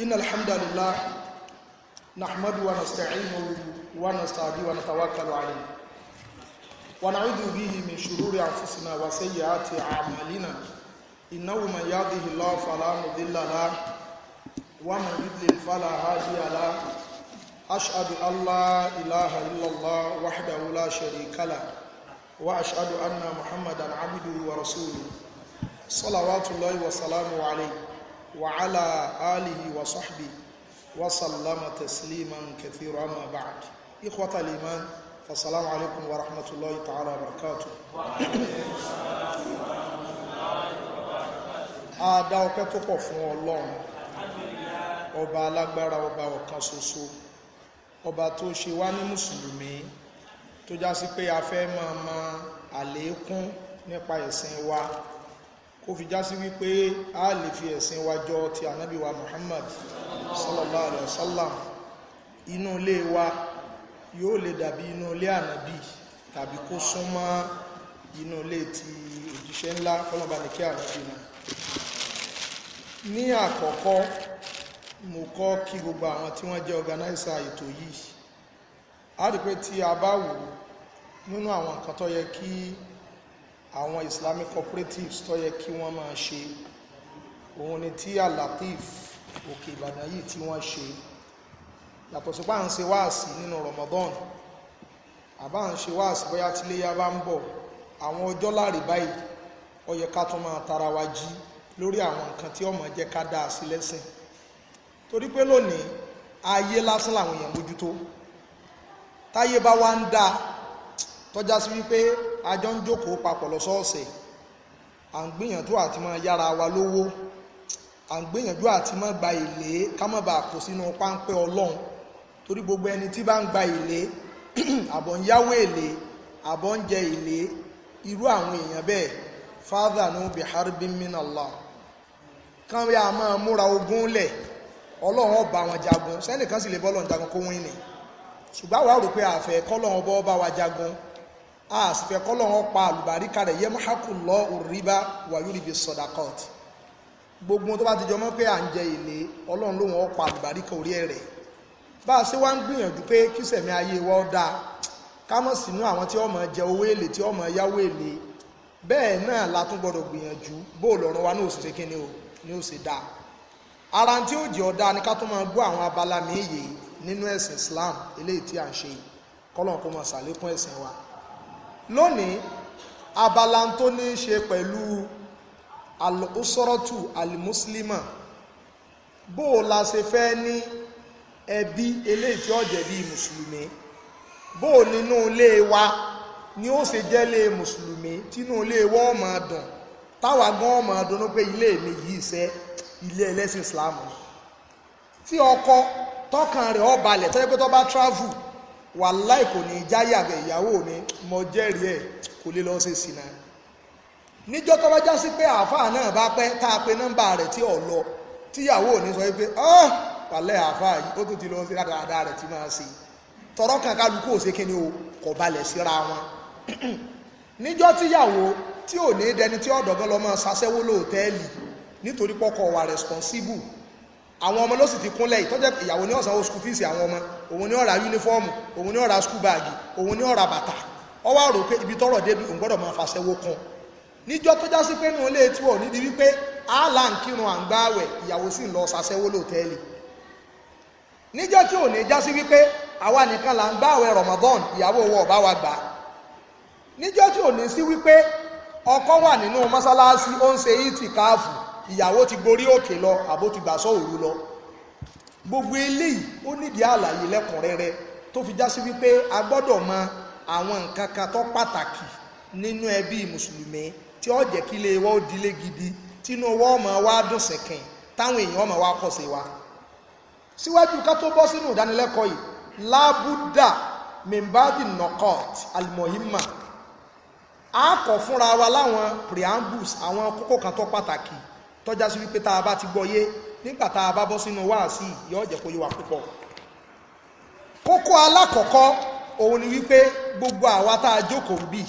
إن الحمد لله نحمد ونستعين ونستهدي ونتوكل عليه ونعوذ به من شرور أنفسنا وسيئات أعمالنا إنه من يهده الله فلا مضل له ومن يضلل فلا هادي له أشهد أن لا إله إلا الله وحده لا شريك له وأشهد أن محمدا عبده ورسوله salawatullahi wa salamu alayhi wa ala alihi wa sahbihi wa sallama tasliman kathira amma ba'd ikhwatal iman فالسلام عليكم ورحمة الله تعالى وبركاته a dá ọpẹ́ tó pọ̀ fún Ọlọ́run ọba alágbára ọba ọ̀kan ṣoṣo ọba tó ṣe wá ní mùsùlùmí tó já sí pé a fẹ́ máa mọ àlékún nípa ẹ̀sìn wa kó fi já sí wípé a lè fi ẹ̀sìn wa ti ànábì Muhammad sallallahu alaihi wasallam inú ilé wa yóò lè dàbí inú ilé ànábì tàbí kó súnmọ́ inú ilé ti òjíṣẹ́ ńlá fọlọ́balẹ̀ kí ànábì náà ní àkọ́kọ́ mo kọ́ kí gbogbo àwọn tí wọ́n jẹ́ ọ̀gánáísà ètò yìí a rí pé tí a bá wò nínú àwọn nǹkan tó yẹ kí àwọn islamic cooperatives tó yẹ kí wọ́n máa ṣe òun ni tí alatif òkè ìbàdàn yìí tí wọ́n ṣe yàtọ̀ sí bá ń ṣe wáàsí nínú ramadan àbá ń ṣe wáàsí bóyá tí iléyà bá ń bọ̀ àwọn ọjọ́ láàrí báyìí ó yẹ ká tún máa tara wa jí lórí àwọn nǹkan tí ọmọ jẹ́ ká dáa sí lẹ́sìn torí pé lónìí ayé lásán làwọn èèyàn mójútó táyé bá wá ń dáa tọ́já sí wípé ajọ́ ń jókòó papọ̀ lọ́sọ̀ọ̀sẹ̀ à ń gbìyànjú àti máa yára wa lówó à ń gbìyànjú àti máa gba èlé ká má bàa kó sínú páńpẹ́ ọlọ́run torí gbogbo ẹni tí bá ń gba èlé àbọ̀ ń yáwó èlé àbọ̀ ń jẹ èlé irú àwọn èèyàn bẹ́ẹ̀ fáadà ní obì harbin min Allah kán bí a múra ogun lẹ̀ ọlọ́run ọba àwọn jagun sẹ́nìkan sì lè bọ́ lọ́n jagun kó wín ni ṣùgbọ́n àwa rò pé àfẹ́ kọ́ lọ́run ọba ọba wa jagun a sì fẹ́ kọ́lọ̀ wọn pa àlùbáríkà rẹ̀ yẹ mọ́hákù lọ òrìbá wàyúrì bíi sọ̀dàkọ́t gbogbo tó bá ti jọmọ́ pé à ń jẹ èlé ọlọ́run ló wọn pa àlùbáríkà orí ẹ̀ rẹ̀ bá a ṣe wá ń gbìyànjú pé kí sẹ̀mí ayé wa dáa ká mọ̀ sínú àwọn tí ọmọ jẹ owó èlé tí ọmọ yáwó èlé bẹ́ẹ̀ náà la tún gbọ́dọ̀ gbìyànjú bóòlù ọ̀run wa ní òṣèré kíni o ní òṣè dáa ara tí ó jẹ́ ọ̀dá ni ká tún máa gbọ́ àwọn abala mi yìí nínú ẹ̀sìn Islam eléyìí tí à ń ṣe kọ́lọ̀ kó máa ṣàlékún ẹ̀sìn wa lónìí abala tó ní í ṣe pẹ̀lú al-usratu al-muslima bó o la ṣe fẹ́ ní ẹbí eléyìí tí ó jẹ́ bí mùsùlùmí bó o nínú ilé wa ni ó ṣe jẹ́ ilé mùsùlùmí tínú ilé wa ó máa dùn táwa gan ó máa dunnú pé ilé mi yìí ṣe ilé ẹlẹ́sìn islam ni tí ọkọ tọkàn rẹ̀ ó balẹ̀ tẹ́lẹ̀ pé tó bá travel wàláì kò ní jáyà ìyàwó mi mo jẹ́rìí ẹ̀ kò lè lọ́ọ́ ṣe sìnà níjọ́ tó bá já sí pé àáfàá náà bá pẹ́ tá a pe nọ́mbà rẹ̀ tí ò lọ tíyàwó ò ní sọ pé ọ́ wàlẹ́ àáfàá yìí ó tún ti lọ́ọ́ sí dáadáa rẹ̀ tí máa ṣe tọrọ kan kálukú ò ṣe kí ni o kò balẹ̀ síra wọn níjọ́ tíyàwó tí ò ní dẹni tí ọ̀dọ̀gán lọ máa ṣaṣẹ́wó lóòtẹ́ẹ̀lì nítorí pọ́kọ wà responsible àwọn ọmọ ló sì ti kúnlẹ̀ ìtọ́jẹ́ ìyàwó ní ọ̀sán school fees àwọn ọmọ òun ní ó ra yúnífọ́ọ̀mù òun ní ó ra school bag òun ní ó ra bàtà ó wá rò pé ibi tọ́rọ̀ dé òun gbọ́dọ̀ máa fàṣẹwó kan níjọ́ tó já sí pé nù ilé tí wọ́n nídi wípé àlà ń kírun à ń gbáwẹ̀ ìyàwó sì ń lọ ṣàṣẹwó lòtẹ́ẹ̀lì níjọ́ tí ò ní já sí wípé àwa nìkan là ń gbáwẹ̀ Ramadan ìyàwó wọ ọ̀bá wa gbà níjọ́ tí ò ní sí wípé ọkọ wà nínú mọ́sálásí ó ń ṣe ìtìkáàfù ìyàwó ti gorí òkè lọ àbó ti gbà sọ òru lọ gbogbo eléyìí ó nídìí àlàyé lẹ́kùnrẹ́rẹ́ tó fi já sí wípé a gbọ́dọ̀ mọ àwọn nǹkan kan tó pàtàkì nínú ẹbí mùsùlùmí tí ó jẹ́ kí ilé wa ó dilé gidi tínú ọwọ́ ọmọ wa dùn sẹ̀kìn táwọn èèyàn ọmọ wa kọ̀ sí wa síwájú ká tó bọ́ sínú ìdánilẹ́kọ̀ọ́ yìí lábúdà mimbadi nọkọt alimohima a kọ fúnra wa láwọn preambles àwọn kókó kan tó pàtàkì tọ́já sí wípé tá a bá ti gbọ́ yé bá bọ́ sínú wáàsí yóò jẹ́ kó púpọ̀ kókó alákọ̀ọ́kọ́ òun ni wípé gbogbo àwa tá a jókòó bì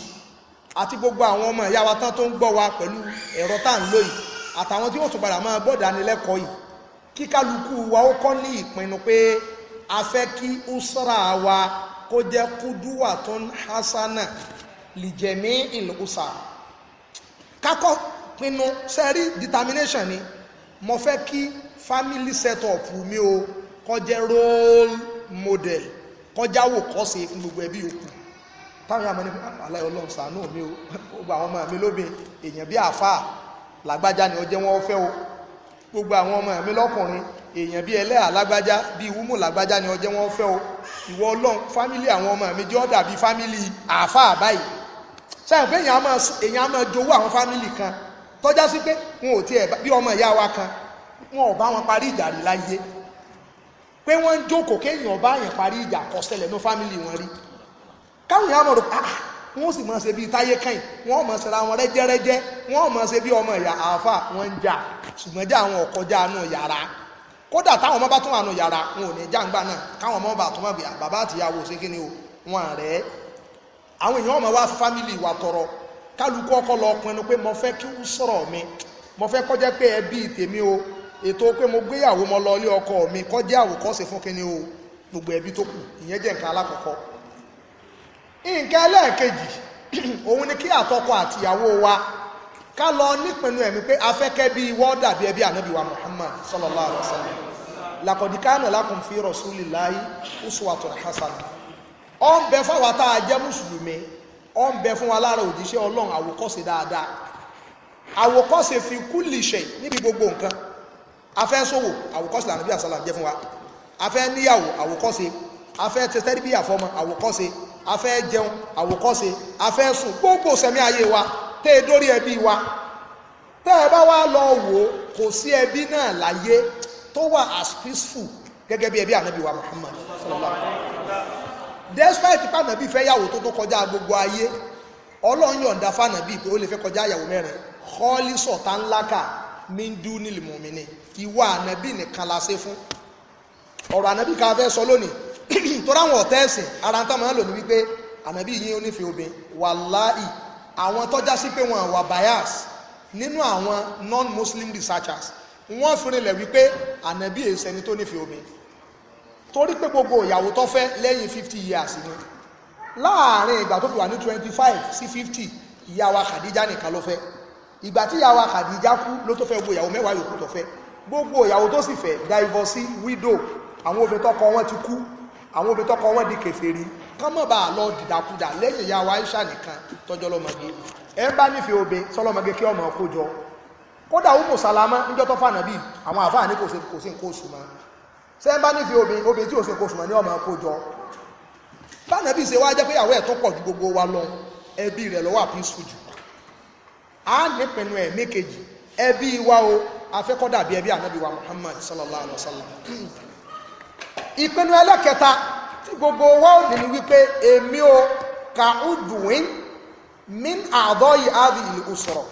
àti gbogbo àwọn ọmọ ìyá wa tán tó ń gbọ́ wa pẹ̀lú ẹ̀rọ tá à ń lò yìí àtàwọn tí wọ́n tún padà máa gbọ́dà nílẹ́kọ̀ọ́ yìí kí kálukú wa ó kọ́ ní ìpinnu pé a fẹ́ kí usra wa kó jẹ́ kúdúwà tó ń hasana lìjẹ̀mí ìlúùsà pinnu sẹ́rí determination ni mo fẹ́ kí family setup mi o kọjá role model kọjá wò kọ́sẹ̀ fún gbogbo ẹbí yòókù táwọn àmọ́ ní ah, aláyọ̀ ọlọ́run ṣàánú mi o gbogbo àwọn ọmọ mi lóbìn èèyàn bíi àáfàá làgbájá ni ó jẹ́ wọ́n fẹ́ o gbogbo àwọn ọmọ mi lọ́kùnrin èèyàn bíi ẹlẹ́à lágbájá bíi wúmù lágbájá ni ó jẹ́ fẹ́ o ìwọ ọlọ́run fámílì àwọn ọmọ mi jẹ́ ọ̀dà bíi fámílì àáfàá báyìí sáyẹn pé èèyàn á máa jowó àwọn fámílì kan tọ́já sí pé wọn ò tiẹ̀ bí ọmọ ìyá wa kan wọn ò bá wọn parí ìjà rí láyé pé wọn ń jókòó kéèyàn bá yẹn parí ìjà kò ní fámìlì wọn rí káwọn ìyá mọ̀rọ̀ rò ah, wọ́n sì táyé kàn wọ́n wọn rẹ́jẹ́rẹ́jẹ́ bí ọmọ ìyá àáfà ń jà ṣùgbọ́n àwọn àánú yàrá kódà táwọn ọmọ bá yàrá wọn ò ní jàǹgbà kálukú ọkọ lọ pinnu pé mo fẹ́ kí sọ̀rọ̀ mi mo fẹ́ kọjá pé ẹbí tèmi o ètò pé mo gbéyàwó mo lọ ilé ọkọ mi kọjá àwòkọ́ṣe fún kíni o gbogbo ẹbí tó kù ìyẹn jẹ́ nǹkan alákọ̀ọ́kọ́ nǹkan ẹlẹ́ẹ̀kejì òun ni kí àtọkọ àtìyàwó wa ká lọ nípinnu ẹ̀mí pé afẹ́kẹ́ bíi wọ́n dàbí ẹbí ànábì wa Muhammad sallallahu alaihi wasallam laqad kana lakum fi rasulillahi uswatun hasanah ó ń bẹ fáwọn tá a jẹ́ mùsùlùmí ọ ń bẹ fún wa lára òjíṣẹ́ ọlọ́run àwòkọ́ṣe dáadáa àwòkọ́ṣe fi kulli shay níbi gbogbo nǹkan afẹ́ sòwò àwòkọ́ṣe lànà bí àsálà jẹ́ fún wa afẹ́ níyàwó àwòkọ́ṣe afẹ́ tẹ́tẹ́rí bí àfọmọ àwòkọ́ṣe afẹ́ jẹun àwòkọ́ṣe afẹ́ sùn gbogbo sẹ́mi ayé wa tẹ́ ẹ dórí ẹbí wa tẹ́ ẹ bá wá lọ wò ó kò sí ẹbí náà láyé tó wà as peaceful gẹ́gẹ́ bí ẹbí ànábì wa Muhammad sallallahu alaihi wa sallam despite pànàbí fẹ́ yàwó tó tó kọjá gbogbo ayé ọlọ́run yọ̀ǹda fànàbí pé ó lè fẹ́ kọjá yàwó mẹ́rin kọ́ọ́lì sọ̀tà ńlá kà mí ń dú nílì mùmíní ìwà ànàbí nìkan la ṣe fún ọ̀rọ̀ ànàbí ká fẹ́ sọ lónìí tó ráwọn ọ̀tẹ́ ẹ̀sìn ara ń tán máa ń lò ní wípé ànàbí yín onífẹ́ obìn wàláì àwọn tọ́já sí pé wọn wà bias nínú àwọn non-muslim researchers wọ́n fi wípé ànàbí èsẹ̀ ni tó nífẹ̀ẹ́ obìn torí pé gbogbo ìyàwó tó fẹ́ lẹ́yìn fifty years ni láàárín ìgbà tó fi wà ní twenty five sí fifty ìyá wa Khadija nìkan ló fẹ́ ìgbà tí ìyá wa Khadija kú ló tó fẹ́ gbogbo ìyàwó mẹ́wàá yòókù tó fẹ́ gbogbo ìyàwó tó sì fẹ́ divorce widow àwọn obìnrin tọkọ wọn ti kú àwọn obìnrin tọkọ wọn di kèfèrí kán mọ̀ bá a lọ dìdàkudà lẹ́yìn ìyá wa Aisha nìkan tọjọ́ lọ́mọge ẹ bá nífẹ̀ẹ́ obe sọlọ́mọge kí ọmọ kó jọ kódà ó mọ̀ sálámà níjọ́ tó fànà bíi àwọn àfáà ní kò sí nǹkan oṣù máa ṣé ń bá nífẹ̀ẹ́ obìnrin obìnrin tí ò ṣe kó ní ọmọ kó jọ ẹbí ṣe wá pé ìyàwó tó gbogbo wa lọ ẹbí rẹ̀ lọ́wọ́ àpínsù jù á nípinnu ẹ̀mí kejì ẹbí wa o afẹ́kọ́ dàbí ẹbí ànábì wa Muhammad sallallahu alaihi wa sallam ìpinnu gbogbo wa wípé èmi o àdọ́yì ìlú sọ̀rọ̀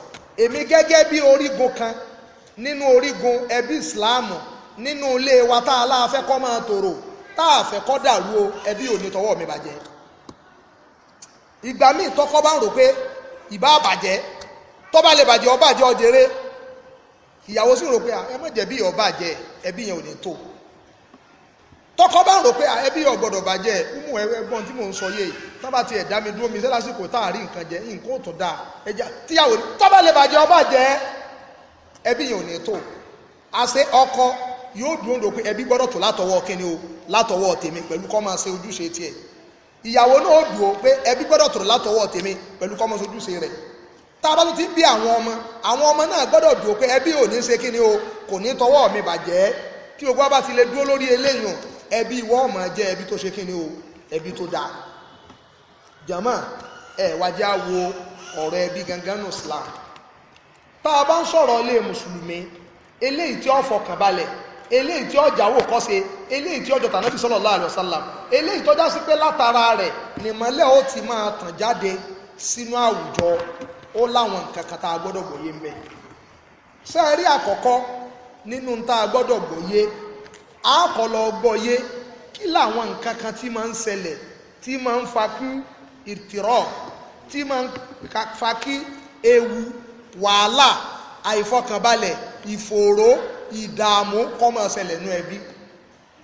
nínú ilé wa tá a láàfẹ́ kọ́ máa tòrò tá a fẹ́ kọ́ dàrú o ẹbí ò ní tọwọ́ mi bàjẹ́ ìgbà míì tọkọ bá ń rò pé ìbá bàjẹ́ tó bá lè bàjẹ́ ó bàjẹ́ ó jèrè ìyàwó sì rò pé ẹ má jẹ̀bi ó bàjẹ́ ẹbí yẹn ò ní tó tọkọ bá ń rò pé ẹbí ó gbọ́dọ̀ bàjẹ́ umu ẹgbọn tí mò ń sọ yé tó bá tiẹ̀ dá mi dúró mi sẹ́lásìkò tá a rí nǹkan jẹ nǹkan ò tó dáa ẹja tíyàwó tó bá lè bàjẹ́ ó bàjẹ́ ẹbí yẹn ò ní tó àṣẹ ọkọ yóò dúró dò pé ẹbí gbọ́dọ̀ tó látọwọ́ kíni o látọwọ́ tèmi pẹ̀lú kọ́ máa ṣe ojúṣe tiẹ̀ ìyàwó náà dùn pé ẹbí gbọ́dọ̀ tó látọwọ́ tèmi pẹ̀lú kọ́ máa ṣe ojúṣe rẹ̀ tá a bá tún ti bí àwọn ọmọ àwọn ọmọ náà gbọ́dọ̀ dùn pé ẹbí ò ní ṣe kíni o kò ní tọwọ́ mi bàjẹ́ kí bá ti lè dúró lórí eléyìn ẹbí ìwọ ọmọ jẹ́ ẹbí tó se kíni o ẹbí tó da ẹ eléyìí tí ọjà wò kọ́ ṣe eléyìí tí ọjọ́ tànàbí sallallahu alaihi wasallam eléyìí tọ́já sí pé látara rẹ̀ nìmọ́lẹ̀ ó ti máa tàn jáde sínú àwùjọ ó láwọn nǹkan kan tá a gbọ́dọ̀ gbòye ń bẹ̀. sẹ́ẹ̀rí àkọ́kọ́ nínú tá a gbọ́dọ̀ gbòye àkọlọ̀ gbòye kí làwọn nǹkan kan ti máa ń ṣẹlẹ̀ tí máa ń fa kí ìtìrọ̀ máa ń fa kí ewu wàhálà àìfọkànbalẹ̀ ìdààmú kó máa ṣẹlẹ̀ nú ẹbí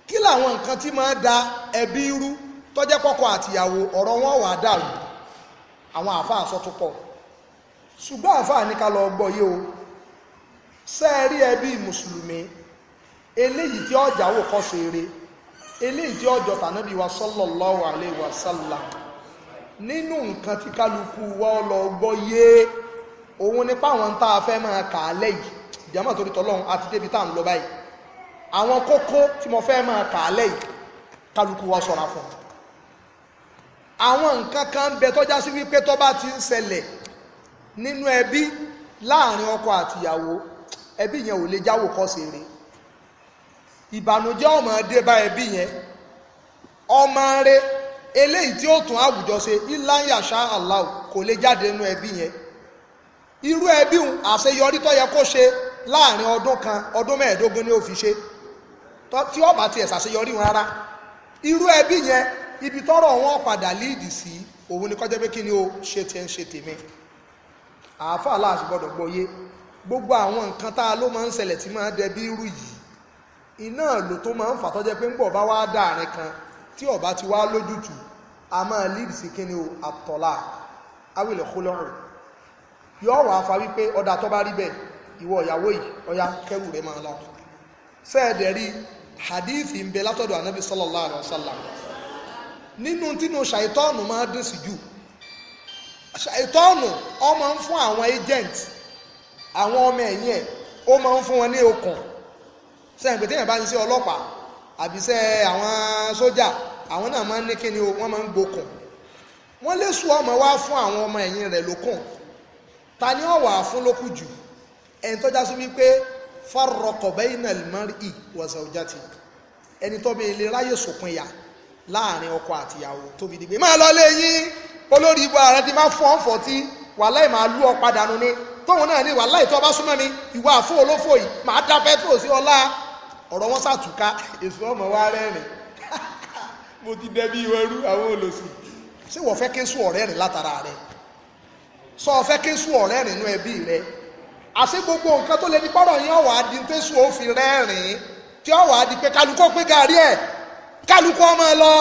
kí làwọn nǹkan tí máa da ẹbí rú tọ́jẹ́ kọ́kọ́ àtìyàwó ọ̀rọ̀ wọn wà dàrú àwọn àáfàá sọ pọ̀ ṣùgbọ́n àáfàá ní ká lọ gbọ́ yé o rí ẹbí mùsùlùmí eléyìí tí ọjà wò kọ́ sí eré eléyìí tí ọjọ́ tànábì wa sallallahu alaihi wa sallam nínú nǹkan tí kálukú wa lọ gbọ́ yé òun nípa àwọn tá a fẹ́ máa kà á lẹ́yìn jàmọ́ torí tọ́lọ́run àti débi tá à ń lọ báyìí àwọn kókó tí mo fẹ́ máa kà á lẹ́yìn kálukú wa sọ̀ra fún un àwọn nǹkan kan ń bẹ tọ́já sí wípé tó bá ti ń ṣẹlẹ̀ nínú ẹbí láàrin ọkọ àtìyàwó ẹbí yẹn ò lè jáwò kọ́sẹ̀ rẹ̀ ìbànújẹ́ ọmọ dé bá ẹbí yẹn ọmọ rẹ̀ eléyìí tí ó tún àwùjọ ṣe iláyà ṣá aláwò kò lè jáde nínú ẹbí yẹn irú ẹbí àṣeyọrí tó yẹ kó ṣe láàrin ọdún kan ọdún mẹ́ẹ̀ẹ́dógún ni ó fi ṣe tí ọba tiẹ̀ ṣàṣeyọrí wọn rárá irú ẹbí yẹn ibi tọ́rọ̀ wọn padà líìdì sí òun ni kọjá pé kí ni o ṣe tiẹ̀ ń ṣe tèmi àáfàá láàṣì gbọ́dọ̀ gbọ́yé gbogbo àwọn nǹkan tá a ló máa ń ṣẹlẹ̀ tí máa dẹbi irú yìí iná ló tó máa ń fà tọ́jẹ́ pé ń bọ̀ bá wá dáàrin kan tí ọba ti wá lójútùú a máa líìdì sí kí ni o àtọ̀là awìlẹ̀ kólọ́rùn yọ̀ọ̀rọ̀ àfa wípé ọ̀dà tó bá rí bẹ́ẹ̀ ìwọ ìyàwó yìí ọya kẹrù rẹ máa lọ sẹ́ẹ̀dẹ̀ rí hadith ń bẹ látọ̀dọ̀ anabi sallallahu alayhi wa sallam nínú tínú ṣàìtọ́ọ̀nù máa dín sí jù ṣàìtọ́ọ̀nù ó máa ń fún àwọn agent àwọn ọmọ ẹ̀yìn ẹ̀ ó máa ń fún wọn ní okùn sẹ́yìn pé téèyàn bá ń ṣe ọlọ́pàá àbíṣẹ́ àwọn sójà àwọn náà máa ń ní kíni o wọ́n máa ń gbokùn wọ́n lè sùn ọmọ wá fún àwọn ọmọ ẹ̀yìn rẹ̀ lókùn ta ni ó wà fún lókù jù ẹni tó já sí wípé fárọkọ̀ bẹ́yìn náà mọ́rí ì wọ̀sẹ̀ ọjà ti ẹni tó bí ilé ráyè sòpin yà láàrin ọkọ àtìyàwó tó fi dìgbé máa lọ lé yín olórí ibo ààrẹ ti máa fọ́n fọ́tí wàláì máa lú ọ padà nu ni tóun náà ní wàláì tó bá súnmọ́ mi ìwà àfọ́ olófò yìí máa dá pẹ́trò sí ọlá ọ̀rọ̀ wọn sàtúká èso ọmọ wa rẹ́rìn mo ti dẹbi ìwẹrú àwọn olòṣì ṣé wọ́n fẹ́ kí n sún ọ̀rẹ́ rìn látara rẹ̀ sọ fẹ́ kí n sún ọ̀rẹ́ rìn nú ẹbí rẹ̀ àṣé gbogbo nǹkan tó lè ní pọ́rọ̀ yín ọ̀wà di tẹ́sù ó fi rẹ́rìn-ín tí ọ̀wà di pé kálukó pé gàrí ẹ̀ kálukó ọmọ ẹ lọ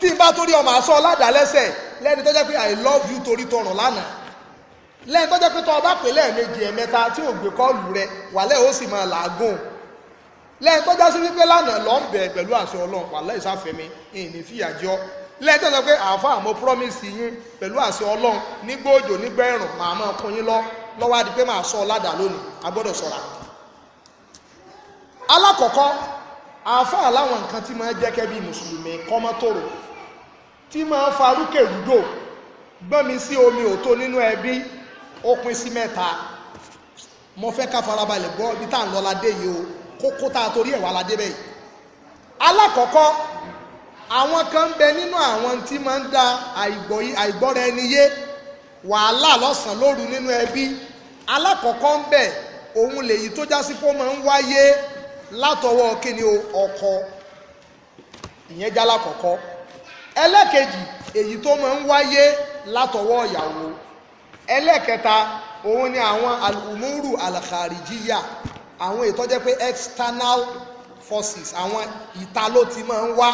tí n bá torí ọmọ àṣọ ọ̀làdà lẹ́sẹ̀ lẹ́ni tó jẹ́ pé i love you torí tọrùn lánàá lẹ́ni tó jẹ́ pé tó ọba pè lẹ́ẹ̀mejì ẹ̀mẹ́ta tí ò gbé kọ́ọ̀lù rẹ wàlẹ́ ó sì máa làágùn lẹ́yìn tó já sí wípé lánàá lọ ń bẹ̀ pẹ̀lú àṣẹ ọlọ́run pàlẹ́ ìsáfẹ́mi ìní fìyàjọ́ lẹ́yìn tó sọ pé àáfà mo promise yín pẹ̀lú àṣẹ ọlọ́run nígbà òjò nígbà ẹ̀rùn màá máa kún yín lọ lọ́wọ́ adi máa sọ ládàá lónìí a gbọ́dọ̀ sọ̀ra. alákọ̀ọ́kọ́ àáfàá láwọn nǹkan tí máa jẹ́ kẹ́bí mùsùlùmí kọ́mọ́tòrò tí máa farúkè rúdò gbọ́n mi sí omi òtó nínú ẹbí ó pín sí mẹ́ta mo fẹ́ ká farabalẹ̀ gbọ́ ibi tá à ń lọ ládé yìí o kókó tá a torí ẹ̀ wá ládé bẹ́ẹ̀. alákọ̀ọ́kọ́ àwọn kan ń bẹ nínú àwọn tí máa ń da àìgbọ́ra ẹni yé wàhálà lọ́sàn-án lóru nínú ẹbí alákọ̀ọ́kọ́ ń bẹ̀ òun lèyí tó já sí pé ó máa ń wáyé látọwọ́ kíni o ọkọ ìyẹn já lákọ̀ọ́kọ́ ẹlẹ́kejì èyí tó máa ń wáyé látọwọ́ ìyàwó ẹlẹ́kẹta òun ni àwọn alùmúrù alàkàrìjìyà àwọn èyí pé external forces àwọn ìta ló ti máa ń wá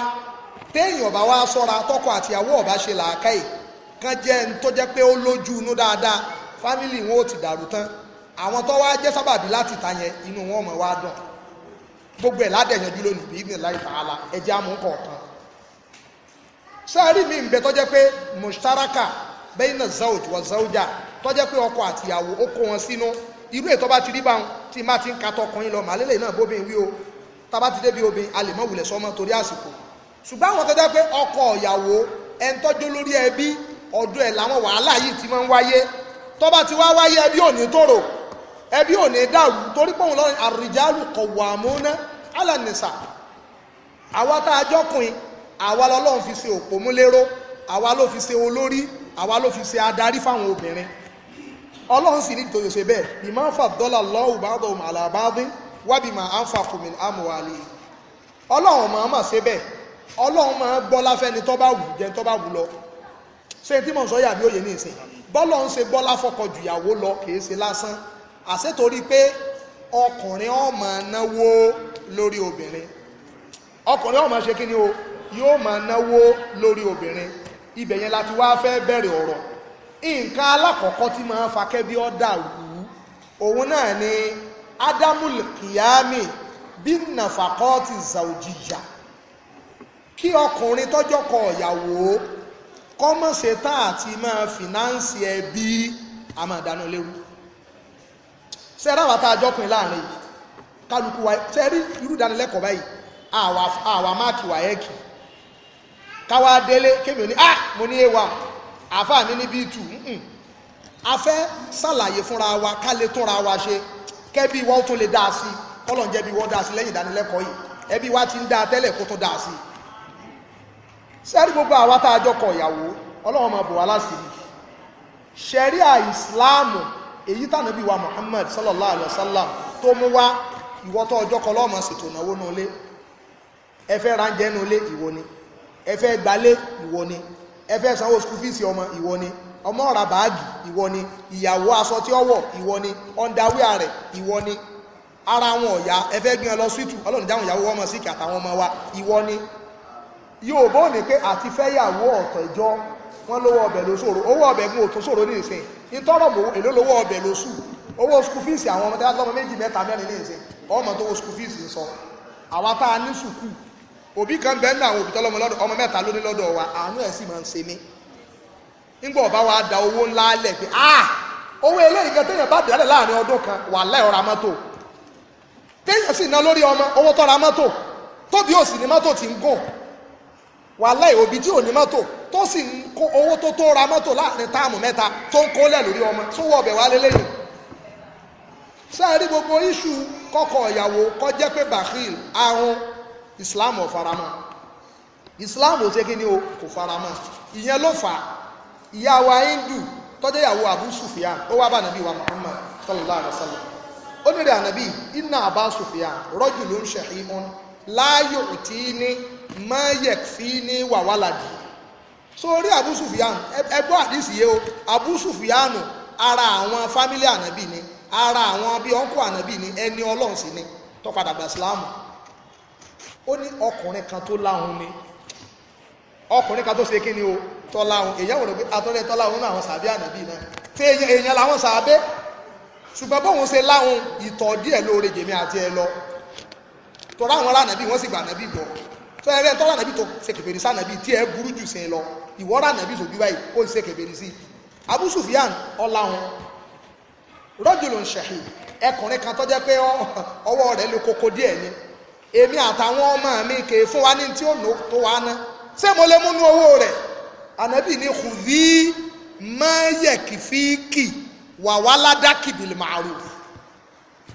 téèyàn bá wá sọ́ra tọkọ àtìyàwó ọ̀bá ṣe làákàyè kán jẹ́ ẹni tó jẹ́ pé ó lójú inú dáadáa fámìlì wọn ò ti dàrú tán àwọn tó wá jẹ́ sábàbí láti ta yẹn inú wọn ọmọ wa dùn gbogbo ẹ̀ ládẹ̀yànjú lónìí bí ibùdó láì tààlà ẹjẹ́ àmú kọ̀ọ̀kan sáárì mi ń bẹ tó jẹ́ pé mustaraka bẹ́yìnà zawj wa zawja tó jẹ́ pé ọkọ àtìyàwó ó kó wọn sínú irú ètò bá ti rí báwọn tí má ti ń ka tọkùnrin lọ màálélẹ̀ náà bóbin wí o tábà ti débi obìn a lè mọ wulẹ̀ sọmọ torí àsìkò ṣùgbọ́n àwọn tó pé ọkọ ìyàwó ẹni lórí ẹbí ọ̀dọ̀ ẹ̀ làwọn wàhálà yìí ti máa ń wáyé tó bá ti wá wáyé ẹbí ò ní tòrò ẹbí ò ní dàrú torí pé òun lọ́rin àrìjálù kọ̀wàmúná alànìsà àwa tá a jọkùnrin àwa lọ́lọ́run fi ṣe òpómúléró àwa ló fi ṣe olórí àwa ló fi ṣe adarí fáwọn obìnrin ọlọ́run sì ní tòyò ṣe bẹ́ẹ̀ bí máa ń fà dọ́là lọ́wọ́ bàdọ̀ màlàbádín wábì máa ń fà kùmìn àmúwálé ọlọ́run máa ń mà ṣe bẹ́ẹ̀ ọlọ́run máa ń gbọ́lá fẹ́ni tó bá wù jẹ́ tó wù lọ ṣé tí mò ń sọ yà bí òye ní ìsìn lọ kìí ṣe lásán àṣetorí pé ọkùnrin ó náwó lórí obìnrin ọkùnrin ó ṣe kí ni o yóò máa náwó lórí obìnrin ibẹ̀ yẹn láti wá fẹ́ bẹ̀rẹ̀ ọ̀rọ̀ nǹkan alákọ̀ọ́kọ́ tí máa ń ni bin nafakọ́ọ̀tì zawjiya kí ọkùnrin tọ́jọ́kọ̀ kọ́mọ̀sẹ̀ tá àti máa fìnáǹsì ẹbí àmọ̀dánù léwu sẹ́rà wàtá àjọkùnrin láàrin yìí kálukú wa sẹ́rí irú ìdánilẹ́kọ̀ọ́ báyìí àwa máàkì wà ẹ́ẹ̀kì káwa délé kémi ní ah mo ní ewa àfa mi ní bíi tù a fẹ́ ṣàlàyé fúnra wa ká lè túnra wa ṣe kẹ́bí wọ́n tún lè dáa sí kọ́lọ̀ ń jẹ́ bí wọ́n dáa sí lẹ́yìn ìdánilẹ́kọ̀ọ́ yìí ẹbí wa ti ń dáa tẹ́lẹ̀ kó tó dáa sí sẹ́rí gbogbo àwa tá a jọ kọ ìyàwó ọlọ́run máa bò wá láṣìírí ṣẹ̀ríà ìsìláàmù wa Muhammad sallallahu alayhi wa sallam tó mú wá ìwọ ọjọ́ kọ lọ́mọ ṣètò ìnáwó náà lé efe fẹ́ ránjẹ nínú ìwọ ni ọmọ ìwọ ni ọmọ ọ̀rà báàgì ìwọ ni ìyàwó aṣọ tí ìwọ ni ọ̀ndàwíà rẹ̀ ìwọ ni ara wọn ọ̀yà ọmọ àtàwọn ọmọ wa ìwọ yóò bọ́ ní pé àti fẹ́yàwó ọ̀tọ̀ ìjọ wọn lówó ọbẹ̀ ló ṣòro owó ọbẹ̀ gun òtún ṣòro ní ìsìn ìtọ́rọ̀ èló lówó skul fees àwọn lọ́mọ méjì mẹ́ta mẹ́rin ní wo skul fees ń sọ àwa tá a ní sùkú òbí kan bẹ́ẹ̀ ní àwọn òbí tọ́lọ́mọ lọ́dọ̀ ọmọ mẹ́ta ló ní lọ́dọ̀ wa àánú ẹ̀ sì máa ń ṣe mí nígbà ọba wa da owó ńlá lẹ̀ pé ah owó eléyìí kan téèyàn bá dẹ̀rẹ̀ láàrin ọdún kan wà láì ọmọ owó tọ́ra tóbi òsì ni mọ́tò ti wale òbí tí ò ní mọ́tò tó sì ń kó owó tó tó ra mọ́tò láàrin táàmù mẹ́ta tó ń kólẹ̀ lórí ọmọ tó wọ ọbẹ̀ wá lélẹ́yìn sẹ́ẹ̀rí gbogbo iṣu kọ́kọ́ ìyàwó pé bahil ahun islam ò faramọ́ islam ò ṣe kí ni o kò faramọ́ ìyẹn ló fà ìyá abu sufiyan ó wá bá wa muhammad sallallahu alayhi wa sallam ó nílẹ̀ ànàbí inna abu sufiyan rajulun shahihun la mayek fi ní wàwálàdì sórí Abu Sufyan ẹgbọ́ àdìsí yìí o Abu Sufyan ara àwọn fámílì ànábì ni ara àwọn bíi ọ̀nkù ànábì ni ẹni ọlọ́run sì ni tó padà gba ìsìláàmù ó ní ọkùnrin kan tó láhùn ni ọkùnrin kan tó ṣe kíni o tọ́láhùn èyàn wò ló pé atọ́lẹ̀ tọ́láhùn náà àwọn sàbẹ́ ànábì náà tí èyàn làwọn sàbẹ́ ṣùgbọ́n bóun ṣe láhùn ìtọ̀ díẹ̀ lóore jèmi àti ẹ lọ tọ́ra àwọn ànábì wọ́n sì gbà ànábì gbọ́ tó ẹrẹ tọ́lá nàbí tó ṣe kèfèrí tí ẹ lọ ìwọ́rà nàbí sòjú báyìí ó ṣe kèfèrí sí Abu Sufyan ọláhun rajulun shahid ẹkùnrin kan tó pé ọwọ́ rẹ̀ lè koko díẹ̀ ni èmi àtàwọn ọmọ mi kè fún wa ní tí ó nà tó wa ná ṣé mo lè múnú owó rẹ̀ ànábì ní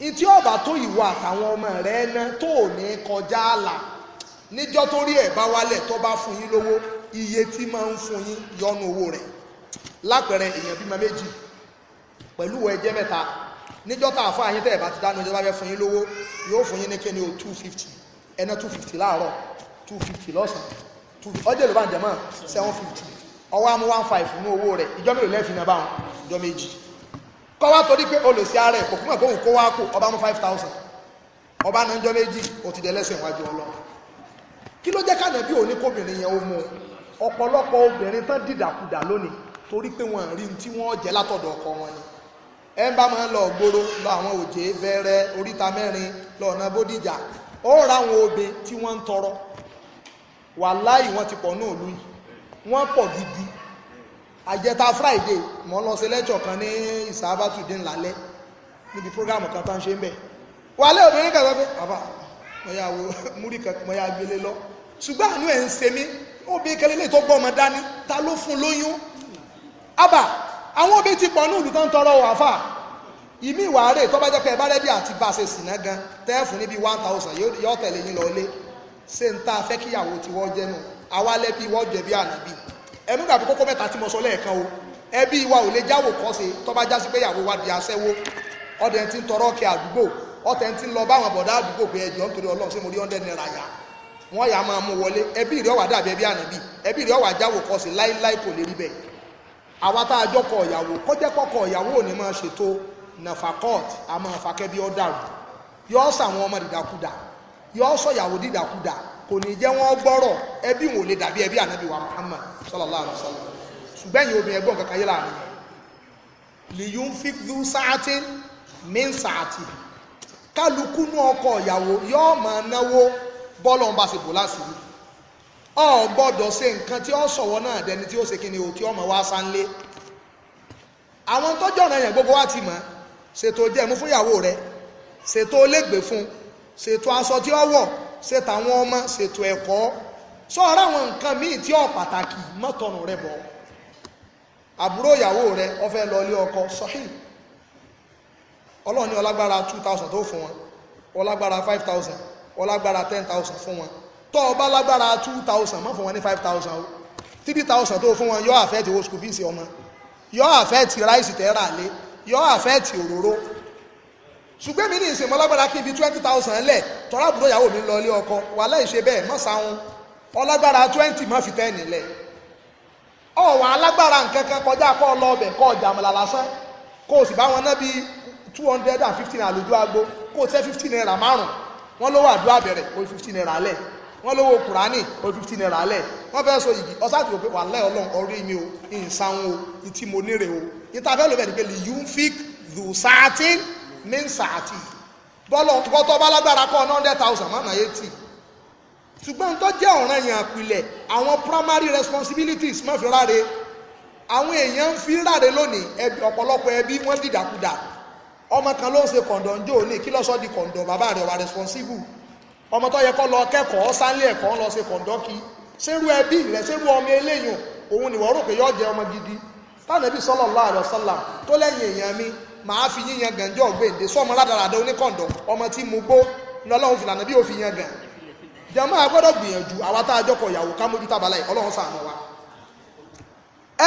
ìtí ọba tó ìwọ àtàwọn ọmọ ná tó ní kọjá àlà níjọ́ tó rí ẹ̀ bá wálẹ̀ tó bá fún yín lówó iye tí máa ń fún yín yọnu owó rẹ̀ lápẹ̀rẹ̀ èèyàn bímọ méjì pẹ̀lú ìwọ̀ ẹ̀jẹ̀ mẹ́ta níjọ́ tá a fún àyín tẹ́ ẹ̀ bá ti dáná ìjọba fẹ́ fún yín lówó yóò fún yín ní kíni o two fifty ẹ̀nà two fifty láàárọ̀ two fifty lọ́sàn-án ọjọ́ ìlú bá ń jẹ̀mọ́ seven fifty ọwọ́ amú one five fún owó rẹ̀ ìjọ mélòó lẹ́ẹ̀fì náà báwọn ìjọ méjì kọ́ wá torí pé olùsí ààrẹ kò kúmọ̀ kóhùn kó wá kó ọba mú five thousand ọba náà ìjọ méjì ó ti dẹ̀ lẹ́sẹ̀ wájú ọlọ́run kí ló jẹ́ kànábí òní kóbìnrin yẹn ó mú ọ̀pọ̀lọpọ̀ obìnrin tán dìdàkudà lónìí torí pé wọn rí tí wọ́n jẹ́ látọ̀dọ̀ ọkọ wọn ni ẹ bá máa ń lọ gbòòrò lọ àwọn òjé bẹ́rẹ́ oríta mẹ́rin lọ́nà bódìjà ó ra àwọn obe tí wọ́n ń tọrọ wàláì wọ́n ti pọ̀ náà lù yìí wọ́n pọ̀ gidi àjẹta Friday mo lọ sí lẹ́jọ̀ kan ní ìsábàtúndín lálẹ́ níbi prógámù kan tó ń ṣe ń bẹ̀ wàlẹ́ obìnrin kan sọ pé àbá mo yà wo múrí kan mo yà gbélé lọ́ọ́ ṣùgbọ́n àánú ẹ̀ ń ṣe mí obì kẹlẹ́ lè tó gbọ́ ọmọ dání ta ló fún lóyún àbà àwọn obì ti pọ̀ ní ìlú tó ń tọrọ wàfà ìmí ìwà rẹ̀ tó bá jẹ́ pé ẹ bá àti bá ṣe sì náà gan tẹ́ẹ̀fù níbi one thousand yóò tẹ̀lé yín lọ́ọ́lé ṣé ń tá a fẹ́ kíyàwó tiwọ́ jẹ́ nù àwa lẹ́bí ìwọ́ jẹ̀bi ànábì ẹ̀mú gbàgbé kókó mẹ́ta tí mo sọ lẹ́ẹ̀kan o ẹbí wa ò lè jáwò kọ́ ṣe tó bá já sí pé ìyàwó wa di aṣẹ́wó ọdẹ ti ń tọrọ kí àdúgbò ọtẹ ti ń lọ báwọn bọ̀dá àdúgbò pé ẹjọ́ nítorí Ọlọ́run ṣé mo rí hundred naira yá wọ́n ya máa mú wọlé ẹbí rẹ̀ ọ̀wà dàbí ẹbí ànábì ẹbí rẹ̀ ọ̀wà jáwò kọ́ sí láíláí kò lè rí bẹ́ẹ̀ àwa tá a jọ kọ ìyàwó kọjá kọkọ ìyàwó ò ní máa ṣètò nafakọt a máa fakẹ́ bí ọ́ dàrú yọ sàwọn ọmọ dìdàkudà yọ yọọ sọ ìyàwó dìdàkudà kò ní jẹ́ wọ́n gbọ́rọ̀ ẹbí dàbí ẹbí ànábì wa Muhammad sallallahu bọ́lọ̀ ń bá ṣe bò ọ gbọ́dọ̀ ṣe nǹkan tí ó sọ̀wọ́ náà dẹni tí ó ṣe kí ni o tí ọmọ wa sáńlé àwọn tọ́jú ọ̀nà yẹn gbogbo wa ti mọ̀ ṣètò jẹ́mu fún ìyàwó rẹ ṣètò olégbè fún ṣètò aṣọ tí ó wọ̀ ṣètò àwọn ọmọ ṣètò ẹ̀kọ́ sọ ọ́ ráwọn nǹkan míì tí ó pàtàkì mọ́tọ̀nù rẹ bọ̀ àbúrò ìyàwó rẹ ọ fẹ́ lọ ọkọ sọ́hìn ọlọ́ọ̀ni ọlágbára two thousand tó fún wọn ọlágbára five thousand ọlágbára ten thousand fún wọn tọ́ ọ lágbára two thousand má fún wọn ní five thousand three thousand tó fún wọn yọ àfẹ́ẹ̀tì owó school fees ọmọ yọ àfẹ́ẹ̀tì ráìsì tẹ́ra lé yọ àfẹ́ẹ̀tì òróró ṣùgbọ́n mi ní ìsìn mọ́lágbára kí n fi twenty thousand lẹ̀ tọ́lá àbúrò ìyàwó mi lọ ilé ọkọ wàhálà ìṣe bẹ́ẹ̀ mọ́ sáwọn ọlágbára twenty má fi ten nílẹ̀ ọ̀wà alágbára nǹkan kan kọjá kọ́ lọ ọbẹ̀ kọ́ ọjà àmàlà lásán kó o sì bá wọn ná bíi two hundred and fifteen àlùjọ agbo kó o tẹ́ fifteen naira márùn-ún wọ́n lówó àdúrà bẹ̀rẹ̀ orí fifteen naira alẹ́ wọ́n lówó kùránì orí fifteen naira alẹ́ wọ́n fẹ́ so yìí ọ̀sàtì òpè wà láì ọlọ́run ọ̀rẹ́ mi o ìsàn o ìtì mo nírè o ìtafẹ́ ló bẹ̀rẹ̀ pé lè yún fík lù sáàtì mí sáàtì bọ́lọ̀ kọ́tọ́ bá lágbára kọ́ one hundred thousand mọ́nà eighty ṣùgbọ́n tó jẹ́ ọ̀ràn yẹn àpilẹ̀ àwọn primary responsibilities má fi ráre àwọn èèyàn ń fi ráre lónìí ọ̀pọ̀lọpọ̀ ẹbí wọ́n dìdàkudà ọmọ kan ló ń ṣe kọ̀ǹdọ̀ ń jó ní kí lọ́sọ́ di kọ̀ǹdọ̀ bàbá rẹ̀ wà responsible ọmọ tó yẹ lọ kẹ́kọ̀ọ́ sálé ẹ̀kọ́ lọ ṣe kọ̀ǹdọ̀ kí ẹbí rẹ̀ ọmọ eléyìn òun ni wọ́n rò pé yọ́ jẹ́ ọmọ gidi tánàbí sallallahu alaihi wasallam tó lẹ́yìn èèyàn mi fi yíyan gànjọ́ sọ́mọ oníkọ̀ǹdọ̀ ọmọ tí mo gbó lọ́lọ́run fìlànà bí ó fi yan gàn gbìyànjú àwa tá a jọkọ ìyàwó ká mójú tábàlá ọlọ́run ṣàánú wa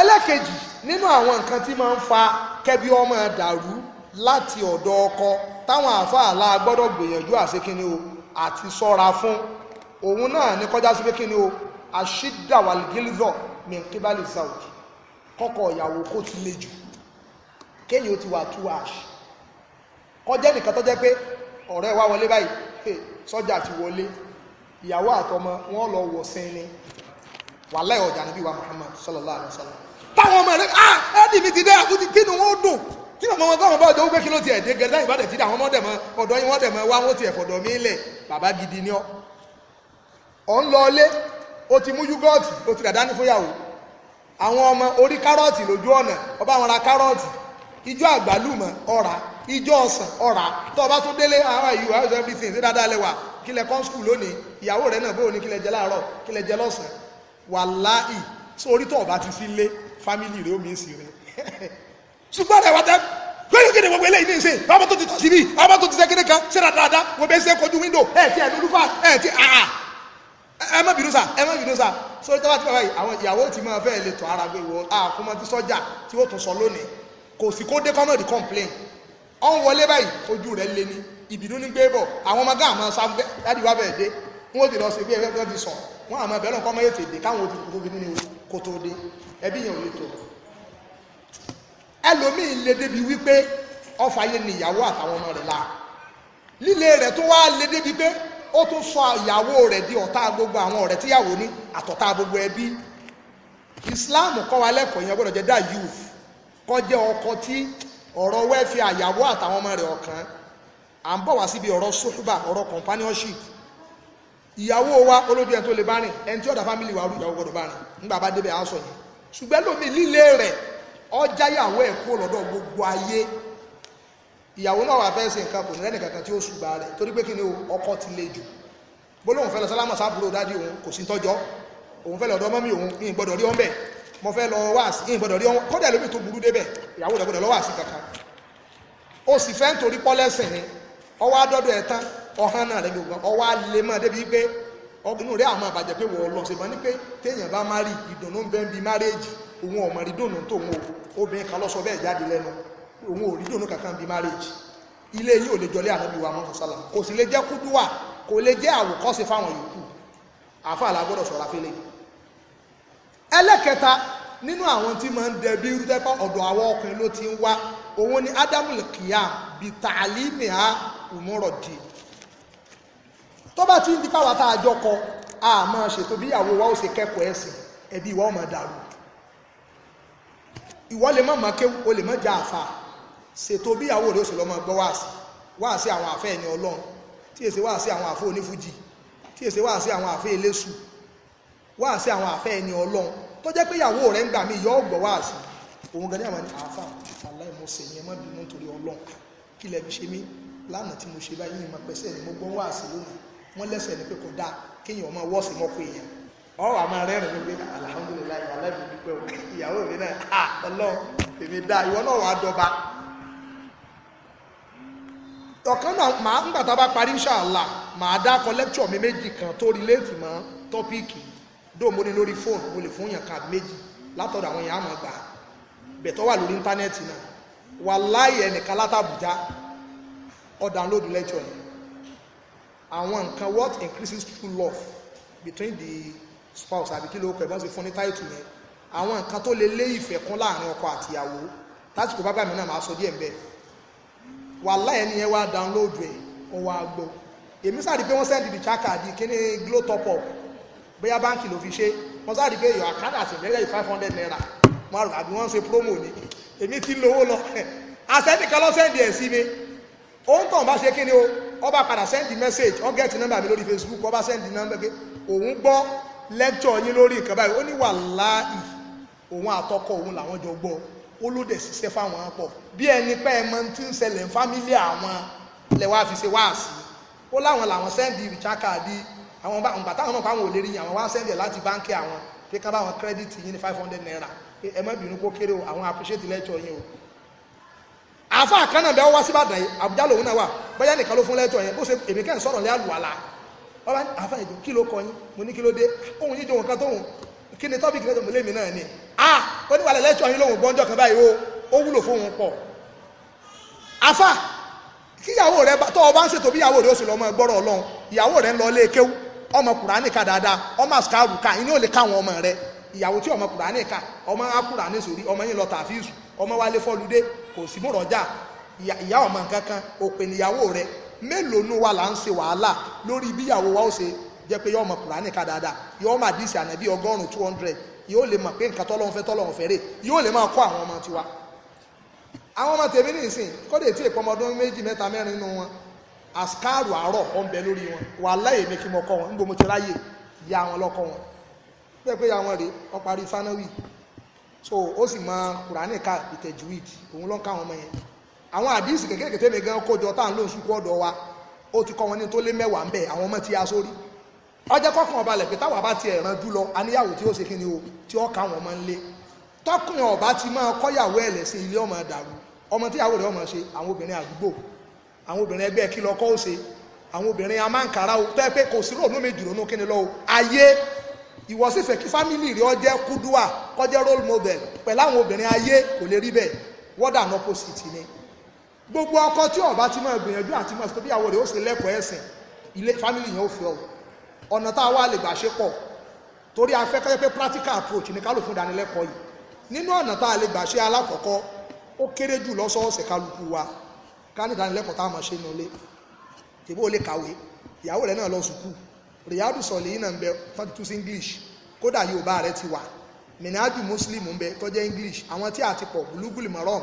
ẹlẹ́kejì nínú àwọn nǹkan tí máa ń fa ọmọ láti ọ̀dọ̀ ọkọ táwọn àáfàá la gbọ́dọ̀ gbìyànjú àṣekínni o àti sọ́ra fún òun náà ní kọjá sí pé kínni o àṣídàwàlgílzọ̀ mìkíbálì saudi kọ́kọ́ ìyàwó kó ti le jù kéyìn ó ti wà tú àṣì kọjá nìkan tó jẹ́ pé ọ̀rẹ́ wa wọlé báyìí sọ́jà ti wọlé ìyàwó àtọmọ wọn lọ wọ̀ sẹ́ni wàláì ọ̀jà níbí wa Muhammad sallallahu alaihi wasallam táwọn ọmọ rẹ̀ ah ẹ́dì mi ti dé àkútí kínú wọn dùn tí màmá wọn táwọn bá dọ́wọ́ pé kí ló tiẹ̀ dé gẹ̀rẹ́ láyìn bá dẹ̀ ti dà àwọn ọmọdé mọ ọ̀dọ́ yín wọ́n dẹ̀ mọ wá wọ́n tiẹ̀ fọ̀dọ̀ mí lẹ̀ bàbá gidi ni ọ́ ọ̀ ń lọ ilé o ti mú yúgọ́ọ̀tì o ti dàdá ní fúyàwó àwọn ọmọ orí kárọ̀tì lójú ọ̀nà ọba àwọn ra kárọ̀tì ijó àgbálùmọ̀ ọ̀rà ijó ọ̀sán ọ̀rà tó o bá délé ah, ah, àwọn ìyú ṣùgbọ́n rẹ̀ wá tẹ́ gbẹ́gbẹ́gbẹ́ gbogbo eléyìí ní ìsìn ọmọ tó ti tọ̀ sí bí ọmọ tó ti sẹ́ kéde kan ṣẹ́ra dáadáa wọ́n bẹ́ẹ̀ ṣe kojú wíńdò ẹ̀ tí ẹ̀ lólu fà ẹ̀ tí àà ẹ má bínú sà ẹ má bínú sà sórí tọ́wá tí bàbá yìí àwọn ìyàwó ti máa fẹ́ lè tọ́ ara gbé wọ àkómọ tí sọ́jà tí ó tún sọ lónìí kò sì kó dé kọ́mọ̀dì complain ọ̀n wọlé báyìí ojú rẹ̀ lé ní ìbínú ní gbé bọ̀ àwọn ọmọ gáà máa sáfẹ́ láti wá bẹ̀ẹ̀ dé wọ́n ti lọ sí bí ẹgbẹ́ ẹlòmíì lè débi wípé ọfàyè ni ìyàwó àtàwọn ọmọ rẹ̀ la líle rẹ̀ tó wá lè débi pé ó tún sọ ìyàwó rẹ̀ di ọ̀tá gbogbo àwọn ọ̀rẹ́ tíyàwó ní àtọ̀tá gbogbo ẹbí Islam kọ́ wa lẹ́kọ̀ọ́ yẹn gbọ́dọ̀ jẹ́ dá youth kọ́ jẹ́ ọkọ tí ọ̀rọ̀ wẹ́ẹ̀fẹ́ àyàwó àtàwọn ọmọ rẹ̀ ọ̀kan à ń bọ̀ wá síbi ọ̀rọ̀ sùhùbà ọ̀rọ̀ companionship ìyàwó wa olójú ẹni tó lè bá rìn ẹni tí ọ̀dà family wa rú ìyàwó gbọ́dọ̀ bá rìn nígbà bá débẹ̀ á sọ yẹn ṣùgbọ́n lómi líle rẹ̀ ọ jáyàwó ẹ̀ lọ́dọ̀ gbogbo ayé ìyàwó náà wà fẹ́ nǹkan kò ní rẹ́nìkan kan tí ó ṣùgbà rẹ̀ torí pé kí ni ọkọ ti lè jù gbólóhùn fẹ́ sálámà sábúrò dádì òun kò sí tọ́jọ́ òun mọ́mí òun ní rí ọ́nbẹ̀ mo fẹ́ lọ ní rí kódà tó burú débẹ̀ ìyàwó kankan ó sì fẹ́ òun ọmọ rí dùnú tó òun obìnrin kan lọ́sọ bẹ́ẹ̀ jáde lẹ́nu òun ò rí dùnú kankan bí marriage ilé yìí ò lè jọlé ànábì wa mọ́tò sálà kò sì lè jẹ́ kúdúwà kò lè jẹ́ àwòkọ́ṣe fáwọn yòókù àfa àlágbọ́dọ̀ sọ̀rọ̀ afẹ́lẹ́ ẹlẹ́kẹta nínú àwọn tí máa ń dẹbi rúdẹ́pọ̀ ọ̀dọ̀ àwọn ọkùnrin ló ti ń wá òun ni ádámù kìíyà bíi tààlímì á òmùrọ̀ dì tó bá ti ń di pàwọ́ tá a jọ kọ a máa ṣètò bí ìyàwó wa ó ṣe kẹ́kọ̀ọ́ ẹ̀sìn ẹbí wa ó máa dàrú ìwọ lè má máa kéwù o lè má já àfa ṣètò bí ìyàwó rẹ ó sì lọ́mọ gbọ́ wáàsí wáàsí àwọn àfẹ́ ẹni ọlọ́run tí èsè wáàsí àwọn àfẹ́ onífújì tí èsè wáàsí àwọn àfẹ́ eléṣù wáàsí àwọn àfẹ́ ẹni ọlọ́run tó jẹ́ pé ìyàwó rẹ ń gbà mí yọ ọ̀gbọ̀ wáàsí òun gan ní àwọn àfa aláì mo ṣe yẹn má bínú nítorí ọlọ́run kí lẹ fi ṣe mí lánàá tí mo ṣe báyìí ìmọ̀ pẹ̀sẹ̀ ni mo gbọ́ wáàsí lónìí wọ́n lẹ́sẹ̀ ní pé dáa kéèyàn ọmọ wọ́ọ̀sì mọ́kọ èèyàn ọwọ́ àmọ́ rẹ́rìn pé alhamdulilayi alábi dúpẹ́ o ìyàwó mi náà à ah, ọlọ́run èmi dá ìwọ náà wàá dọba ọ̀kan náà màá ńgbà tá a bá parí ṣáàlà màá dákọ lẹ́kṣọ̀ mi méjì kan tó rí léètì mọ́ tọ́píìkì dóòmó ni lórí fóònù mo lè fún yàn ká méjì látọ̀dọ̀ àwọn èèyàn àmọ́ gbà bẹ̀tọ́ wà lórí íńtánẹ́ẹ̀tì náà wà láàyè ẹnìkan látàbújá ó download lẹ́kṣọ̀ yẹn àwọn nǹkan what increases true love between the spouse àbí kí ló kọ ẹ̀gbọ́n sì fún ní táìtù yẹn àwọn nǹkan tó lè lé ìfẹ́ kún láàrin ọkọ àtìyàwó lásìkò bàbá mi náà máa sọ díẹ̀ mbẹ́ wàhálà ẹni yẹn wá download ẹ̀ ó wá gbọ́ èmi sáà rí pé wọ́n send the tracker di kíní glow top up bóyá báńkì ló fi ṣe wọ́n sáà rí pé your account has been very five hundred naira wọ́n rà àbí wọ́n ṣe promo ni èmi ti lówó lọ àṣẹ́nìkan lọ send ẹ̀ sí mi ó ń tàn bá ṣe kíni o ó bá padà send the message ó get number mi lórí Facebook ó bá send the number pé òun gbọ́ lẹ́kṣọ̀ yín lórí nǹkan báyìí ó ní wàláì òun àtọkọ òun làwọn jọ gbọ́ ó ló dẹ̀ ṣiṣẹ́ fáwọn pọ̀ bí ẹni pẹ́ ẹ mọ tí ń ṣẹlẹ̀ fámílì àwọn lẹ́wà fi ṣe wáàsí ó láwọn làwọn àwọn bàbá táwọn náà káwọn ò lè rí àwọn wá láti naira kó kéré o àwọn appreciate lẹ́kṣọ̀ yín o àfa àkànnà bẹ́ẹ̀ wá síbàdàn yìí àbújá lòun náà wà nìkan ló fún yẹn bó ṣe èmi kẹ́ ń sọ̀rọ̀ wọ́n bá àfa ìjọ kí ló kọ yín mo ní kí ló dé ah, ohun yíjọ nǹkan tóhun kí ni tọ́bìkì lẹ́tọ̀ mọ́lẹ́ mi náà ni a ah, ó ní wàlẹ̀ lẹ́tọ̀ yín lóhun gbọ́njọ́ kan báyìí ó wúlò fóun pọ̀ afa kíyàwó rẹ tọ́ ọ bá ń ṣètò bíyàwó rẹ ó sì ọlọ́run ìyàwó rẹ ń lọ ilé kéwú ọmọ kùránì ká dáadáa ọmọ rẹ ìyàwó tí ọmọ kùránì ká ọmọ akùránì sórí ọmọ lọ tàfíìsù ọmọ wálé mélòó nu wa là ń ṣe wàhálà lórí bíyàwó wa ó ṣe jẹ́ pé yọ́ọ́ mọ̀ kùránì ká dáadáa yọ́ọ́ mọ̀ àdìsí ànábì ọgọ́rùn-ún two hundred yóò lè mọ̀ pé nǹkan tọ́lọ́run fẹ́ tọ́lọ́run fẹ́ rè yóò lè máa kọ́ àwọn ọmọ tiwa àwọn ọmọ tèmi ní ìsìn kódé tí èpọ̀ ọmọdún méjì mẹ́ta mẹ́rin nínú wọn àsìkáàrù àárọ̀ ọ̀ ń bẹ lórí wọn wà láyè mi kí mo kọ́ wọn níbo mo ti ráyè ya wọn lọ́kọ́ wọn bẹ́ẹ̀ pé àwọn rèé ó parí fánáwì so ó sì mọ kùránì ká ìtẹ̀júwìd òun ló ń ká àwọn ọmọ yẹn àwọn àdìsí kékeré tèmi gan kójọ tá à ń lò ń sunkún ọ̀dọ̀ wa ó ti kọ́ wọn ní tó lé mẹ́wàá ń bẹ̀ àwọn ọmọ ti ya sórí ọjọ́ kọkàn ọba lẹ̀pẹ́ táwa bá tiẹ̀ ràn jù lọ aníyàwó tí ó ṣe kíni o tí ó ká wọn máa ń lé tọkùnrin ọba ti máa kọ́yàwó ẹ̀ lẹ́sìn ilé ọmọ dàrú ọmọ tíyàwó rẹ̀ ọmọ ṣe àwọn obìnrin àdúgbò àwọn obìnrin ẹgbẹ́ kí lọ́kọ́ ó ṣe àwọn obìnrin amáǹkárá o tẹ́ pé kò sí ròónú méjì ròónú kíni lọ́wọ́ ayé ìwọ sì fẹ́ kí fámìlì rẹ̀ ó jẹ́ kúdùà kó jẹ́ role model pẹ̀lú àwọn obìnrin ayé kò lè rí bẹ́ẹ̀ wọ́dà nọ́pọ̀sìtì ni gbogbo ọkọ tí ọba ti máa gbìyànjú àti máa sọ bí àwọn rẹ̀ ó ṣe lẹ́kọ̀ọ́ ẹ̀sìn ilé fámìlì yẹn ó fi ọ ọ̀nà tá a wá lè gbà ṣe pọ̀ torí a fẹ́ kọ́ pé practical approach ni ká lò fún ìdánilẹ́kọ̀ọ́ yìí nínú ọ̀nà tá a lè gbà ṣe alákọ̀ọ́kọ́ ó kéré jù lọ́sọ̀ọ̀sẹ̀ kálukú wa ká ní ìdánilẹ́kọ̀ọ́ tá a máa ṣe nínú ilé tèbó lè kàwé ìyàwó rẹ̀ náà lọ sùkúù rìyádù sọ̀lẹ̀ yìí náà ń bẹ twenty two english kódà yorùbá rẹ̀ ti wà mìnàjù muslim ń bẹ tó jẹ́ english àwọn tí a ti pọ̀ gbùlúgbùlù mọ̀rán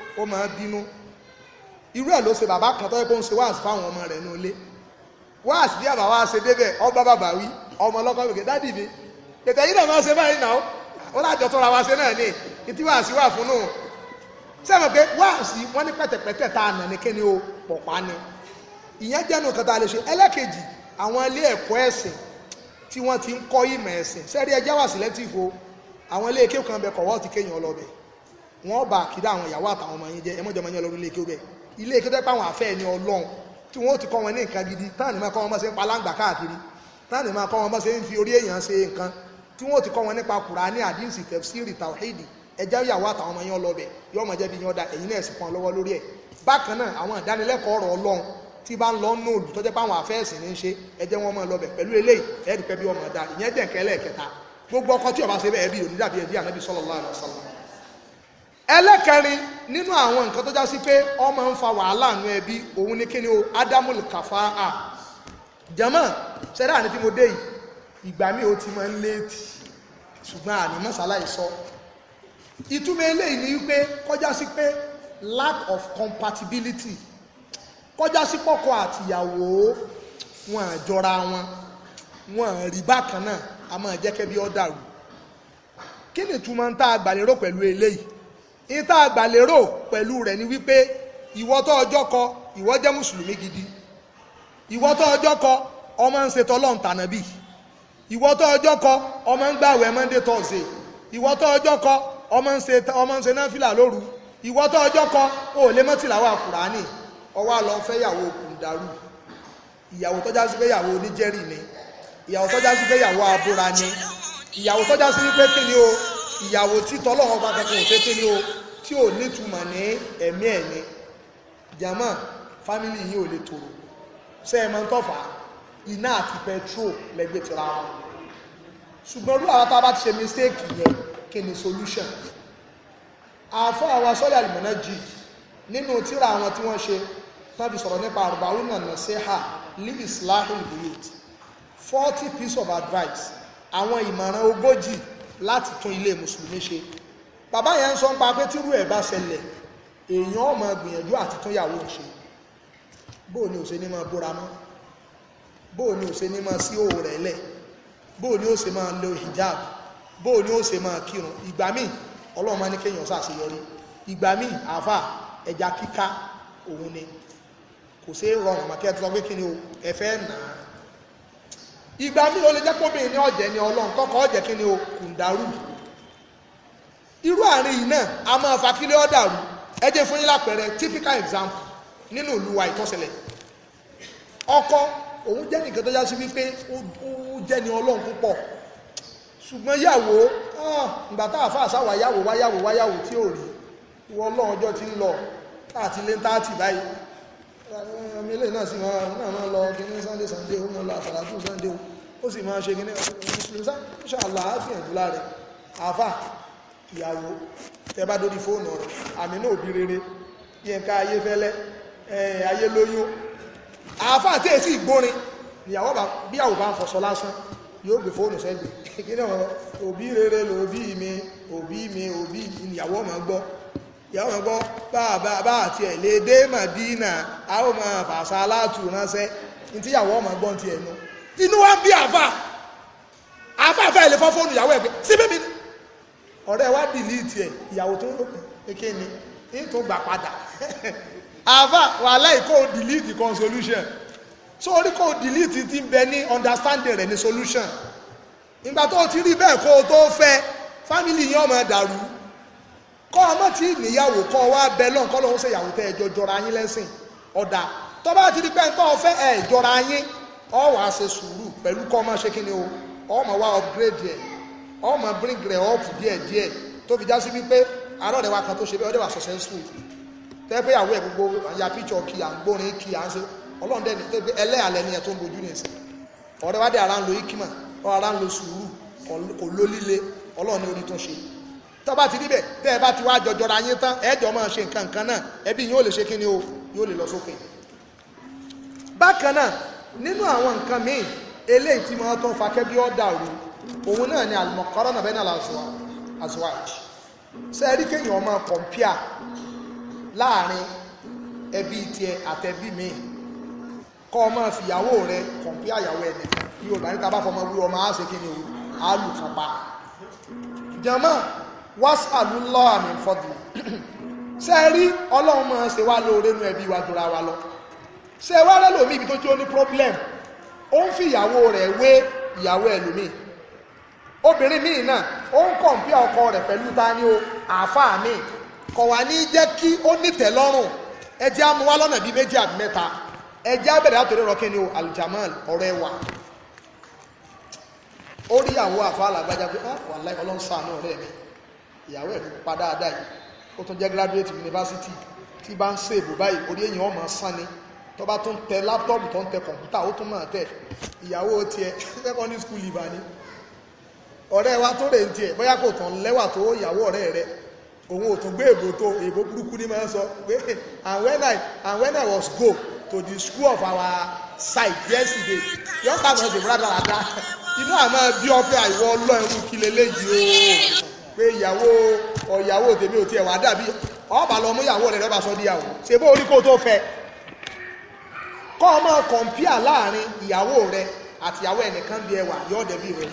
ó máa bínú irú ẹ̀ ló ṣe bàbá kan tó yẹ kó ń ṣe wáàsí fáwọn ọmọ rẹ̀ nínú ilé wáàsí bí àbá wáàsí débẹ̀ ọba bàbá wí ọmọ ọlọ́kọ́ bèkè dádì mi tètè yìí náà máa ṣe báyìí náà ó lájọ tó ra wá ṣe náà ní ìtí wáàsí wà fún un sẹ́wọ̀n pé wáàsí wọ́n ní pẹ̀tẹ̀pẹ̀tẹ̀ tá a nà ní kíni o pọ̀pá ni ìyẹn jẹ́nu kan tá a lè ṣe ẹlẹ́kejì àwọn ilé ẹ̀kọ́ ẹ̀sìn tí wọ́n ti ń kọ́ ìmọ̀ ẹ̀sìn sẹ́rí ẹjẹ́ wà sílẹ̀ àwọn ilé kéwù kan bẹ kọ̀wọ́ ti kéèyàn lọ wọ́n bá àkídá àwọn ìyàwó àtàwọn ọmọ yín jẹ́ ẹ mọ́jọ́ ọmọ yín lọ ilé kéwú bẹ́ẹ̀ ilé kéwú tẹ́pẹ́ àwọn àfẹ́ ẹni ọlọ́run tí wọ́n ti kọ́ wọn ní nǹkan gidi táwọn ìmọ̀ kọ́ wọn ṣe ń paláǹgbà káàkiri táwọn ìmọ̀ kọ́ wọn ṣe ń fi orí èèyàn ṣe nǹkan tí wọ́n ti kọ́ wọn nípa kùránì àdínsì tẹ̀fsírì tàwíìdì ẹjẹ́ ìyàwó àtàwọn ọmọ yín ọlọ́bẹ̀ yóò mọ̀ jẹ́bi yọ̀ọ̀dà ẹ̀yin náà sì pọn lọ́wọ́ lórí ẹ̀ bákan náà àwọn ìdánilẹ́kọ̀ọ́ ọ̀rọ̀ ọlọ́run tí bá ń lọ nù òdù tó pé àwọn àfẹ́ẹ̀sì ní í ṣe ẹjẹ́ wọn mọ̀ lọ́bẹ̀ pẹ̀lú eléyìí ẹ̀ẹ́dì pẹ́ bí ọmọ ọ̀dà ìyẹn jẹ́ nkẹ́lẹ́ gbogbo ọkọ tí ó ṣe bẹ́ẹ̀ bí òní dàbí ẹ̀dí ànábì sallallahu alaihi wasallam ẹlẹ́kẹrin nínú àwọn nǹkan tó já sí pé ọmọ ń fa wàhálà nù ẹbí òun ni kíni o ádámù kàfá à jẹ́mọ̀ ṣẹ́dá àní tí mo dé yìí ìgbà mi ò ti máa ń léètì ṣùgbọ́n àní mọ́sálá ìsọ ìtumọ̀ eléyìí ni wípé kọjá sí pé lack of compatibility kọjá sí pọ́kọ àtìyàwó wọn àjọra wọn wọn rí bákan náà a máa jẹ́ kẹ́bí ó dàrú kí ni ìtumọ̀ ń tá a gbàlérò pẹ̀lú eléyìí ita agbalero pẹ̀lú rẹ̀ ni wipe ìwọ tó ọjọ́ kọ iwọ jẹ́ musulumi gidi ìwọ tó ọjọ́ kọ ọmọ ń ṣe tọ́lọ́ ntànàbí ìwọ tó ọjọ́ kọ ọmọ ń gbàwẹ̀ monday thursday ìwọ tó ọjọ́ kọ ọmọ ń ṣe ọmọ ń ṣe náfìlà lóru ìwọ tó ọjọ́ kọ o lè mọ́tìlá wà kùránì ọwọ́ àlọ́ fẹ́yàwó kùndàrú ìyàwó tọ́já sí fẹ́yàwó oníjẹ́rì ni ìyàwó tọ́já sí fẹ́yàwó abúra ni ìyàwó tọ́já sí wípé kí ni o ìyàwó tí tọ́lọ́wọ́n bá kankan ò tètè ní o tí ò nítumọ̀ ní ẹ̀mí ẹ̀ ni jama family yìí ò lè tòrò ṣe é máa ń tọ́fà iná àti petrol lẹ́gbẹ̀ẹ́ tira wọn ṣùgbọ́n irú àwọn tá a bá ti ṣe mistake yẹn kí ni solution àfọ àwọn sọ́yà àlùmọ́nà jì nínú tíra àwọn tí wọ́n ṣe tán fi sọ̀rọ̀ nípa àrùbáwò náà nà sí ha lil the buyut forty piece of advice àwọn ìmọ̀ràn ogójì láti tún ilé mùsùlùmí ṣe bàbá yẹn ń sọ nípa pé tírú ẹ̀ bá ṣẹlẹ̀ èèyàn ọmọ gbìyànjú àti tún yàwó ṣe bóò ni ò ṣe ní máa búra mọ́ bóò ni ò ṣe ní máa sí òwò rẹ̀ lẹ̀ bóò ni ó ṣe máa lo hijab bóò ni ó ṣe máa kírun ìgbà míì ọlọ́run máa ní kéèyàn ṣàṣeyọrí ìgbà míì àáfà ẹja kíká òun ni kò ṣeé rọrùn màkẹ́ tó sọ pé kí ni o ẹ fẹ́ nà ìgbà míì ó lè jẹ́ kóbìnrin ní ọ̀jẹ̀ ni ọlọ́run kọ́kọ́ ọ̀jẹ̀ kí ni o kùndàrú irú àárín yìí náà a máa fa kílé ọ̀dàrú ẹ jẹ́ fún yín typical example nínú ọkọ òun jẹ́ nìkan tó já wípé ó jẹ́ ni ọlọ́run púpọ̀ ṣùgbọ́n ah, yàwó ìgbà yàwó wáyàwó wáyàwó tí ò rí ìwọ ti ń lọ káàtì èmi eléyìí náà sì máa náà máa lọ kíní sunday sunday ó máa lọ àsàlátù sunday ó sì máa ṣe kíní mùsùlùmí sáà àlàáfíà ìdúlá rẹ̀ àfà ìyàwó tẹ bá dórí fóònù rẹ̀ àmì náà òbí rere yẹnka ayéfẹ́lẹ́ ayé lóyún àfà àti èsì ìgbórin ìyàwó bí àwò bá ń fọṣọ lásán yóò gbé fóònù sẹ́gbẹ̀ẹ́ kíní ọ̀rọ̀ òbí rere lòbí mi òbí mi òbí ìyàwó ọmọ gbọ́ ìyá wọn gbọ́ bá bá bá tiẹ̀ lè dé màdínà a ó máa fàṣà aláàtù ránṣẹ́ ní tíyàwó ọmọ gbọ́n tiẹ̀ nu inú wa ń bí àfà àfà fẹ́ lè fọ́ fóònù ìyàwó ẹ̀ pé síbí mi ọ̀rẹ́ wa dìlíìtì ẹ̀ ìyàwó tó ń lò kéke ni nítorí gbà padà àfà wàhálà ìkó dìlíìtì kan solution so orí kó dìlíìtì ti ń bẹ ní understanding rẹ̀ ní solution ìgbà tó o ti rí bẹ́ẹ̀ kó o tó fẹ́ family yẹn ọmọ dàrú kọ́ ọmọ tí ìníyàwó kọ́ wá bẹ lọ́n kọ́ lọ́hún ṣèyàwó tẹ́ ẹjọ́ jọra yín lẹ́sìn ọ̀dà tọ́ba ti di pé ń tọ́ ọ fẹ́ ẹ̀ jọra yín ọ wàá ṣe sùúrù pẹ̀lú kọ́ ọmọ ṣe kí ni o ọmọ wa upgrade ẹ̀ ọmọ bring rẹ̀ up díẹ̀ díẹ̀ tó fi já sí wípé àárọ̀ rẹ̀ wa kan tó ṣe bẹ́ẹ̀ ọdẹ wa successful tẹ́ pé àwọ̀ ẹ̀ gbogbo àyà picture kì à ń gbórin kì à ń ṣe ọlọ́run dẹ́ni tó gbé ẹlẹ́àlẹ́ ni ẹ̀ tó ń bojú nìyẹn sí ọ̀rẹ́ wa dé ara ń lo ikima ara ń lo sùúrù kò lólíle ọlọ́run ní orí tó ń ṣe tọ́ba ti níbẹ̀ tẹ́ ẹ bá ti wá jọjọra yín tán ẹ̀jọ̀ máa ṣe nǹkan kan náà ẹbí yóò lè ṣe kí ni o yóò lè lọ sókè. bákan náà nínú àwọn nǹkan míì eléyìí tí máa tó ń fa kẹ́bí ọ̀dà rú òun náà ni àlùmọ̀kọ́rọ́ náà bẹ́ẹ̀ náà làzùwà àzùwàjì sẹ́ẹ̀rí kéèyàn máa kọ̀ǹpíà láàrin ẹbí tiẹ̀ àtẹ̀bí míì kọ́ ọ máa fìyàwó rẹ kọ̀ǹpíà ìyàwó ẹ̀ nìkan yóò bá níta bá fọmọ wí ọmọ á ṣe kí ni o á lù kápá jàmáà wasalullah min fadli ṣe rí ọlọ́run máa ṣe wá lóore nu ẹbí wa jura wa lọ ṣe wá lẹ́lòmíì ibi tó jẹ́ ní problem ó ń fi ìyàwó rẹ̀ wé ìyàwó ẹlòmíì obìnrin míì náà ó ń kọ̀m̀pí ọkọ rẹ̀ pẹ̀lú tani o àáfàá míì kọ̀ wá ní jẹ́ kí ó nítẹ̀ lọ́rùn ẹjẹ́ á mú wá lọ́nà bíi méjì àbí mẹ́ta ẹjẹ́ á bẹ̀rẹ̀ rọ kíni o aljamal ọ̀rọ̀ ẹwà ó rí àwọn àfa alàgbájá pé ah wàláì ọlọ́run ṣàánú ọ̀rẹ́ mi ìyàwó ẹ̀ fi pa dáadáa yìí ó tún jẹ́ graduate university tí bá ń ṣèbò báyìí orí èèyàn ọmọ sán ni tó bá tún tẹ láptọ́ọ̀mù tó ń tẹ kọ̀ǹpútà ó tún máa tẹ ìyàwó tiẹ̀ secondary school ìbà ni ọ̀rẹ́ wa tó rè ń tiẹ̀ bóyá kò tán lẹ́wà tó ìyàwó ọ̀rẹ́ rẹ̀ òun ò tún gbé èbò tó èbò burúkú ní máa ń sọ pé and when I and when I was go to the school of our side yesterday yọ́n kà mọ́ ṣe búrádàràdà inú àmọ́ bí ọ́fẹ́ àìwọ́ ọlọ́run kí leléyìí o pé ìyàwó ọ̀yàwó tèmi ò tiẹ̀ wá dàbí ọba lọ mú ìyàwó rẹ̀ lọ́ba sọ díyàwó ṣe bó orí kó tó fẹ́ kọ́ ọ máa kọ̀ǹpíà láàrin ìyàwó rẹ̀ àtìyàwó ẹnìkan bí ẹwà yóò dẹ̀bí rẹ̀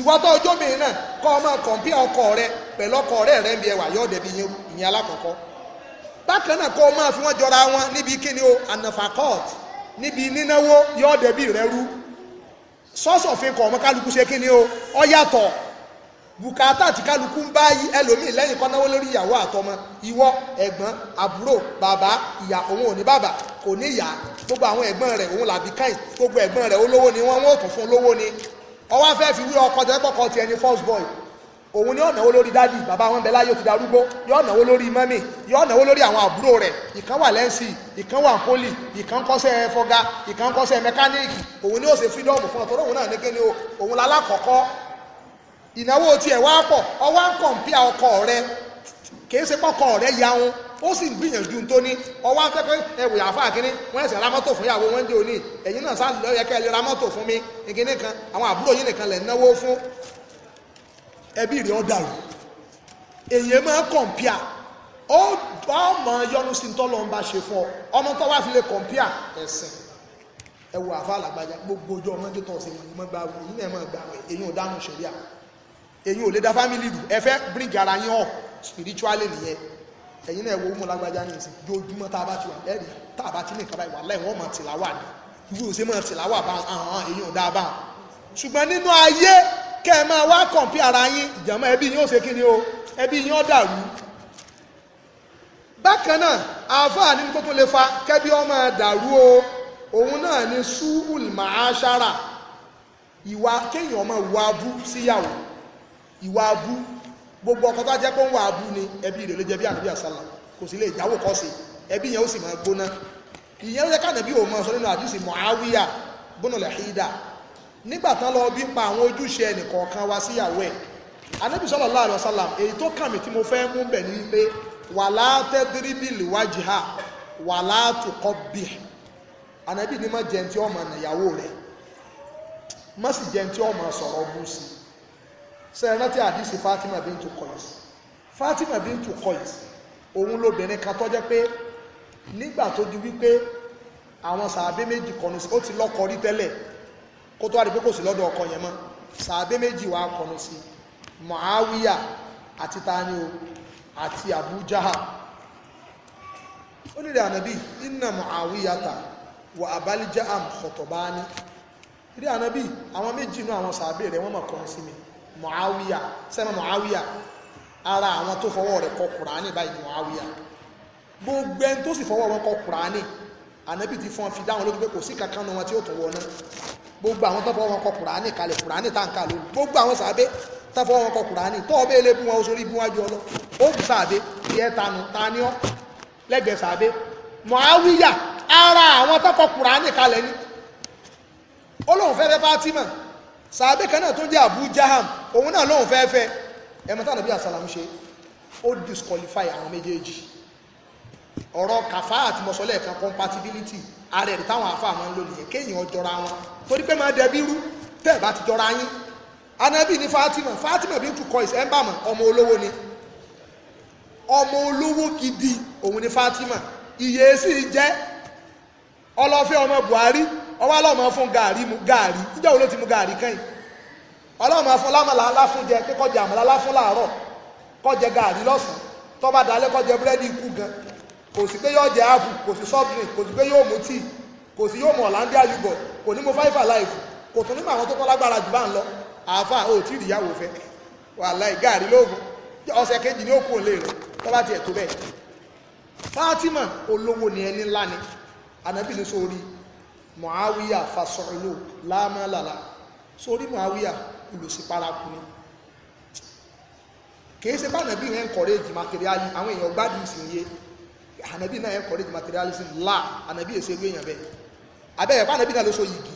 ìwọ tó ọjọ́ mi náà kọ́ ọ máa kọ̀ǹpíà ọkọ rẹ̀ pẹ̀lú ọkọ rẹ̀ rẹ̀ bí ẹwà yóò dẹ̀bí ìyẹn alákọ̀ọ́kọ́ bákan náà kọ́ ọ máa fi wọ́n jọra wọn níbi kíni o anafakọ́t níbi nínáwó yóò dẹ̀bí rẹ̀ rú sọ́sọ̀fin kọ̀ ọmọ kálukú ṣe kíni o ọ yàtọ̀ bùkátà tí kálukú ń bá yí ẹlòmíì lẹ́yìn kọ́náwó lórí ìyàwó àtọmọ ìwọ ẹ̀gbọ́n àbúrò bàbá ìyá òun ò ní bàbá kò ní ìyá gbogbo àwọn ẹ̀gbọ́n rẹ̀ òun làbí káyìn gbogbo ẹ̀gbọ́n rẹ̀ olówó ni wọ́n wọ́n tún fún lówó ni ọwọ́ fẹ́ fi wí ọkọ tẹ́pọ̀kọ ti ẹni first boy òun ni ọ̀nàwó lórí dádì bàbá wọn bẹ láyé ó ti darúgbó yóò náwó lórí mọ́mì yóò náwó lórí àwọn àbúrò rẹ̀ ìkan wà lẹ́ǹsì ìkan wà pólì ìkan kọ́ṣẹ́ fọ́gá ìkan kọ́ṣẹ́ mẹkáníìkì òun ni ó ṣe fídọ́ọ̀mù fún ọ tọ́lọ́hún náà ní kíni o òun lalákọ̀ọ́kọ́ ìnáwó tiẹ̀ wá pọ̀ ọwọ́ ń kọ̀ǹpìà ọkọ rẹ kìí ṣe pọ́kọ rẹ yaun ó sì ń gbìyànjú tó ní ọwọ́ ń fẹ́kọ̀ọ́ ẹ̀wò àfa àkíní wọ́n ẹ̀sẹ̀ ra mọ́tò fún ìyàwó wọn jẹ́ òní ẹ̀yin náà sáà lọ́ọ́ kẹ́ ẹ lè ra mọ́tò fún mi ìkíní kan àwọn àbúrò yìí nìkan lẹ̀ náwó fún ẹbí rẹ̀ ọ́ dàrú èyàn máa kọ̀ǹpìà ó ọmọ yọnu sí tọ́lọ́ ń bá ṣe fún ọ ọmọ tó wá fi lè kọ̀ǹpìà ẹ̀sìn ẹ̀wò àfa àlàgbàjà gbogbo ọjọ́ ọmọdé tó ọ̀sẹ̀ yìí mọ́ gbà èyí ò lè da family rú ẹ fẹ́ bring ara yín up spiritually nìyẹn ẹ̀yin náà wo múlágbájá ní ìsìn dojúmọ́ tá a bá ti wà lẹ́rìí tá a bá ti ní ìkàbá ìwà láì wọ́n mọ̀ tìláwà ni ìwé òsè mọ̀ tìláwà bá àwọn èyí ò dáa bá wọn. ṣùgbọ́n nínú ayé kẹ́ ẹ máa wá kọ̀ǹpì ara yín ìjàmọ́ ẹbí yín ó ṣe kí ni o ẹbí yín ó dàrú. bákan náà àáfàá nínú tó lè fa kẹ́bí ó dàrú o òun náà ni suhul ma'ashara ìwà kéèyàn máa wá bú síyàwó ìwà abú gbogbo ọkọ tó jẹ́ pé ń wà abú ni ẹbí rẹ̀ ló jẹ́ bí ànábì àsálà kò sì lè jáwó kọ́ sí ẹbí yẹn ó sì máa gbóná ìyẹn ló jẹ́ kànábì òun máa sọ nínú àdìsí Muawiya bónúlẹ̀ hídà nígbà tán lọ bí pa àwọn ojúṣe ẹnìkọ̀ọ̀kan wá síyàwó ẹ̀ ànábì sallallahu alaihi wasallam èyí tó tí mo fẹ́ mú bẹ̀ wà sẹ́ẹ̀rántí àdìsí Fatima bintu Qais Fatima bintu Qais òun lóbìnrin kan tó jẹ́ pé nígbà tó di wípé àwọn sàábé méjì kọ̀nù sí ó ti lọ́kọ rí tẹ́lẹ̀ kó tó wá di pé kò sí lọ́dọ̀ ọkọ yẹn mọ́ sàábé méjì wá kọ̀nù sí Muawiya àti tani o àti Abu ó nílẹ̀ ànábì inna Muawiyata wa Abal Jaham khotobani rí ànábì àwọn méjì inú àwọn sàábé rẹ̀ wọ́n mọ̀ kọ̀nù sí mi Muawiya sẹ́mọ̀ Muawiya ara àwọn tó fọwọ́ rẹ̀ kọ kùránì báyìí ni Muawiya gbogbo ẹni tó sì fọwọ́ wọn kọ kùránì ànábì ti fún ọ fi dáhùn lójú pé kò sí kankan nu wọn tí ó tún wọná gbogbo àwọn tó fọwọ́ wọn kọ kùránì kalẹ̀ kùránì tá n kà lóru gbogbo àwọn sàbẹ tó fọwọ́ wọn kọ kùránì tó ọbẹ̀ ilé bí wọn sórí bí wọn jọ lọ ó bù sàbẹ tiẹ̀ tanu taniọ́ lẹ́gbẹ̀ẹ́ sàbẹ Muawiya ara àwọn tó kọ kùránì kalẹ̀ ni ó lóun fẹ́ fẹ́ Fatima sàbẹ kan náà tó jẹ́ Abu Jaham òun náà lóun fẹ́ẹ́ fẹ́ ẹmọ tí ànábì àsàlám ṣe ó disqualify àwọn méjèèjì ọ̀rọ̀ kàfá àti mọ̀sọ́lẹ̀ kan compatibility ààrẹ rẹ̀ táwọn afá àwọn lò nìyẹn kéèyàn jọra wọn torí pé máa dẹbi irú tẹ́ ẹ̀ bá ti jọra yín ànábì ní Fatima Fatima bí tù kọ́ ìsẹ́ ń bà mọ́ ọmọ olówó ni ọmọ olówó gidi òun ni Fatima ìyèsí jẹ́ ọlọ́fẹ́ ọmọ Buhari ọwọ́ ọlọ́mọ fún gàárì mu gàárì ìjọ wo ló ti mu gàárì kẹ́yìn ọlọ́mọ fún lámàlà aláfúnjẹ pé kọjá àmàlà aláfún làárọ̀ kọjẹ gàárì lọ́sàn-án tọ́ba dalẹ́ kọjẹ búrẹ́dì ikú gan kò sí pé yóò jẹ áàpù kò sí sọ́ọ̀bìnrin kò sí pé yóò mu tíì kò sí yóò mu ọ̀làndíà yúgọ̀ kò ní mu fáìfà láìfù kò tún nímọ̀ àwọn tó kọ́ lágbára jù bá ń lọ àáfà ò tí ì ríyàwó fẹ́ wàláì gàárì lóògùn ọ̀sẹ̀ kejì ní òkú òǹlé rẹ̀ tọ́ba tiẹ̀ tó bẹ́ẹ̀ Fatima olówó ni ẹni ńlá ni ànábì ní sórí muawiya fasọ̀lù lámàlàlà sórí muawiya olùsíparakù ni kìí ṣe bá ànábì yẹn encourage material àwọn èèyàn gbádùn sí iye ànábì náà encourage materialism la ànábì èsè ewé èèyàn bẹ́ẹ̀ abẹ́yẹ̀ bá ànábì náà ló so yìgì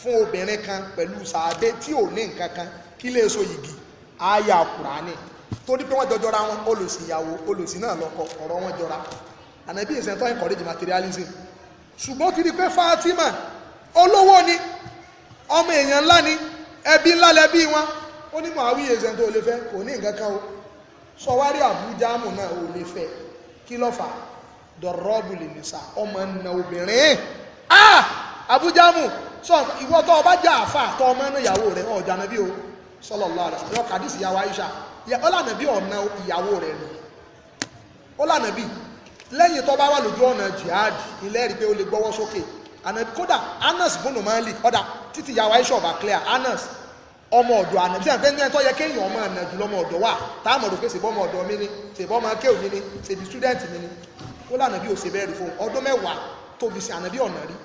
fún obìnrin kan pẹ̀lú sàádé tí ò ní nǹkan kan kí lè so yìgì àyà kùránì torí pé wọ́n jọjọra wọn olùsí ìyàwó olùsí náà lọ́kọ ọ̀rọ̀ wọn jọra ànábì èsè tó encourage materialism ṣùgbọ́n ti di pé Fatima olówó ni ọmọ èèyàn ńlá ni ẹbí ńlá lẹbí wọn ó ní màá wí ẹsẹ̀ tó lè kò ní nǹkan kan o sọ wá Àbújá mọ̀ náà ò lè kí ló fà lè ọmọ obìnrin Àbújá sọ ìwọ tó rẹ ọjà o sọlọ Aisha ọlànà bí ọ̀nà ìyàwó rẹ lẹ́yìn tó bá wà lójú ọ̀nà jihad ilé rí pé ó lè gbọ́wọ́ sókè ànàbí kódà anas bùnú malik ọ̀dà títí yàwá iṣẹ́ ọ̀bà clear anas ọmọ ọ̀dọ̀ ànàbí sẹ́yìn fẹ́ẹ́ tó yẹ kéèyàn ọmọ ànàbí lọ́mọ ọ̀dọ̀ wà táàmù rò pé ṣèbọ́ ọmọ ọ̀dọ̀ mi ni ṣèbọ́ ọmọ akéwì mi ni ṣèbí student mi ni ó lànàbí ò ṣe bẹ́ẹ̀ rí fún ọdún mẹ́wàá tóbi sí ànàbí ọ̀nà rí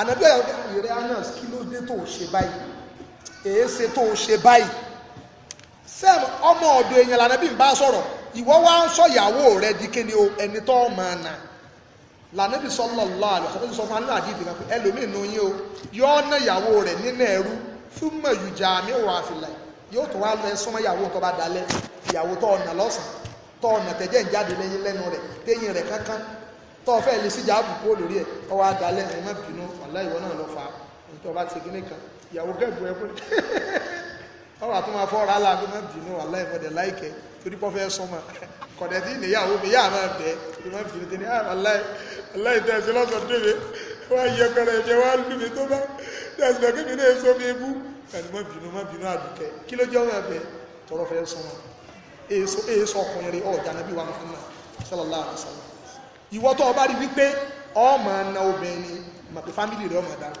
ànàbí ọ̀yọ́ rẹ̀ anas kí ló dé tó ṣe báyìí èé ṣe tó ṣe báyìí sẹ́ẹ̀m ọmọ ọ̀dọ̀ èèyàn lànàbí ń bá sọ̀rọ̀ ìwọ wá ń sọ ìyàwó rẹ di kéde o ẹni tó máa nà lànàbí sallallahu alaihi wasallam sọ fún aláàdì ìdìgbà pé ẹlòmíín nù yín o yọ ọ́nà ìyàwó rẹ nínú ẹrú fún mọ̀yùjà mẹ́wàá àfìlà yóò tó wá lọ súnmọ́ ìyàwó tó bá dalẹ̀ ìyàwó tó ọ̀nà lọ́sàn-án tó ọ̀nà tẹ̀jẹ̀ ń jáde lẹ́yìn lẹ́nu rẹ̀ téyìn rẹ̀ kankan tó o fẹ́ lè síjà àbùkù olórí ẹ̀ ọ wá dalẹ̀ ẹ̀ má bínú wàlá ìwọ náà lọ fà á nítorí ọba ti gíní kan ìyàwó kẹ́ẹ̀bù ẹ pé ọ̀rọ̀ àtúmọ̀ afọ́ra aláàbí má bínú aláìmọ̀dẹ̀ láìkẹ́ torí pọ́ fẹ́ sọmọ kọ̀dẹ̀ tí ìníyàwó mi yá máa bẹ̀ tó má bínú tẹ́ni aláìtẹ́sí lọ́sọ̀ dèbè wá yẹ pẹrẹ ẹ̀jẹ̀ wá lùmí tó bá tẹ̀sí lọ kébì náà sọ mi ebú ẹni má bínú má bínú àdùkẹ́ kí ló jẹ́ wọn bẹ̀ tọrọ fẹ́ sọmọ èso ọkùnrin rẹ ọ̀jà nàbí wa Muhammad sallallahu alaihi wasallam ìwọ tó o bá rí wípé ọmọ na obìnrin màpé fámìlì rẹ ọmọ dára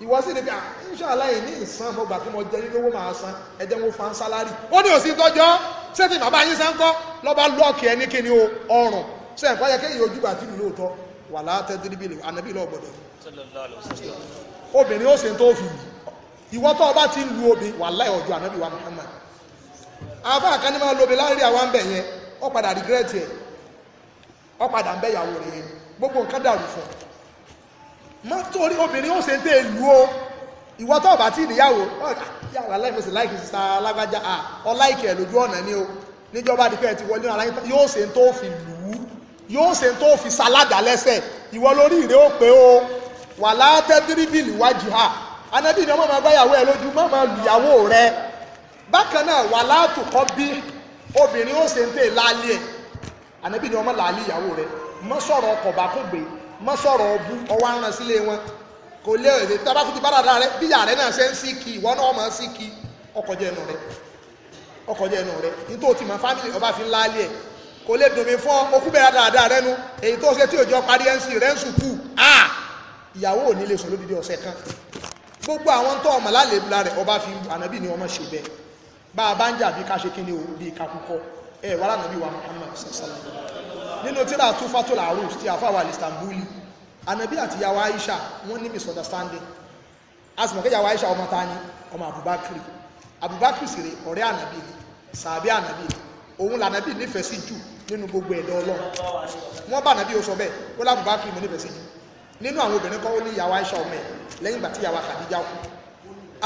ìwọ sì ni bí ah, inshallah ní ìsan mo gbà pé mo jẹ nílówó màá san ẹ jẹ́ mo fan sálárì ó ní òsì tọ́jọ́ ṣé ti bàbá yín sáńkọ́ lọ́ba lọ́ọ̀kì ẹni kíni o ọrùn ṣe nǹkan yẹ kéèyàn ojú bàtí mi lóòótọ́ wà látẹ́ díríbìlì ànábì lọ́ọ̀ gbọ́dọ̀ obìnrin ó ṣe tó fi ìwọ tó ọba ti ń lu obì wà láì ọjọ́ ànábì wa Muhammad àbá àkànní máa lobi láàrin àwọn àmbẹ̀ yẹn ó padà regret ẹ̀ ó padà ń bẹ̀yàwó rẹ̀ gbogbo nǹkan dàrú fún un mọ́tòrí obìnrin ó ṣe ń tẹ́ ìlú o ìwọ tó bá tí ìníyàwó yàrá aláìmọ̀sí láìkì sísá alágbájá ọláìkì ah, ẹ̀ lójú ọ̀nà ni o níjọba dípẹ́ ti wọlé ara yóò ṣe ń tó fi lù ú yóò ṣe ń tó fi saládà lẹ́sẹ̀ ìwọ lórí ìrẹ́ ó pé o wà látẹ́ díríbìlì wájú ha anábì ni ọmọ máa báyàwó ẹ lójú má máa lùyàwó rẹ bákan náà wà látùkọ́ bí obìnrin ó ṣe ń tẹ̀ láálẹ̀ anábì ni ọmọ làálẹ̀ ìyàwó rẹ mọ́ sọ̀rọ̀ ọkọ̀ bá kó gbé mọ́ sọ̀rọ̀ ọbú ọwọ́ aràn sílé wọn kò lé èdè tábàkùtì bá dàda rẹ bí ìyá rẹ náà ṣe ń sí kí ìwọ náà máa sí kí ọkọjẹ ẹnu rẹ ọkọjẹ ẹnu rẹ nítorí tí màá fámìlì ọba fi ń láálẹ̀ kò lè dùn mí fún okú bẹ̀rẹ̀ dáadáa rẹ nu èyí tó ṣe tí òjò parí ẹ̀ ń sì rẹ́ ń sùkú à ìyàwó ò ní lè sùn lódìdí ọ̀sẹ̀ kan gbogbo àwọn tó ọmọ lálébùlà rẹ̀ ọba fi ànábì ni ọmọ ṣe bẹ́ẹ̀ bá a bá ń jà bí ká ṣe kí ni o bí kakúkọ ẹ̀ wàhálà nàbí wa Muhammad sallallahu alaihi wa sallam nínú tíra Tuhfatul Arus tí àfáwà Istanbuli ànàbí àti yàwó Aisha wọ́n ní misunderstanding asìmọ̀kẹ́ yàwó Aisha ọmọ tani ọmọ Abubakar Abubakar sì rè ọ̀rẹ́ ànàbí ni sàbí ànàbí ni òun lànàbí nífẹ̀ẹ́ sí jù nínú gbogbo ẹ̀dọ́ Ọlọ́run wọ́n bá ànàbí ó sọ bẹ́ẹ̀ ó lábùbákiri mo nífẹ̀ẹ́ sí jù nínú àwọn obìnrin kan ó ní yàwó Aisha ọmọ ẹ̀ lẹ́yìn ìgbà tí yàwó Khadija kú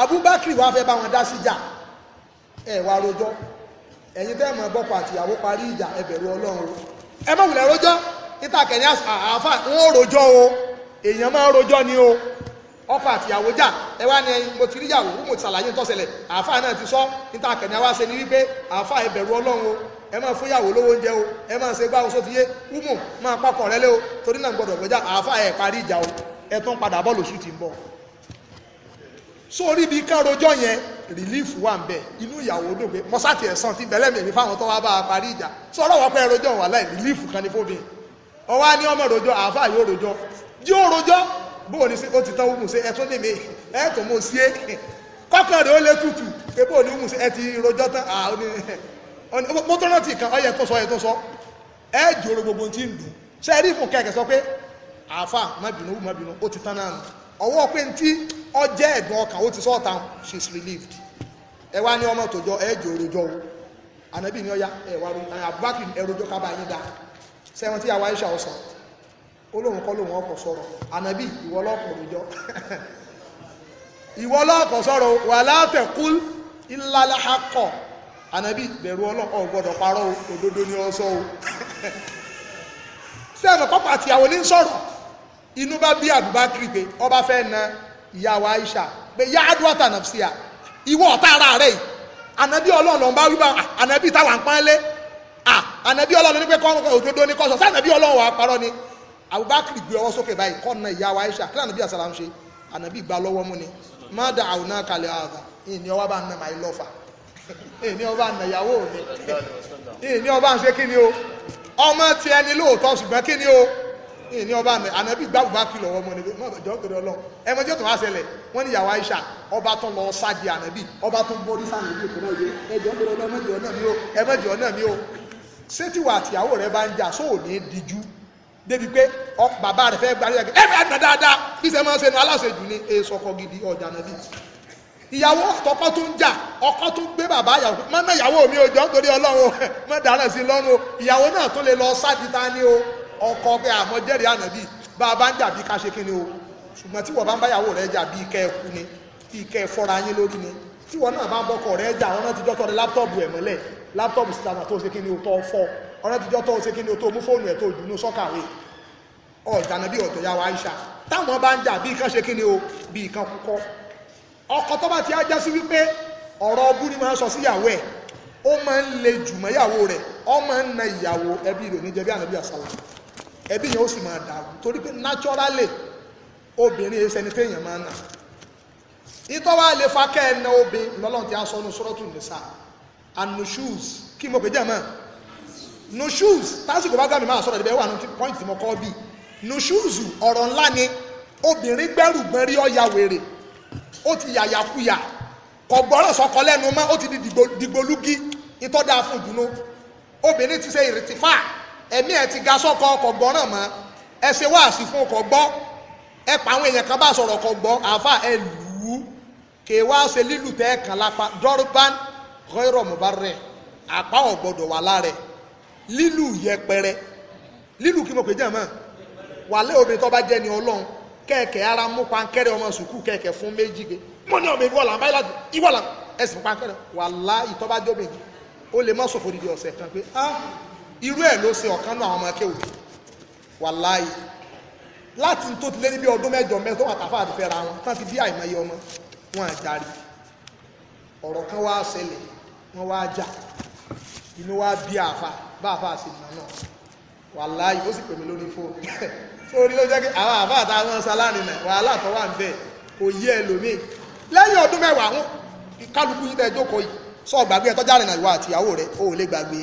Abubakar wàá fẹ́ bá wọn dá sí jà ẹ̀ wá rojọ́ ẹ̀yin tẹ́ mọ̀ bọ́kọ àtìyàwó parí ìjà ẹ Ọlọ́run ẹ má wulẹ̀ rojọ́ níta ń o èèyàn máa ń ni o ọkọ àtìyàwó jà ẹ wá ní mo ti ríyàwó mo ti ṣàlàyé ntọ́sẹ̀lẹ̀ náà ti sọ níta kẹ̀yìn àwa ṣe ni wípé àáfà ẹ bẹ̀rù ọlọ́run o ẹ máa fún ìyàwó lówó oúnjẹ o ẹ máa ṣe gbáhùn sófiyé máa rẹ lé o torí o ẹ tún padà bọ́ọ̀lù sórí ibi károjọ́ yẹn relief wà ń bẹ̀ inú ìyàwó ló gbé mọ́sátì ẹ̀sán ti bẹ̀lẹ́ mẹ́rin fáwọn tó wá bá a parí ìjà sọ̀rọ̀ wọ́n pẹ́ rojọ́ wà láì relief kan ní fóbi ọwọ́ á ní ọmọ rojọ́ àáfà yóò rojọ́ yóò rojọ́ bóò ní ó ti tán wúmu sí ẹtún ní mi ẹtún mo sí é kọ́kàn rẹ̀ ó lé tutù pé bóò ní wúmu sí ẹ ti rojọ́ tán à mo tó rántí kan ọyẹ tó sọ ẹ tó sọ ẹ jòrò gbogbo ti ń dùn sẹ́ẹ̀rí fún kẹ̀kẹ́ sọ pé àáfà má bínú má bínú ó ti tán náà ọwọ́ pé ntí ọ jẹ́ ọkàn ó ti sọ́ọ̀tà she is relieved ẹ wá ní ọmọ tòjọ ẹ òròjọ o ànábì ní ọya ẹ wá Abubakar ẹrọjọ kábà yín dá sẹ́wọ̀n tí àwa Aisha ọ̀sán ó lóun kọ́ lóun ọkọ̀ sọ̀rọ̀ ànábì ìwọ lọ́kọ̀ òròjọ ìwọ lọ́kọ̀ sọ̀rọ̀ wà ànábì bẹ̀rù ọlọ́kọ̀ gbọ́dọ̀ parọ́ òdodo o sẹ́wọ̀n pápá inú bá bí pé na ìyàwó Aisha pé yá adúláta nàfṣíà ìwọ ọ̀tá ara rẹ̀ yìí ànábì ọlọ́run ló ń bá wíwá ah, ànábì táwa ń pọ́n lé ah, ànábì ọlọ́run ní pé kọ́ òdodo ní kọ́sọ̀ sànábì ọlọ́run wà á parọ́ ni Abubakar gbé ọwọ́ sókè báyìí kọ́nà ìyàwó Aisha kí ànábì àsàlà ń ṣe ànábì gbà lọ́wọ́ mú ni má dà àwọn náà kalẹ̀ àgbà ìní ọwọ́ bá ń nà máa lọ́fà ìní ọba ń nà ìyàwó mi ní ọba mi ànábì gbá bùbákì lọ́wọ́ ọmọ ní jọ́ torí ọlọ́ ẹmọ tí ó tún wá ṣẹlẹ̀ wọ́n ní ìyàwó Aisha ọba tó lọ sáàdì ànábì ọba tó borí sáàdì ìlú ìkọ́nà yìí ẹjọ́ torí ọlọ́ ẹmọ́jọ́ náà mi o ẹmọ́jọ́ náà mi ó ṣé tí wà àtìyàwó rẹ bá ń jà sóò ní díjú débi pé bàbá rẹ fẹ́ gbárí ẹgbẹ́ ẹ fẹ́ nà dáadáa bí sẹ́ máa ń sẹ́nu mi ò jọ nítorí Ọlọ́run mọ dáná sí o ìyàwó náà tó lè lọ sáàdì o ọkọ pé àmọ́ jẹ́rìí bá a bá ń jà bí ká ṣe kí ni o ṣùgbọ́n tí wọ́n bá ń báyàwó rẹ̀ jà bí ikẹ́ ẹkú ni bí ikẹ́ fọ́ra yín lórí ni tí wọ́n náà bá ń bọ́kọ̀ rẹ̀ jà ọ̀nà tíjọ́ tọ́ ni láptọ́ọ̀bù ẹ̀ mọ́lẹ̀ láptọ́ọ̀bù tó ṣe kí ni o fọ́ ọ̀nà tíjọ́ ṣe kí ni o tó mú fóònù ẹ̀ tó sọ́kàwé Aisha táwọn bá ń jà bí ti sí wípé ọ̀rọ̀ na ìyàwó ẹbí bí ẹbí yẹn ó sì máa dàrú torí pé naturally obìnrin ẹsẹ̀ ni téèyàn máa nà ìtọ́wá lè fa kẹ́ẹ̀nà obìnrin lọ́lọ́run ti aṣọ ọdún sọ́rọ́tù nìsa and no shoes kí mo pè jẹ́ mọ́ no shoes tásìkò bá gbàmì máa sọ̀rọ̀ ìbẹ̀ wà ní point tí mo kọ́ bí no shoes ọ̀rọ̀ ńlá ni obìnrin gbẹ́rù gbọ́n rí ọ̀ya wèrè ó ti yàyàkuyà kò gbọ́rọ̀ sọkọ lẹ́nu mọ́ ó ti di dìgbòlugi ìtọ́da fún ìdùnnú obìnrin ti ṣe ìrètí fáà ẹ̀mí ẹ̀ ti ga sọ́kọ ọkọ̀ gbọ́ náà mọ́ ẹ ṣe wáàsí fún ọkọ̀ gbọ́ ẹ pa àwọn èèyàn kan bá sọ̀rọ̀ ọkọ̀ gbọ́ àáfà ẹ lù ú kè wá ṣe lílù tẹ́ ẹ kàn lápá dọ́rọ́bán rọ́ìrọ̀ mọ́ bá rẹ̀ àpá ò gbọ́dọ̀ wà lára ẹ̀ lílù yẹpẹrẹ lílù kí mo pè jẹ́ mọ́ wàlẹ́ obìnrin tó bá jẹ́ ni ọlọ́run kẹ̀kẹ́ ara mú pankẹ́rẹ́ ọmọ sùkúù kẹ̀kẹ́ fún méjì ge mo ní ọmọ ìwọ̀là báyìí láti ìwọ̀là ẹ̀sìn pankẹ́rẹ́ wàlá ìtọ́bájọ́ méjì ó lè má sọ̀fọ̀ dídí ọ̀sẹ̀ kan pé ah irú ẹ̀ ló ṣe ọ̀kan náà àwọn ọmọ akéwì wàláyé láti tó ti lé níbi ọdún mẹ́jọ mẹ́tọ́ àtàfà àdìfẹ́ ra wọn tán fi bí àìmọye ọmọ wọn àjàrí ọ̀rọ̀ kan wá ṣẹlẹ̀ wọ́n wá jà inú wá bí àfà bá àfà sí ìmọ̀ náà wàláyé ó sì pè mí lórí fóònù sórí ló jẹ́ pé àwọn àfà àtàwọn salárin náà wàhálà tó wà ń bẹ̀ kò yé ẹlòmíì lẹ́yìn ọdún mẹ́wàá wọn kálukú yín tẹ́ jókòó yìí sọ gbàgbé ẹ tọ́jà rìnà ìwà àtìyàwó rẹ ó lè gbàgbé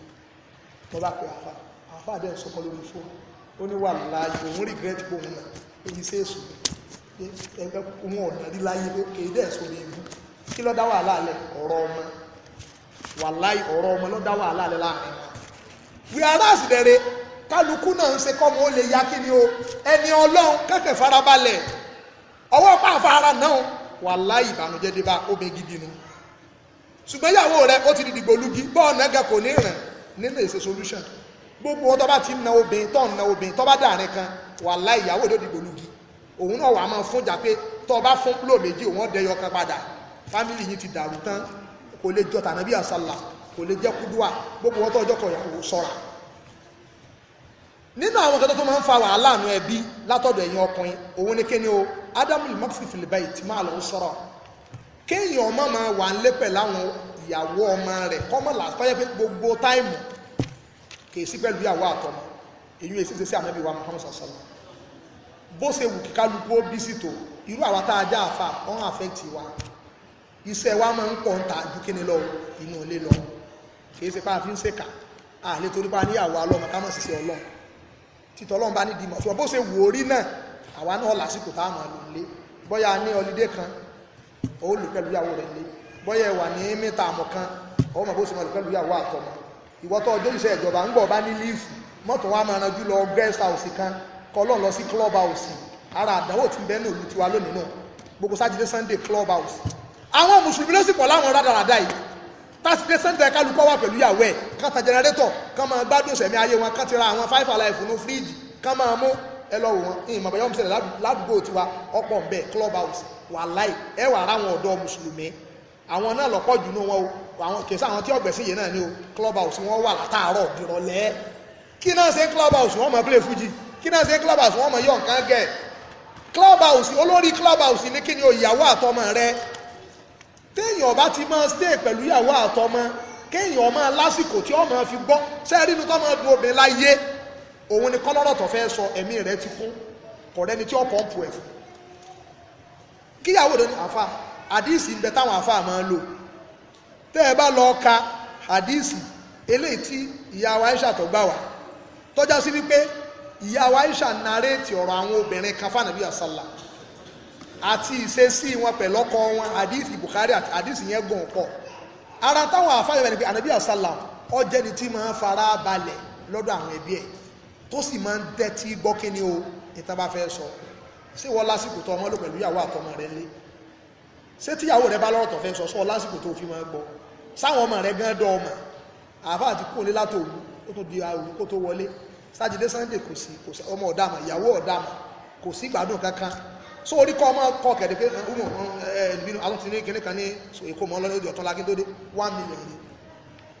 mo bá pe àfà àfà dẹ̀ sọkọ lórí fóònù ó ní wà láàyè òun rìgírẹ́tì pé òun náà èyí sí èso ẹgbẹ́ òun ọ̀nà rí láyé pé èyí dẹ̀ sọ lè bú kí ló dá wàhálà alẹ́ ọ̀rọ̀ ọmọ wàláì ọ̀rọ̀ ọmọ ló dá wàhálà láàrin wí aráàsì dẹ̀rẹ̀ kálukú náà ń ṣe kọ́mọ ó lè ya kí ni o ẹni ọlọ́run kẹ́kẹ́ farabalẹ̀ ọwọ́ pàfà ara náà wàláì ìbànújẹ́ dé bá ó bẹ gidi nu ṣùgbọ́n ìyàwó rẹ ó ti di dìgbòlugi bọ́ọ̀nà gẹ kò ní rìn nílé ṣe solution gbogbo wọn tó bá ti na obìnrin tó ń na obìnrin tó bá dàrin kan wàhálà ìyàwó ló dìbò lùgì òun náà wàá máa fún jà pé tó bá fún púlò méjì òun ọ̀dẹ́yọ kan padà fámìlì yìí ti dàrú tán kò lè jọ tànàbí àsálà kò lè jẹ́ kúdùá gbogbo wọn tó ọjọ́ kan ìyàwó sọ̀ra nínú àwọn kẹtọ́ tó máa ń fa wàhálà àánú ẹbí látọ̀dọ̀ ẹ̀yin ọkùnrin òun ni kíni o adamu limaxi filibayi ti máa lọ sọ̀rọ̀ kéèyàn ọmọ máa wà ń lépẹ̀ láwọn ìyàwó ọmọ rẹ̀ kọ́mọ̀ làásù tó yẹ pé gbogbo táìmù kì í sí pẹ̀lú ìyàwó àtọmọ èyí èsì ṣe sí àmẹ́bí wa Muhammad sọ̀sọ̀rọ̀ bó ṣe wù kí kálukú ó bí sí tò irú àwa tá a já àfa ọ̀n àfẹ́tì wa iṣẹ́ wa máa ń pọ̀ ń ta dúkìní lọ inú ilé lọ kì í ṣe pa àfi ń ṣèkà àlè torí pa níyàwó alọ́mọ ká mọ̀ sí ṣe ọlọ́run títọ́ ọlọ́run bá nídìí mọ̀ ṣùgbọ́n bó ṣe wù orí náà àwa náà lásìkò tá a mọ̀ lò lé bóyá ní ọlídé kan ó lò pẹ̀lú ìyàwó rẹ̀ lé bọ́yẹ̀ wà ní mítàmù kan ọwọ́ màbó sì máa lò pẹ̀lú ìyàwó àtọmọ ìwọ́tọ̀ ọjọ́ ìṣe ìjọba ń gbọ̀ bá ní líìfù mọ́tò wa máa ranjú lọ guest house kan kọlọ́n lọ sí club house ara àdánwò tí ń bẹ́ẹ̀ gbogbo sátidé sunday club house àwọn mùsùlùmí ló sì pọ̀ láwọn yìí sunday kálukọ́ wà pẹ̀lú ẹ̀ káta jẹnẹrétọ̀ máa gbádùn sẹ̀mí ayé wọn ti ra àwọn five alive fíríjì máa mú ẹ lọ àwọn náà lọ́pọ̀ jù nínú wọn o àwọn kìí sáwọn tí ọ̀gbẹ̀sìn yìí náà ni o club house wọn wà látàárọ̀ dìrọ̀lẹ́ kí náà ṣe club house wọn máa play fuji kí náà ṣe club house wọn máa yọ nǹkan gẹ̀ club house olórí club house ní kí ni o ìyàwó àtọmọ rẹ téèyàn ọba ti máa stay pẹ̀lú ìyàwó àtọmọ kéèyàn máa lásìkò tí ọmọ fi gbọ́ sẹ́ẹ̀rì inú tó máa du obìnrin láyé òun ni kọ́lọ́rọ̀ tó fẹ́ sọ ẹ̀mí rẹ ti kún kọ̀rẹ́ni tí ọkọ̀ ń pu ẹ̀fọ́ kíyàwó lónìí àfa Hadisi ń bẹ táwọn àfáà máa ń lò tẹ́ ẹ bá lọ ka àdìsí eléyìí tí ìyá wa Aisha tó gbà wá tọ́já sí wípé ìyá wa Aisha nàréètì ọ̀rọ̀ àwọn obìnrin kan fànàbí àsálà àti ìṣesí wọn pẹ̀lú ọkọ wọn àdìsí Bukhari àti àdìsí yẹn gùn pọ̀ ara táwọn àfáà yẹn ni pé ànàbí àsálà ọjẹ́ ni tí máa fara balẹ̀ lọ́dọ̀ àwọn ẹbí ẹ̀ tó sì máa ń tẹ́tí gbọ́kíní o ìtàn bá sọ ṣé wọ́n lásìkò tó ọmọ lò pẹ̀lú ìyàwó àtọmọ rẹ̀ lé ṣé tíyàwó rẹ bá lọ́rọ̀ tó fẹ́ sọ sọ lásìkò tó fi máa gbọ́ sáwọn ọmọ rẹ gan dọ́ ọmọ àáfà àti kúrò ní látò òru ó tó di àrùn kó tó wọlé sátidé sunday kò sí ọmọ ọ̀dàmà ìyàwó ọ̀dàmà kò sí ìgbádùn kankan so orí kọ́ ọmọ kọ́ kẹ̀dẹ̀ pé ọmọ ẹ̀ẹ́dínú àwọn ti ní kíní kan ní èkó mọ́ lọ́dún ọ̀tún lákín tó dé one million ni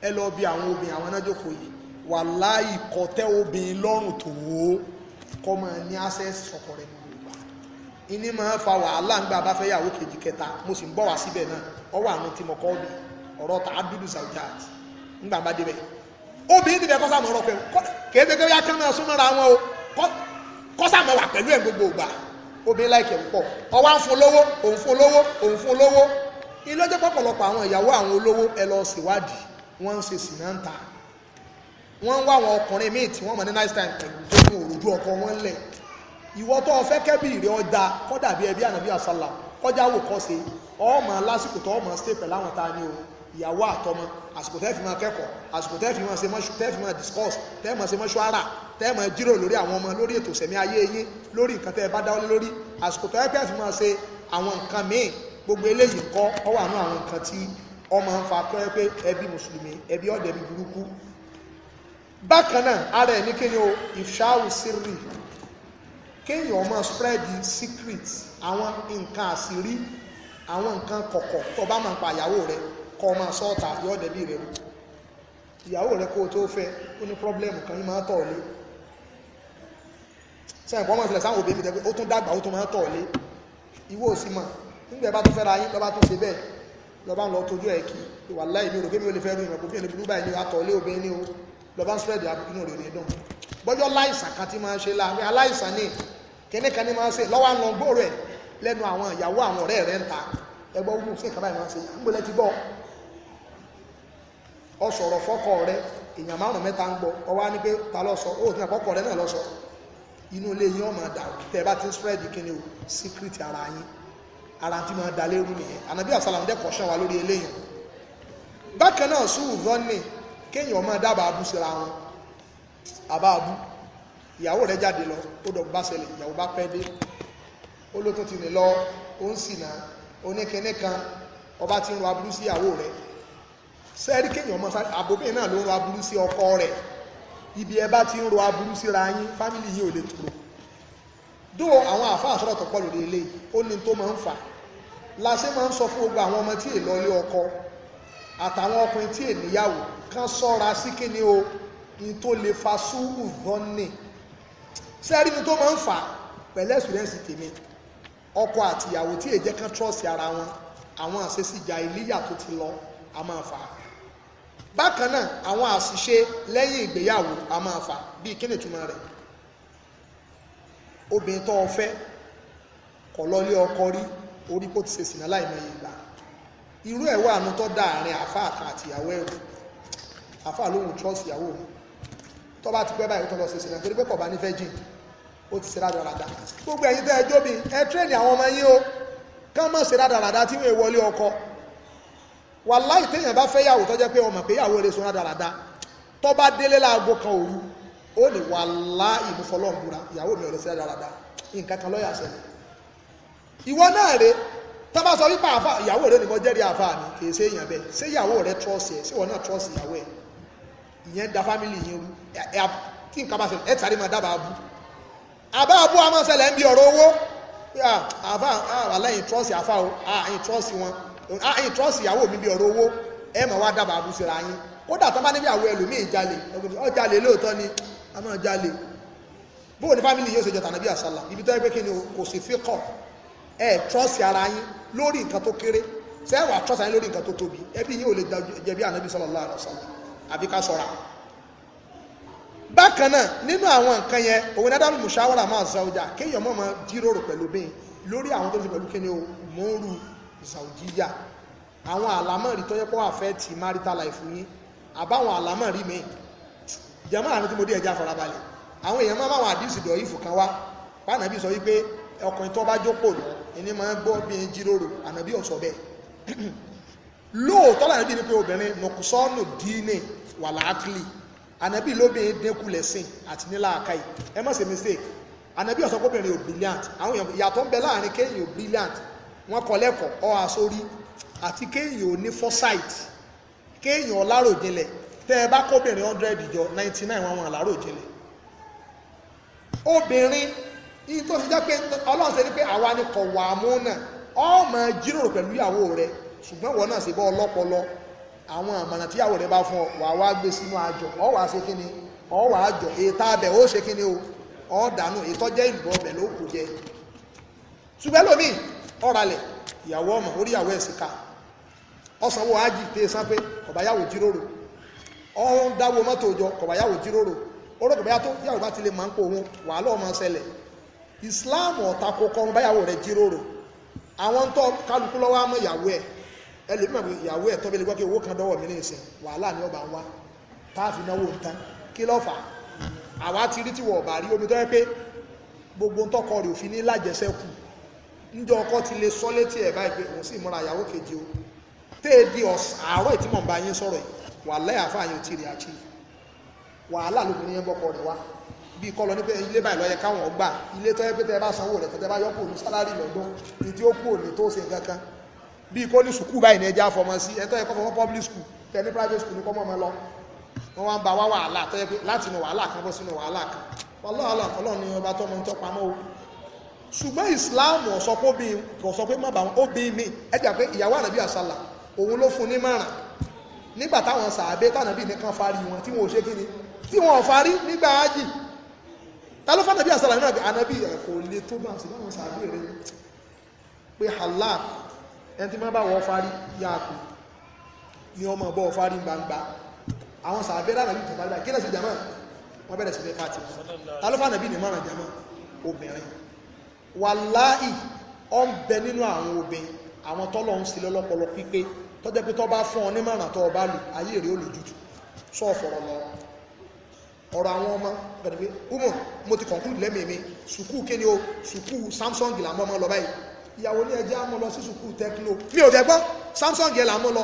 ẹ lọ bi àwọn obìnrin àwọn anájòkó yìí wà láì kọtẹ́ obìnrin lọ́rùn tó wó kọ́ máa ní access ọkọ ìní máa ń fa wàhálà ńgbà bá fẹ́ yàwó kejì kẹta mo sì ń bọ̀ wá síbẹ̀ náà ọwọ́ àrùn tí mo kọ́ mi ọ̀rọ̀ ta abidu zaujat ńgbà bá débẹ̀ obìnrin níbẹ̀ kọ́sà mọ̀ ọ̀rọ̀ pẹ̀lú kéde kébé akẹ́ náà wọn o kọ́sà mọ̀ wà pẹ̀lú ẹ̀ gbogbo ògbà obìnrin láìkẹ́ púpọ̀ ọwọ́ òun fún òun fún ìwọ tó o fẹ́ kẹ́bì rẹ̀ ọjà kọ́dà bí ẹbí ànàbí àsálà kọjá wò kọ́ sí ọmọ lásìkò tó ọmọ stay pẹ̀lú àwọn tá a ní o ìyàwó àtọmọ àsìkò tẹ́ fi máa kẹ́kọ̀ọ́ àsìkò tẹ́ fi máa ṣe mọ́ṣú tẹ́ fi máa discuss tẹ́ máa ṣe mọ́ṣúárà tẹ́ máa jíròrò lórí àwọn ọmọ lórí ètò ìṣẹ̀mí ayé yín lórí nǹkan tẹ́ ẹ bá dáwọ́lé lórí àsìkò tẹ́ pẹ́ fi máa ṣe àwọn nǹkan míì gbogbo eléyìí kọ́ ọ wà nú àwọn nǹkan tí ọmọ ń fa tọ́ ẹ pé ẹbí mùsùlùmí ẹbí ọ̀dẹ̀ mi burúkú bákan náà ara ẹ̀ ní kíni o ìfṣáwù sírì kéèyàn máa spread secret àwọn nǹkan àṣírí àwọn nǹkan kọ̀kọ̀ tó bá máa pa ìyàwó rẹ kọ́ ọ máa sọ́ọ̀tà yóò dẹ̀bí rẹ ìyàwó rẹ kó o tó fẹ́ ó ní problem kan yín máa tọ̀ lé sẹ́yìn pọ́nmọ́ ìfilẹ̀ sáwọn òbí mi tẹ́ pé ó tún dàgbà ó tún máa tọ̀ lé ìwọ ò sí mọ̀ nígbà bá tún fẹ́ra yín lọ́ba tún ṣe bẹ́ẹ̀ lọ́ba ń lọ tójú ẹ̀ kí wàláì mi spread inú rẹ̀ ò ní dùn bọ́jọ́ láìsàn kan ti máa ń ṣe láàrin aláìsàn ni kíní kan ní máa ń ṣe lọ́wọ́ àwọn ọgbọ́n rẹ̀ lẹ́nu àwọn ìyàwó àwọn ọ̀rẹ́ rẹ̀ ń ta ẹgbọ́ ogun sí ìkàbáyé máa ń ṣe àgbélẹ̀ ti bọ́ ọ sọ̀rọ̀ fọ́kọ rẹ èèyàn márùn mẹ́ta ń gbọ́ ọ wá ní pé ta ló sọ ó ti àkọ́kọ rẹ náà ló sọ inú ilé yín ọmọ dà tẹ ẹ bá ti ń spread kíni o secret ara yín ara tí máa da lérú nìyẹn ànàbí àsàlàm dẹ́kọ̀ ṣàn wá lórí eléyìí bákan náà sùn vọ́nì kéèyàn ọmọ dábàá bú síra wọn àbáàbú ìyàwó rẹ̀ jáde lọ ó dọ̀ bá ṣẹlẹ̀ ìyàwó bá pẹ́ dé ó ló tó ti rìn lọ ó ń sìnà oníkẹ́ní kan ọba ti ń ro aburú sí ìyàwó rẹ̀ sẹ́ẹ̀rí kéèyàn ọmọ sáré àbòbí náà ló ń ro aburú sí ọkọ rẹ̀ ibi ẹ bá ti ń ro aburú síra yín fámìlì yìí ò lè tòrò dó àwọn àáfàá sọ̀rọ̀ tó pọ̀ lórí eléyìí ó ní tó máa ń fà la ṣe máa ń sọ fún gbogbo àwọn ọmọ tí èlò ilé ọkọ àtàwọn ọkùnrin tí ènìyàwó kan sọ́ra sí kíni o ní tó lè fa súwù dánni sẹ́rí ni tó máa ń fà pẹ̀lú ẹ̀sùrẹ́sì tèmi ọkọ àtìyàwó tí èjẹ́ kan trọ́ọ̀sì ara wọn àwọn àṣesí ìjà ìlíyà tó ti lọ a máa fà bákan náà àwọn àṣìṣe lẹ́yìn ìgbéyàwó a máa fà bíi kí ni ìtumọ̀ rẹ̀ obìnrin tó fẹ́ kọ̀ lọ́lé ọkọ rí orí kó ti ṣe sìnà láìmọye ìgbà irú ẹ̀ wà nù tó dáàrin àfáà kan àtìyàwó ẹ̀rù àfáà lóhùn trọ́ọ̀sì ìyàwó mi tó bá ti pẹ́ báyìí ó tọ́ lọ sí sinmi torí pé kò bá ní fẹ́ jìn ó ti ṣe rádaràda gbogbo ẹ̀yin tẹ́ ẹ jóbi ẹ tírẹ̀nì àwọn ọmọ yín o kán mọ̀ ṣe rádaràda tí wọ́n wọlé ọkọ wàláì téèyàn bá fẹ́ yàwó tó jẹ́ pé ọmọ pé yàwó rẹ̀ sọ rádaràda tó bá délé láago kan òru ó ní wàláì mo fọlọ́ ìbúra ìyàwó mi ò lè ṣe rádaràda nǹkan kan lọ́yà ṣẹlẹ̀ ìwọ náà rèé tó sọ wípé àfa ìyàwó rẹ ni mo jẹ́rìí àfa mi kì í ṣe èèyàn bẹ́ẹ̀ ṣé ìyàwó rẹ trọ́ọ̀sì ẹ̀ ṣé ìwọ náà trọ́ọ̀sì ìyàwó ẹ̀ ìyẹn da fámìlì yẹn rú kí nǹkan bá ṣẹlẹ̀ ẹ tàrí máa dábàá bú àbá àbú àmọ́ ṣẹlẹ̀ bi ọ̀rọ̀ owó àbá aláìyìn trọ́ọ̀sì o wọn mi bi ọ̀rọ̀ owó ẹ máa wá dábàá bú síra yín kódà níbi àwọ ẹlòmíì jalè lóòótọ́ ni a máa jalè bóun ní yóò ṣe jọta nàbí ibi pé kí ni kò sì fi ẹ ara yín lórí nǹkan tó kéré sẹ́wà trọ́ọ̀sì ara lórí nǹkan tó tóbi ẹbí àfi ká ṣọ́ra bákan náà nínú àwọn nǹkan yẹn òun adamu mushawara máa zawuja kéèyàn mọ̀ mọ́ jíròrò pẹ̀lú bẹ́ẹ̀ lórí àwọn tó ń ṣe pẹ̀lú kíni o mọ́rù zawujiya àwọn àlámọ̀rí tó yẹ kó àfẹ́ ti marital life yín àbáwọn àlámọ̀rí mi jẹ́mọ́ àrùn tí mo dé ẹja farabalẹ̀ àwọn èèyàn máa máa àdísì dọ̀ ìfù kan wá pàànàbí sọ wípé ọkùnrin tó bá jókòó lọ ẹni máa ń gbọ́ bí i jíròrò ànàbí ọ̀sọ̀ bẹ́ẹ̀ lóòótọ́ lànàbí ni pé obìnrin nùkùsọ́nù díínì wàláàkìlì ànábì lóbìnrin dínkù lẹ́sìn àti ní làákàyè ẹ má ṣe mistake ànábì ọ̀sán kóbìnrin ò brilliant àwọn èèyàn ìyàtọ̀ ń bẹ láàrin kéèyàn ò brilliant wọ́n kọ́ lẹ́kọ̀ọ́ ọ́ àsórí àti kéèyàn ò ní foresight kéèyàn ò láròjinlẹ̀ tẹ́ ẹ bá kóbìnrin hundred jọ ninety nine wọn wọn láròjinlẹ̀ obìnrin yìí tó fi jẹ́ pé ọlọ́run ṣe ni pé àwa ni kọ̀wàmú náà ọmọ jíròrò pẹ̀lú ìyàwó rẹ ṣùgbọ́n wọn náà ṣe bọ́ ọlọ́pọlọ àwọn àmọ̀ràn tí ìyàwó rẹ bá fún ọ wà wá gbé sínú àjọ ọ wà ṣe kí ni ọ wà àjọ ètò abẹ ó ṣe kí ni o ọ dànù ìtọ́jẹ́ ìlú ọbẹ̀ ló kù jẹ ṣùgbọ́n lómi ọ̀ralẹ̀ ìyàwó ọmọ orí ìyàwó ẹ̀sìn ká ọ̀sánwó ájì tẹ́ san pé kọ̀báyàwó jíròrò ọ ń dáwó mọ́tò jọ kọ̀báyàwó jíròrò orókùnbáyà tó yàwó bá ti lè máa ń pò wọn wàhálà ọmọ ṣẹlẹ̀ Islam ọ̀tàkùn kọ́ báyàwó rẹ̀ jíròrò àwọn tó kálukú lọ́wọ́ á mọ ìyàwó ẹ̀ ẹlòmí àgbẹ̀ ìyàwó ẹ̀ tọ́bí lẹ́gbẹ́ owó kan dọ́wọ́ mi ní ìsìn wàhálà ni ọba ń wá táàfin náwó ń tán kí ló fà àwa ti rí tiwọ̀ ọ̀bà rí omi tó yẹ pé gbogbo ntọ́kọ rẹ̀ òfin ní lájẹsẹ́kù níjọ ọkọ ti lè sọ létí ẹ̀ báyìí pé òun sì múra ìyàwó kejì o téèdì àárọ̀ tí mò ń bá yín sọ̀rọ̀ yìí wàhálà yà fáyín ò tí rí àchí wàhálà lóbìnrin yẹn bọ́kọ rẹ̀ wá bí kọ́ lọ nípa ilé báyìí lọ́yẹ káwọn gbà ilé tọ́yẹ pé tẹ́ bá sanwó rẹ̀ tẹ́ bá yọkùn ní sálárì lọ́dún ní tí ó kù òní tó ṣe nǹkan bí kò ní sùkúù báyìí ní ẹja fọmọ sí ẹ̀tọ́ ẹ̀kọ́ fọmọ public school tẹni private school ní kọ́mọ́ ọmọ lọ wọ́n wá ń ba wá wàhálà tẹ́ pé láti inú wàhálà kan bọ́ sínú wàhálà kan wàhálà ọlọ́run ni ọba tọ́mọ ń tọ́pamọ́ o ṣùgbọ́n Islam ó sọ pé obìnrin kò sọ pé má bà wọn obìnrin mi ẹ jà pé ìyàwó ànàbí àṣàlà òun ló fún ní márùn nígbà táwọn sàábé tànàbí nìkan fari wọn tí wọn ò ṣe kí ni tí wọn ò fari nígbà ájì ta ló fànàbí àṣàlà náà ànàbí ẹ̀kọ́ lè tó bá àṣìlá ẹni tí máa bá wọ fárí yá kù ni ọmọ bọ́ fárí gbangba àwọn sàbẹ́ lánàá bí tọ́ta kí lẹ́sìn jama wọ́n bẹ̀rẹ̀ sí fẹ́fà tí ta ló fànà bí ní márùn jama obìnrin wàláì ọ ń bẹ nínú àwọn obìnrin àwọn tọ́lọ̀ ń sílẹ̀ lọ́pọ̀lọ́ pípé tọ́jẹ́ pé tọ́ bá fún ọ ní márùn tọ́ ọba lù ayé rí olójútù sọ ọ̀fọ̀rọ̀ lọ ọ̀rọ̀ àwọn ọmọ gbẹ̀dẹ̀gbẹ̀ umu mo ti conclude Samsung làmọ́ ọmọ lọ báyìí ìyàwó ní ẹjẹ́ àmọ́ lọ sí sùkúù tẹ́kílò mi ò dẹ̀ gbọ́ Samsung yẹn là mọ́ lọ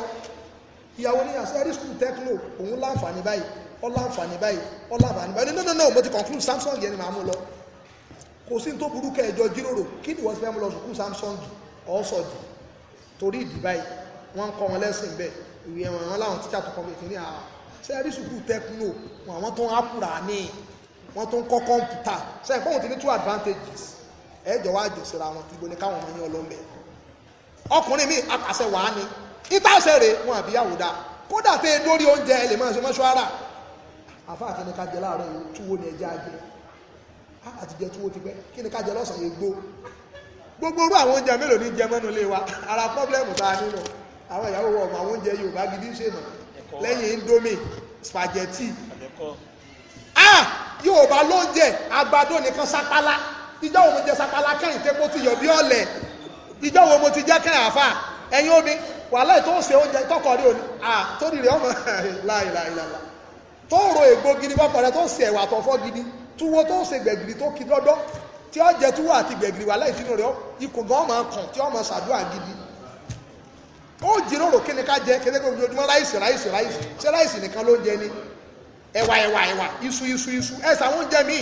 ìyàwó ní àṣẹ́rí sùkúù tẹ́kílò òun láǹfààní báyìí ó láǹfààní báyìí ó láǹfààní báyìí no no no mo ti conclude Samsung yẹn ni màá mú lọ kò sí ní tó burú kẹjọ jíròrò kí ni wọ́n ti fẹ́ mú lọ sùkúù Samsung ọ̀sọ̀dì torí ìdí báyìí wọ́n ń kọ́ wọn lẹ́sìn bẹ́ẹ̀ ìwé ẹ̀wọ̀n wọn láwọn tíṣà tó kọ́ bẹ́ẹ̀ kìíní àá sẹ́ẹ̀rí sùkúù tẹ́kílò àwọn tó ń ápùrà ní wọ́n tó ń kọ́ kọ́ǹpútà sẹ́ẹ̀ fóun ti ní advantages ẹjọ wá jò síra wọn ibo ni káwọn ọmọ yín ọlọmọbẹ ọkùnrin mi àpàṣẹ wàá ni ìtàṣẹ rè wọn àbíyàwó dá kódà tẹ ẹ dórí oúnjẹ ẹ lè máa ṣe mọṣọ ara àfáà kí ni ká jẹ láàárọ̀ yìí túwó ni ẹjẹ ajẹ àti jẹ túwó ti pẹ́ kí ni ká jẹ lọ́sàn yìí gbó gbogbo orú àwọn oúnjẹ mélòó ní jẹ mọ́nu lé wa ara pọ́blẹ́mù tá a nínú àwọn ìyàwó wọ àwọn oúnjẹ Yorùbá gidi ṣèlú lẹ́yìn indomie spaghetti ah Yorùbá lóúnjẹ àgbàdo nìkan sápálá ìjọ wo mo jẹ sapala kẹ́yìn tẹ́pọ̀ ti yọ̀ bí ọ̀lẹ̀ ìjọ wo mo ti jẹ́ kẹ́yìn àfà ẹ̀yin omi wàhálà tó ń ṣe oúnjẹ tọkọ rí òní à tó rírẹ ọmọ láìláìláìlá tó ro ègbò gidi bọ́pọ̀ rẹ tó ń ṣe ẹ̀wà àtọ̀fọ́ gidi túwo tó ń ṣe gbẹ̀gìrì tó kí lọ́dọ́ tí ó jẹ túwo àti gbẹ̀gìrì wàhálà ìtinú rẹ ikùn gan ọmọ kan tí ọmọ ṣàdúrà gidi ó jíròrò kí ni ká jẹ kí ni kò ojoojúmọ́ ráìsì ráìsì ráìsì ṣé ráìsì nìkan ló ń jẹ ni ẹ̀wà ẹ̀wà ẹ̀wà iṣu iṣu iṣu ẹ̀sà oúnjẹ míì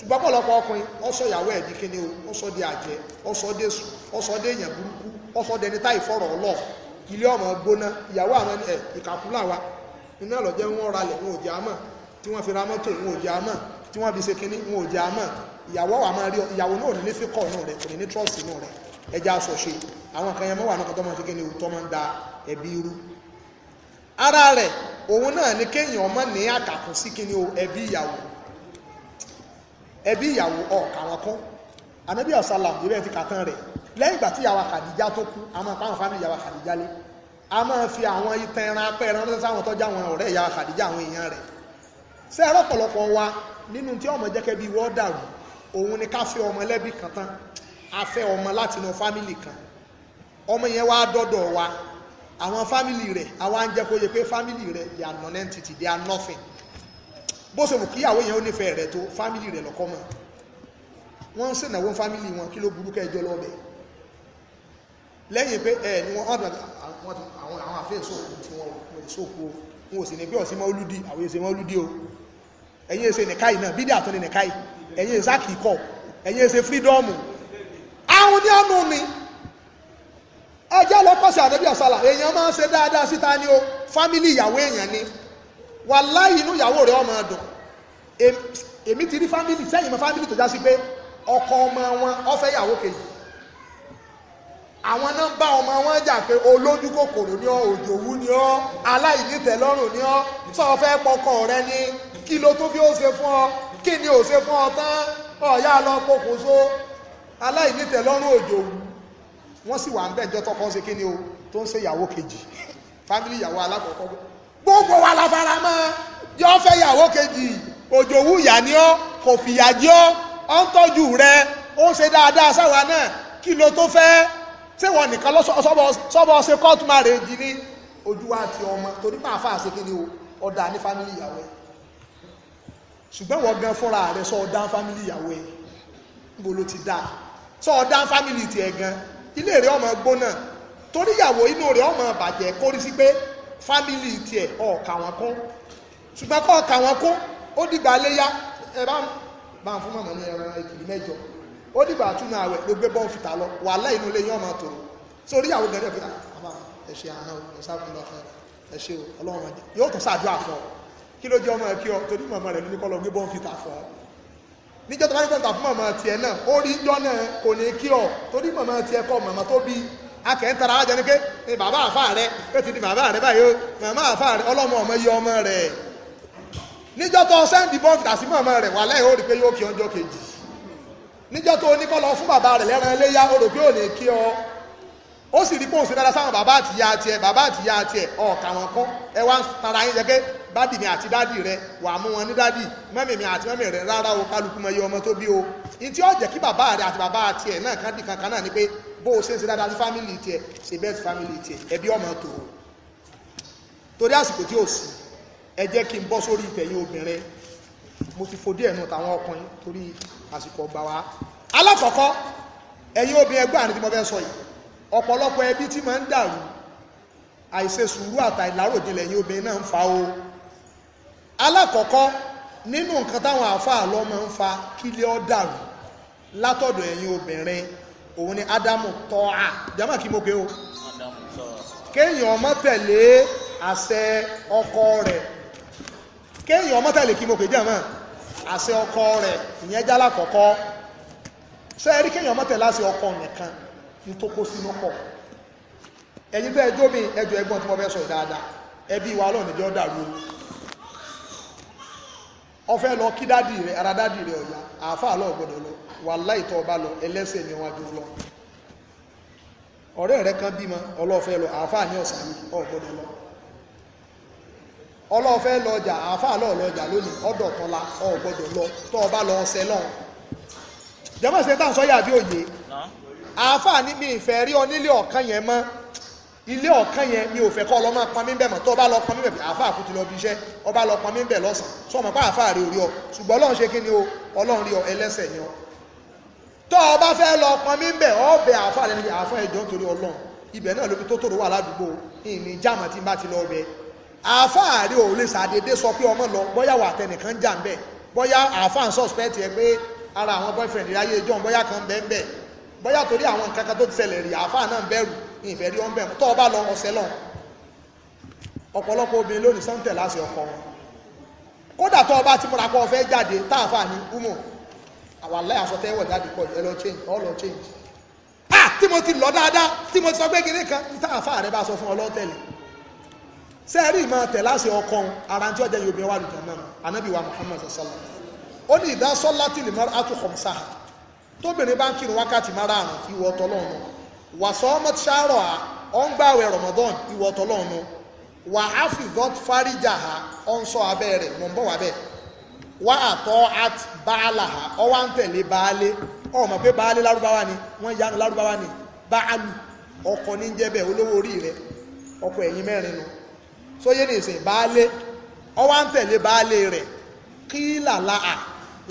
ṣùgbọ́n pọ̀lọpọ̀ ọkùnrin ọsọ ìyàwó ẹ̀ ní o ọsọ di àjẹ́ ọsọ dé sùn ọsọ dé èèyàn burúkú ọsọ dẹni táì fọ̀rọ̀ ọlọ́ ilé ọmọ gbóná ìyàwó àwọn ẹ̀ ìkàkúlà wa iná lọ́jẹ́ wọn ralẹ̀ wọn ò jẹ́ àmọ́ tí wọ́n fi ra mọ́tò wọn ò jẹ́ àmọ́ tí wọ́n fi ṣe kíní wọn ò jẹ́ àmọ́ ìyàwó wa máa rí ìyàwó náà ní fíkọ̀ náà rẹ̀ kò ní ní trọ́ọ̀sì náà ẹbí ìyàwó ọ̀ọ̀kà wọn kún ànábì ọ̀sálàm ìrẹ́ ti kàtán rẹ̀ lẹ́yìn ìgbà tí ìyàwó Khadija tó kú a máa pàwọn fámìlì ìyàwó Khadija lé a máa fi àwọn itan ẹran apẹ́ ẹran ránṣẹ́ sáwọn tọ́jú àwọn ọ̀rẹ́ ìyàwó Khadija àwọn èèyàn rẹ̀ ṣé ẹ̀rọ pọ̀lọpọ̀ wa nínú tí ọmọ jẹ́kẹ́ bí wọ́n dàrú òun ni ká fẹ́ ọmọ lẹ́bí kan tán a fẹ́ ọmọ láti inú fámìlì kan ọmọ yẹn wá dọ́dọ̀ wa àwọn fámìlì rẹ̀ àwa ń jẹ́ kó yẹ pé fámìlì rẹ̀ they are non-entity they are nothing bó ṣe wù kíyàwó yẹn ó nífẹ̀ẹ́ rẹ̀ tó fámìlì rẹ̀ lọ́kọ́ mọ̀ wọ́n ń ṣènáwó fámìlì wọn kí ló burú kẹjọ lọ́bẹ̀ lẹ́yìn pé ẹ̀ ni wọ́n ọ̀dọ̀ àwọn àfihàn sóòkù tí wọ́n wọ̀ sóòkù wọn ò sì ní pé ọ̀sìn mọ́lúdì àwọn èsè mọ́lúdì o ẹ̀yin èsè nìkáì náà bídí àtúni nìkáì ẹ̀yin èsè àkìkọ̀ ẹ̀yin èsè fírídọ́ọ̀mù àwọn ní ọ̀nù ni ọjọ́ lọ́kọ̀ọ̀sẹ̀ àdébíọ̀sálà èèyàn máa ń ṣe dáadáa síta ni o fámìlì ìyàwó èèyàn ni wàláhì inú ìyàwó rẹ̀ ọmọ dùn èmi ti rí fámìlì sẹ́yìn mọ́ fámìlì tó já sí pé ọkọ ọmọ wọn ọfẹ́ ìyàwó kejì àwọn náà bá ọmọ wọn jà pé olójú kòkòrò ni ọ òjòwú ni ọ aláìnítẹ́lọ́rùn ni ọ sọ ọfẹ́ pọkọ rẹ ni kí ló tó fi ó ṣe fún ọ kí ni ò ṣe fún ọ tán ọ̀yá lọ pokùnso aláìnítẹ́lọ́rùn òjòwú wọ́n sì wà ń bẹ̀jọ́ tọkọ ṣe kí ni o tó ń ṣe ìyàwó kejì fámìlì ìyàwó alákọ̀ọ́kọ́ gbogbo wa la fara mọ́ yọ fẹ́ yàwó kejì òjòwú ìyá ni ọ́ kò fìyà jẹ ọ́ ọ́ ń tọ́jú rẹ ó ń ṣe dáadáa sáwa náà kí ló tó fẹ́ ṣé wọn nìkan lọ sọ́bọ̀ ṣe court marriage ni ojú wa ti ọmọ torí máa fà ṣe kí ni o ọ̀dà ní family ìyàwó ẹ̀ ṣùgbọ́n wọ́n gan fúnra rẹ̀ sọ ọ̀dà family ìyàwó ẹ̀ níbo ló ti dá sọ ọ̀dà family tiẹ̀ gan ilé rẹ̀ ọmọ gbóná torí ìyàwó inú rẹ̀ ọmọ bàjẹ́ kórí sí pé fámìlì tiẹ̀ ọ̀ọ̀kà wọn kún ṣùgbọ́n kọ́ ọ̀kà wọn kún ó dìgbà léyà ẹ bá bá fún màmá ní ẹran ìkìlì mẹ́jọ ó dìgbà àtúnú àwẹ̀ ló gbé bọ́ọ̀ fìtà lọ wà láì inú ilé yẹn ọmọ tòun sórí ìyàwó gẹ̀rẹ́ fi àmà ẹ ṣe àná ẹ sáfún lọ fún ẹ ṣe ọlọ́run ẹ̀jẹ̀ yóò tún ṣàdúrà fún ọ kí ló jẹ́ ọmọ ẹ kí ọ torí màmá rẹ̀ ló ní kọ́ lọ gbé bọ́ọ̀ fìtà fún ọ níjọ́ ó rí jọ́ náà kò ní kí ọ akẹ́ntara ajẹ́ ni pé ni bàbá àfà rẹ̀ ó ti di bàbá rẹ̀ báyìí ó màmá àfà rẹ̀ ọlọ́mọ ọmọ iye ọmọ rẹ̀ níjọ́ tó sẹ́ndì bọ́ǹfì tàṣí mọ́ ọmọ rẹ̀ wà láì ó rí pé yóò kí ọjọ́ kejì níjọ́ tó ní kọ́ lọ fún bàbá rẹ̀ lẹ́ran iléyà ó rò pé ò ní kí ọ ó sì rí pé òsè dára sáwọn bàbá àti ya tiẹ̀ bàbá àti ya tiẹ̀ ọ̀ọ̀kà wọn kọ́ ẹ wá tara yín jẹ́gẹ́ dádì mi àti dádì rẹ wàá mú wọn ní dádì mọ́mì mi àti mọ́mì rẹ rárá o kálukú mọ iye ọmọ tó bí o ìtí ọ̀jẹ̀ kí bàbá rẹ àti bàbá tiẹ̀ náà kádì kankan náà ni pé bó o ṣe ń ṣe dáadáa sí fámìlì ṣe bẹ́ẹ̀ ẹbí ọmọ tó torí àsìkò tí ò sí ẹ jẹ́ kí n bọ́ sórí ìtẹ̀yìn obìnrin mo ti fòdí ẹ̀nu tàwọn ọkùnrin torí àsìkò ọgbà wa alákọ̀ọ́kọ́ ẹ̀yin obìnrin ẹgbẹ́ sọ yìí ọ̀pọ̀lọpọ̀ ẹbí tí dàrú àìṣe sùúrù ẹ̀yin obìnrin o alákọ̀ọ́kọ́ nínú nǹkan táwọn àáfàá máa ń fa kílẹ̀ dàrú látọ̀dọ̀ ẹ̀yin òun ni ádámù tọ́à jama kí mo gbé o kéèyàn má tẹ̀lé àṣẹ ọkọ rẹ̀ kéèyàn má tẹ̀lé kí mo gbé jama àṣẹ ọkọ rẹ̀ ìyẹn jálá kọ̀kọ́ sẹ́ẹ̀rí kéèyàn má tẹ̀lé àṣẹ ọkọ nìkan ní tó kó sínú pọ̀ ẹ̀yin bẹ́ẹ̀ jómi ẹjọ́ ẹgbọ́n tí mo fẹ́ sọ dáadáa ẹbí wa ọlọ́run ìjọ dàrú ọfẹ́ lọ kí dádì rẹ̀ ara dádì rẹ̀ ọ̀yà àáfàá lọ́ọ̀ gbọ́dọ̀ lọ wàláhì tó bá lọ ẹlẹ́sẹ̀ ni wọ́n adúrú lọ ọ̀rẹ́ rẹ kan bímọ ọlọ́ọ̀fẹ́ lọ àáfàá ní ọ̀sán yìí ọ̀gbọ́dọ̀ lọ ọlọ́ọ̀fẹ́ lọ́jà àáfàá lọ́ọ̀ lọ́jà lónìí ọ̀dọ̀ kan la ọ̀gbọ́dọ̀ lọ tó bá lọ ọ̀sẹ̀ lọ jẹ́mọ̀ sí táwọn sọ́yà bí òye àáfàá ní mi ìfẹ́ rí ọ nílé ọ̀kan yẹn mọ́ ilé ọ̀kan yẹn mi ò fẹ́ kọ́ ọlọ́mọ pọn mí bẹ́ẹ̀ mọ́ tó bá lọ pọn mí bẹ́ẹ̀ àáfàá kú ti lọ bí iṣẹ́ ọba lọ pọn mí bẹ́ẹ̀ lọ́sàn-án sọmọ pé àáfàá rí orí ọ ṣùgbọ́n ọlọ́run ṣe kí ni o ọlọ́run rí ọ ẹlẹ́sẹ̀ ni ọ tó o bá lọ pọn mí bẹ̀ ọ́ bẹ àáfà rẹ níbi àáfà ẹjọ́ náà lóbi tó tòrò wà ládùúgbò ìní jáàmù tí n ti lọ bẹ afọ àrí ò lè sọ pé ọmọ lọ bóyá wà tẹnìkan jà ń bẹ bóyá àáfà ń ara àwọn boyfriend ayé kan bẹ́ẹ̀ bẹ́ẹ̀ bóyá torí àwọn tó ti rí náà bẹ̀rù ìfẹ́ rí tó o bá lọ wà láyà aṣọ tẹ́wọ̀ jáde pọ̀ ẹ lọ change ọ lọ change. ah Timothy, mo ti lọ dáadáa tí mo ti sọ pé kinní kan tí àfa rẹ bá sọ fún ọ lọ́tẹ̀lẹ̀ sẹ́ẹ̀rì máa tẹ̀ láṣẹ ọkọ ara tí ọjà yorùbá wà lùjọ náà anábì wa muhammad sallam ó ní ìdásọ́ láti lè mara atu khamsa tóbìnrin bá ń kírun wákàtí márààrún ìwọ ọtọlọ́ọ̀nù wàsọ ọmọ ṣáárọ̀ à ọ̀ ń gbààwẹ̀ ramadan ìwọ ọtọlọ́ọ̀nù wà á fi god fáríjà à ọ̀ ń sọ abẹ́ rẹ̀ mọ̀ ń bọ̀ wà bẹ́ẹ̀ wá àtọ́ at báàlàhà ọwá ń tẹ̀lé baálé ọmọ pé baálé lárúbáwá ni wọ́n yánu lárúbáwá ni báàlù ọkọ ní jẹ́ bẹ́ẹ̀ olówó orí rẹ̀ ọkọ ẹ̀yìn mẹ́rin nu sóyè ní ìsìn baálé ọwá ń tẹ̀lé baálé rẹ̀ kí làlàá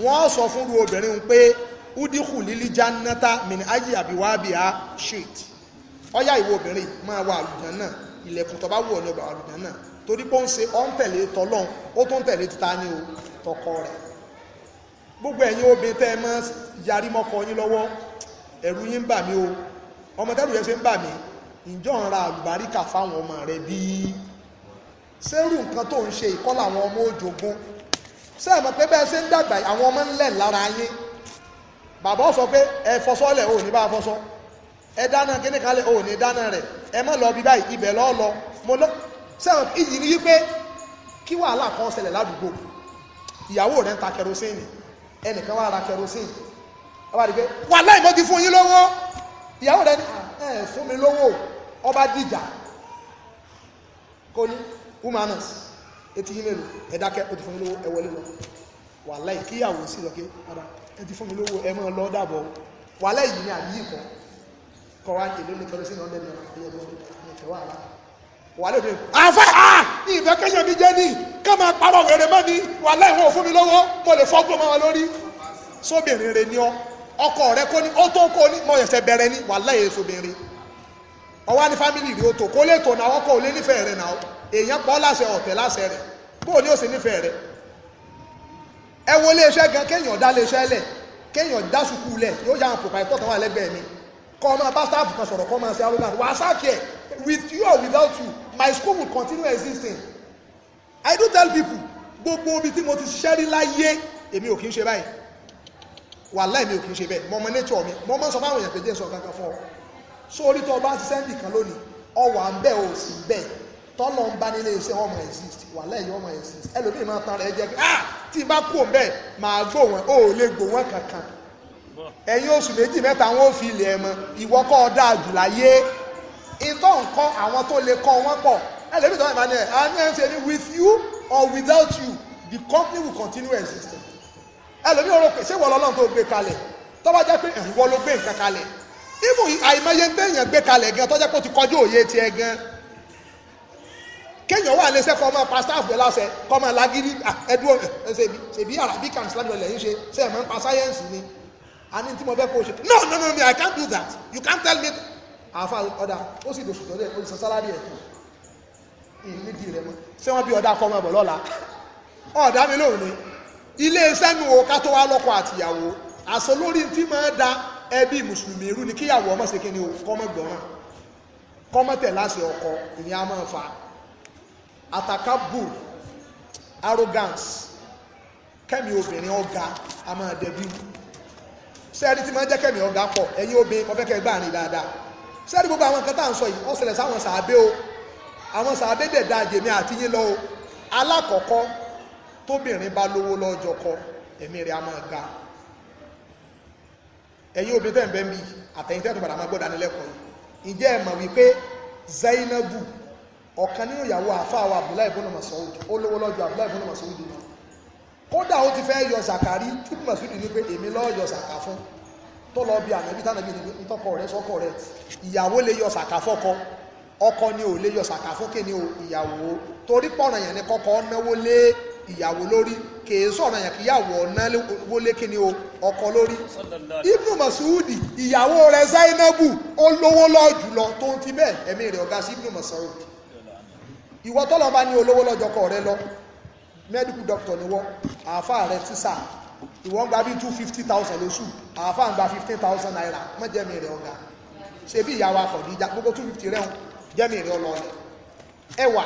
wọ́n sọ fún obìnrin pé udiku lili jannata min ayi abiwabiha shit ọyá ìwọ obìnrin máa wà àlùján náà ilẹ̀kùn tó bá wù ọ́ ní ọba àlùján náà torí pé ó ń ṣe ọ́ ń tẹ̀lé tọ́lọ́n ó tó ń tẹ̀lé títa ní o tọkọ rẹ̀ gbogbo ẹ̀yin obìnrin tẹ́ ẹ mọ́ yarí mọ́kọ yín lọ́wọ́ ẹ̀rù yín ń bà mí o ọmọ tẹ́lù yẹn ṣe ń bà mí ìjọ ń ra àlùbáríkà fáwọn ọmọ rẹ bíi sẹ́rù nǹkan tó ń ṣe ìkọ́lá àwọn ọmọ òjògùn sẹ́ẹ̀mọ̀ pé bẹ́ẹ̀ ṣe ń dàgbà àwọn ọmọ ń lẹ̀ lára yín bàbá sọ pé ẹ fọṣọ́lẹ̀ ò ní bá fọṣọ́ ẹ dáná kíní ò ní dáná rẹ̀ ẹ má lọ bí báyìí ibẹ̀ lọ́ọ́ lọ mo lọ sẹ́wọ̀n ìdí ni wípé kí wàhálà kan ṣẹlẹ̀ ládùúgbò ìyàwó rẹ̀ ń ta kẹrosíìnì ẹnìkan wá ra kẹrosíìnì ọba rí pé wàláì mo ti fún yín lówó ìyàwó rẹ̀ ẹ̀ fún mi lówó ọba dìjà kò ní humanus etí yín mélòó ẹ dákẹ́ ó ti fún mi lówó ẹ wọlé lọ wàláì kíyàwó sí lọ ọba ẹ ti fún mi lówó ẹ máa lọ dàbọ̀ wàláì yìí ni àbí yìí wá kèlé ní kẹrosíìnì ọ̀dẹ́ wà lóde àfẹ à ìfẹ́ kẹyàn mi jẹ ní ká máa parọ́ wẹrẹ mọ mi wà láìwọ fún mi lọ́wọ́ mo lè fọgbọ mọ wọn lórí sóbìnrin rẹ ni ọ ọkọ rẹ kò ní ó tó kò ní mo ẹsẹ bẹ̀rẹ̀ ní wà láyé sóbìnrin ọwọ ní fámìlì rí o tó kó lè tó náà ọkọ ò lè nífẹ̀ẹ́ rẹ náà èèyàn pọ láṣẹ ọ̀tẹ̀ láṣẹ rẹ bó o ní o sì nífẹ̀ẹ́ rẹ ẹ wo iléeṣẹ́ gan kéèyàn dá iléeṣẹ́ lẹ kéèyàn dá sùkúù lẹ yóò yá àwọn pòpáìtọ́ kan kọ́ ọmọ bá staff kan sọ̀rọ̀ kọ́ ọmọ ṣe arrogant wàá sáàkì ẹ̀ with you or without you my school will continue existing i do tell people gbogbo ibi tí mo ti ṣiṣẹ́ rí láyé èmi ò kí ń ṣe báyìí wàláì mi ò kí ń ṣe bẹ́ẹ̀ mọ ọmọ nature mi mọ ọmọ sọ fáwọn èèyàn pé jẹ́ sọ kankan fún ọ so orí tó o bá ti sẹ́ńdì kan lónìí ọwà ń bẹ̀ ò sí bẹ́ẹ̀ tọ́lọ̀ ń bá nílé iṣẹ́ ọmọ exist wàláì yọ ọmọ exist ẹlòmíì máa tan rẹ̀ jẹ́ pé ah tí n bá kú òun bẹ́ẹ̀ màá gbó wọn ó lè gbó wọn kankan ẹ̀yìn oṣù méjì mẹ́ta wọn ò fi ilẹ̀ ẹ̀ mọ ìwọ kọ́ ọ dáa jù láyé ìtọ́ nǹkan àwọn tó lè kọ́ wọn pọ̀ ẹlẹ́bí tó wà ní ẹ̀ á ah, ní ṣe ni with you or without you the company will continue existing ẹlẹ́bí ọ̀rọ̀ pé ṣé wọ́n lọ́lọ́run tó gbé kalẹ̀ tó bá jẹ́ pé ìwọ ló gbé nǹkan kalẹ̀ ibù àìmọye gbẹ̀yàn gbé kalẹ̀ gan tó jẹ́ pé ó ti kọjú òye tiẹ̀ gan kéèyàn wà lẹ́sẹ̀ kọ́ ọmọ pásítọ̀ àfẹ́ lásẹ̀ kọ́ ọmọ lagiri ẹdúró ṣèbí àràbí kàǹsílámù lẹ́yìn ṣe ṣe é máa ń pa sáyẹ́ǹsì ni àní tí mo fẹ́ kó o ṣe no no no me i can't do that you can't tell me àfa ọ̀dà ó sì dòṣù tọ́lẹ̀ ó sì sọ sálárì ẹ̀ tó ìníbi rẹ̀ mọ́ ṣé wọ́n bí ọ̀dà kọ́ ọmọ ẹ̀bọ̀ lọ́la ọ̀dà mi lóhùn ni ilé iṣẹ́ mi wo ká tó wá lọ́kọ àtìyàwó àṣọ lórí tí máa da ẹbí mùsùlùmí irú ni kíyàwó ọmọ ṣe kí ni kọ́mọ gbọ́ràn kọ́mọ tẹ̀ láṣẹ ọkọ ìyẹn a máa fa àtàkàbù arrogance kẹ́mi obìnrin ọ̀gá a máa dẹ̀bí sẹ́ẹ̀rí tí máa ń jẹ́ kẹ́mi ọ̀gá pọ̀ ẹ̀yin obìnrin mo fẹ́ kẹ́ gbà rìn dáadáa sẹ́ẹ̀rí gbogbo àwọn nǹkan tá à ń sọ yìí ó ṣẹlẹ̀ sáwọn sàábé o àwọn sàábé dẹ̀ da àjèmí àti yín lọ o alákọ̀ọ́kọ́ tóbìnrin bá lówó lọ́jọ́ kọ ẹ̀mí rẹ̀ á máa ga ẹ̀yin obìnrin tẹ̀ ń bẹ́ mi àtẹ̀yìn tẹ̀ tó padà máa gbọ́dọ̀ nílẹ̀kọ̀ọ́ yìí ǹjẹ́ ẹ mọ̀ wípé Zainabu ọ̀kan nínú ìyàwó àfáà wa Abdullahi ibn Mas'ud ó lówó lọ́jọ́ Abdullahi ibn Mas'ud náà kódà ó ti fẹ́ yọ sàkárí túbú mọ̀sùlù ní pé èmi lọ́ọ́ yọ sàká fún tó lọ bí ànábì tánàbí ní ntọ́kọ rẹ sọ́kọ rẹ ìyàwó lè yọ sàká fọ́kọ ọkọ ni ò lè yọ sàká fún kíni o ìyàwó torí pọ̀ràn yẹn ni kọ́kọ́ náwó lé ìyàwó lórí kèé sọ̀rọ̀ yẹn kí ìyàwó náwó lé kíni o ọkọ lórí ibnu masudi ìyàwó rẹ zainabu ó lówó lọ jùlọ tó ń ti bẹ́ẹ̀ ẹ̀mí rẹ̀ ọ̀gá sí ibnu masudi ìwọ tọ́lọ́ bá ní olówó lọ́jọ́kọ̀ rẹ lọ medical doctor ni wọ́n àáfàá rẹ̀ tíṣà ìwọ́n gba bí two fifty thousand lóṣù àáfàá ń gba fifteen thousand naira wọ́n jẹ́mi rẹ̀ ọ̀gá ṣe bí ìyàwó àfọ̀díjà gbogbo two fifty rẹ̀ ń jẹ́mi rẹ̀ ọlọ́ọ̀lẹ̀ ẹwà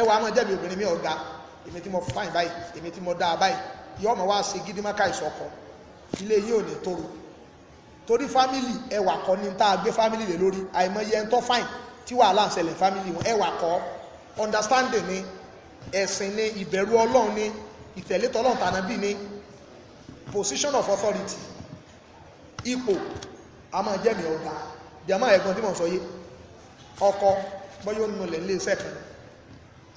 ẹwà máa jẹ́mi obìnrin mi ọ̀gá èmi tí mo fáìn báyìí èmi tí mo dáa báyìí ìyá ọmọ wa ṣe gidi máka ìṣọ̀kan ilé yìí ò ní tóró torí fámìlì ẹwà kọ́ ni tá a gbé fámìlì lé lórí àìmọye ẹntọ́ fáìn tí wàhálà ń ṣẹlẹ̀ fámìlì wọn ẹwà kọ́ understanding ni ẹ̀sìn ni ìbẹ̀rù ọlọ́run ni ìtẹ̀lé tọlọ́run tànábì ni position of authority ipò a máa jẹ́mi ọ̀gá jẹ́mọ́ ẹ̀gbọ́n tí mo sọ yé ọkọ bọ́yọ́ nínú ilẹ̀ ilé iṣẹ́ kan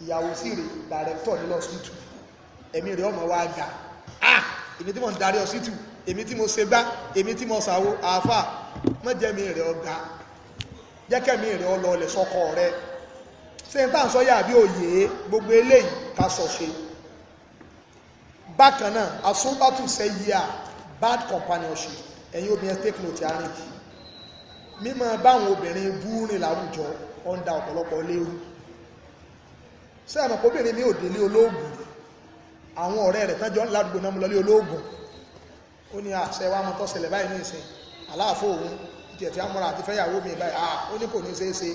ìyàwó sí rè dàrẹ́tọ̀ ní lọ́sítù ẹ̀mí rẹ̀ ọmọ wa ga ah èmi tí mo ń darí ọsítù èmi tí mo ṣe gbá èmi tí mo ṣàwo àáfà mọ́ jẹ́mi rẹ̀ ọ̀gá jẹ́kẹ́mi rẹ̀ ọlọ́ọ̀lẹ̀ sọkọ rẹ̀ ṣe ń tàn sọ́yà àbí òye gbogbo eléyìí ká sọ ṣe bákan náà asúntàtù sẹ́yìá bad companionship ẹ̀yin obìnrin take note àárín yìí mímọ báwọn obìnrin bú rìn láwùjọ ó ń da ọ̀pọ̀lọpọ̀ léwu ṣé àmọ́ obìnrin ní òdèlé olóògùn àwọn ọ̀rẹ́ rẹ̀ tájọ́ ládùúgbò náà mú lọlé olóògùn ó ní àṣẹ wa mọ́ tọ́sẹ̀lẹ̀ báyìí ní ìsìn aláàfó òun ìjẹ̀ tí a múra àti fẹ́yàwó mi báyìí ó ní kò ní ṣeé ṣe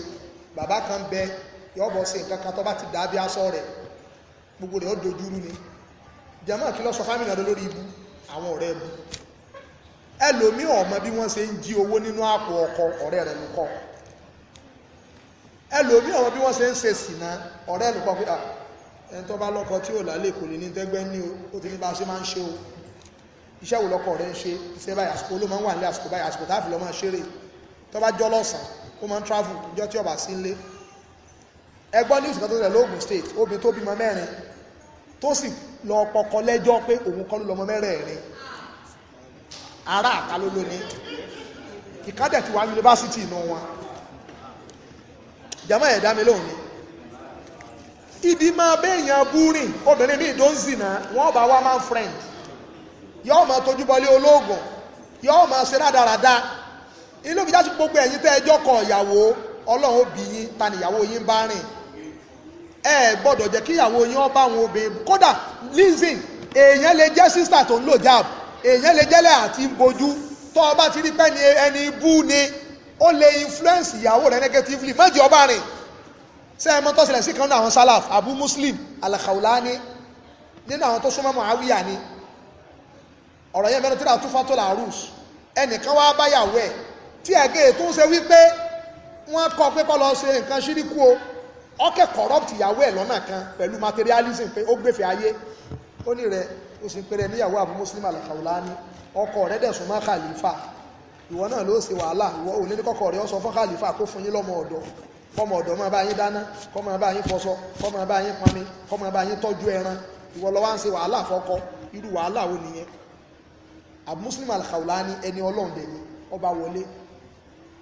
bàbá kan bẹ yọ bọ̀ sí nǹkan kan tó bá ti dàbí aṣọ rẹ̀ gbogbo rẹ̀ ó dojúrú ni jama kí lọ sọ fámìlì àdó lórí ibu àwọn ọ̀rẹ́ ibu ẹlòmí ọmọ bí wọ́n ṣe ń jí owó nínú àpò ọkọ ọ̀rẹ́ rẹ̀ nìkọ́ ẹlòmí ọmọ bí wọ́n ṣe ń ṣe sìnà ọ̀rẹ́ nìkọ́ pé ẹni tó bá lọ́kọ tí ò lálẹ́ kò lè ní tẹ́gbẹ́ ní o ti ní bá ṣe máa ń ṣe o iṣẹ́ wo lọ́kọ rẹ̀ ń ṣe iṣẹ́ báyìí àsìkò ló máa ń wà nílé àsìkò báyìí àsìkò táàfì lọ́ máa ṣeré tó bá jọ́ lọ́sàn ó máa ń travel ìjọ tí ọba sí ń lé ẹgbọ́n ní ìsìnkà tó tẹ̀lé Ògùn state obìnrin tó bímọ mẹ́rin tó sì lọ pọkọ lẹ́jọ́ pé òun kọ́ ló lọ́mọ mẹ́rẹ̀ẹ̀rin ará àká ló lóní ìkádẹ̀ ti wà yunifásitì inú wọn jama ẹ̀dá mi lóhùn ni ibi máa bẹ́ẹ̀yàn búrìn obìnrin míì tó ń zìnà wọ́n bá wá máa ń friend yọ́ọ̀ máa tójú bọlé olóògùn yọ́ọ̀ máa ṣe rádaràda inú fi já sí gbogbo ẹ̀yin tẹ́ ẹjọ́ kọ ìyàwó ọlọ́run ó bí yín ta nìyàwó yín bá rìn ẹ gbọ́dọ̀ jẹ́ kíyàwó yín ọba àwọn obìnrin kódà lizin èèyàn lè jẹ́ sísà tó ń lò jáàb èèyàn lè jẹ́lẹ̀ àti bojú tó ọba ti rí pẹ́ni ẹni bú ni ó lè influence ìyàwó rẹ̀ negatively má jẹ́ ọba rìn sẹ́yìn mọ́ tó ṣẹlẹ̀ sí kan náà àwọn salaf abu muslim al-Khawlani nínú àwọn tó súnmọ́ Muawiya ni ọ̀rọ̀ yẹn mẹ́rin tí ra túfà tó làárùs ẹnìkan wá báyàwó ẹ̀ tí ẹ̀gẹ́ tó ń ṣe wípé wọ́n kọ́ pé kọ́ lọ ṣe nǹkan ṣíríkú o ọkẹ corrupt ìyàwó ẹ̀ lọ́nà kan pẹ̀lú materialism pé ó gbèfè ayé ó ní rẹ ó sì péré níyàwó àbú muslim al-Khawlani ọkọ rẹ̀ dẹ̀ súnmọ́ khalifa ìwọ náà ló ṣe wàhálà ìwọ ò lé ní kọkọ rẹ̀ ó sọ fún khalifa kó fún yín lọ́mọ ọ̀dọ̀ kọmọ ọ̀dọ̀ máa bá yín dáná kọmọ bá yín fọṣọ kọmọ bá yín pọnmi kọmọ bá yín tọ́jú ẹran ìwọ lọ wá ń ṣe wàhálà fọ́kọ irú wàhálà wo nìyẹn àbú muslim al-Khawlani ẹni Ọlọ́run dẹ̀ ni ọba wọlé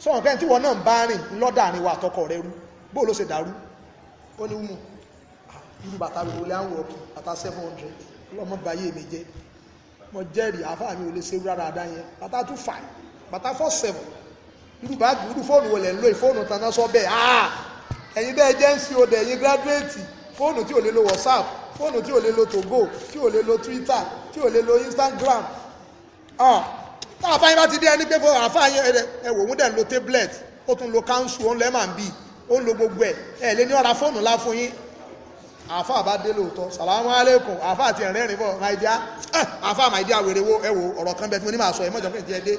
sọ̀rọ̀ kẹ́ni tí wọn náà ń bá rìn ńlọ́dà àríwá àtọkọ rẹ̀ rú bóò ló ṣe dàrú ó ní wùmù irú bàtà rẹ̀ wọlé àwọn ọ̀kì bàtà 700 ọlọ́mọ báyé mi jẹ́ mo jẹ́rìí àfáà mi ò lè ṣe rárá àdá yẹn bàtà 25 bàtà 47 irú báàgì irú fóònù wọlé ń lo ìfóònù tán náà sọ bẹ́ẹ̀ ah ẹ̀yin bẹ́ẹ̀ jẹ́ ń sí odò ẹ̀yin gírádúrẹ́tì fóònù tí ò lè lo whatsapp fóònù tí ò lè lo togo tí ò lè lo twitter tí ò lè lo instagram ah táwọn afáyín bá ti dé ẹni pé fóònù àfáà yẹn ẹ̀wò òun dẹ̀ lo tablet ó tún lo council òun lẹ́ẹ̀ máa ń bíi ó ń lo gbogbo ẹ̀ ẹ̀ lé ní ọ̀rá fóònù lá fún yín àfa àbá dé lóòótọ́ sàlámù alẹ́kùn àfa àti ẹ̀rẹ́rìn bọ̀ my dear ah, àfa my dear wèrè wo ẹ wo ọ̀rọ̀ kan bẹ tí mo ní máa sọ ẹ mọ̀jọ́ pé ìdíyẹ dé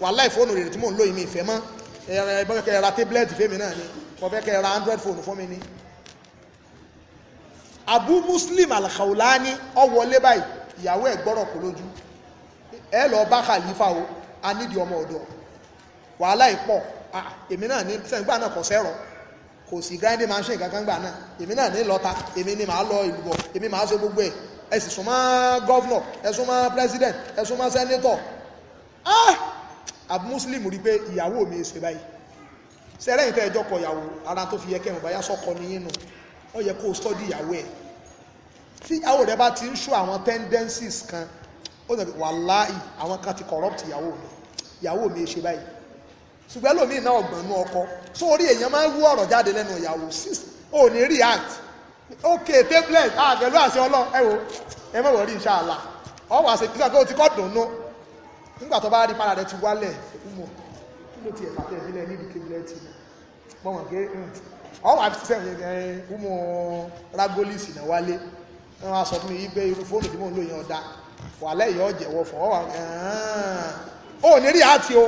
wàhálà ìfóònù rèé tí mò ń lò mi ìfẹ́ mọ́ ẹ̀rọ kẹ́ tábìlẹ́tì fẹ́mi náà ni mo fẹ́ kẹ́ ra android phone fún mi ni. abu muslim alkhawlani ọwọlé báyìí ìyàwó ẹ̀ gbọ́rọ̀ kó lójú ẹ lọ bá khalifa o a nídìí ọmọ ọ̀dọ́ wàhálà ìpọ̀ ah, èmi náà ní sẹ́ńgbà kò sí grinding machine kankan gbà náà èmi náà ní lọ́ta èmi ni màá lọ ìlúbọ̀ èmi màá ṣe gbogbo ẹ̀ ẹ sì sún mọ́ gọ́vnọ̀ ẹ sún mọ́ president ẹ sún senator ah abu muslim rí i pé ìyàwó mi ṣe báyìí sẹ́rẹ́ ìtẹ́ ẹjọ́ kọ ìyàwó ara tó fi yẹ kẹrin báyà sọ́kọ nìyẹn nù wọ́n yẹ kó o study ìyàwó ẹ̀ tí ìyàwó rẹ bá ti ń ṣó àwọn tendencies kan ó dẹ̀ wàláì àwọn kan ti corrupt ìyàwó mi ìyàwó mi ṣe báyìí ṣùgbọ́n ẹlòmíì náà ọ̀gbọ̀n ọkọ so orí èèyàn máa ń wú ọ̀rọ̀ jáde lẹ́nu ìyàwó six ò ní ok tablet ah pẹ̀lú àṣẹ ọlọ́ ẹ wo ẹ mọ̀ wọ́n rí iṣẹ́ àlà ọ wà ṣe pé o ti kọ́ dùnú nígbà tó bá rí para rẹ ti wálẹ̀ mọ̀ kí ló ti ẹ̀fà tẹ̀ sílẹ̀ níbi tablet mọ̀ mọ̀ pé hmm, ọ wà ṣiṣẹ́ ìmọ̀ ragolisi náà wálé wọ́n wá o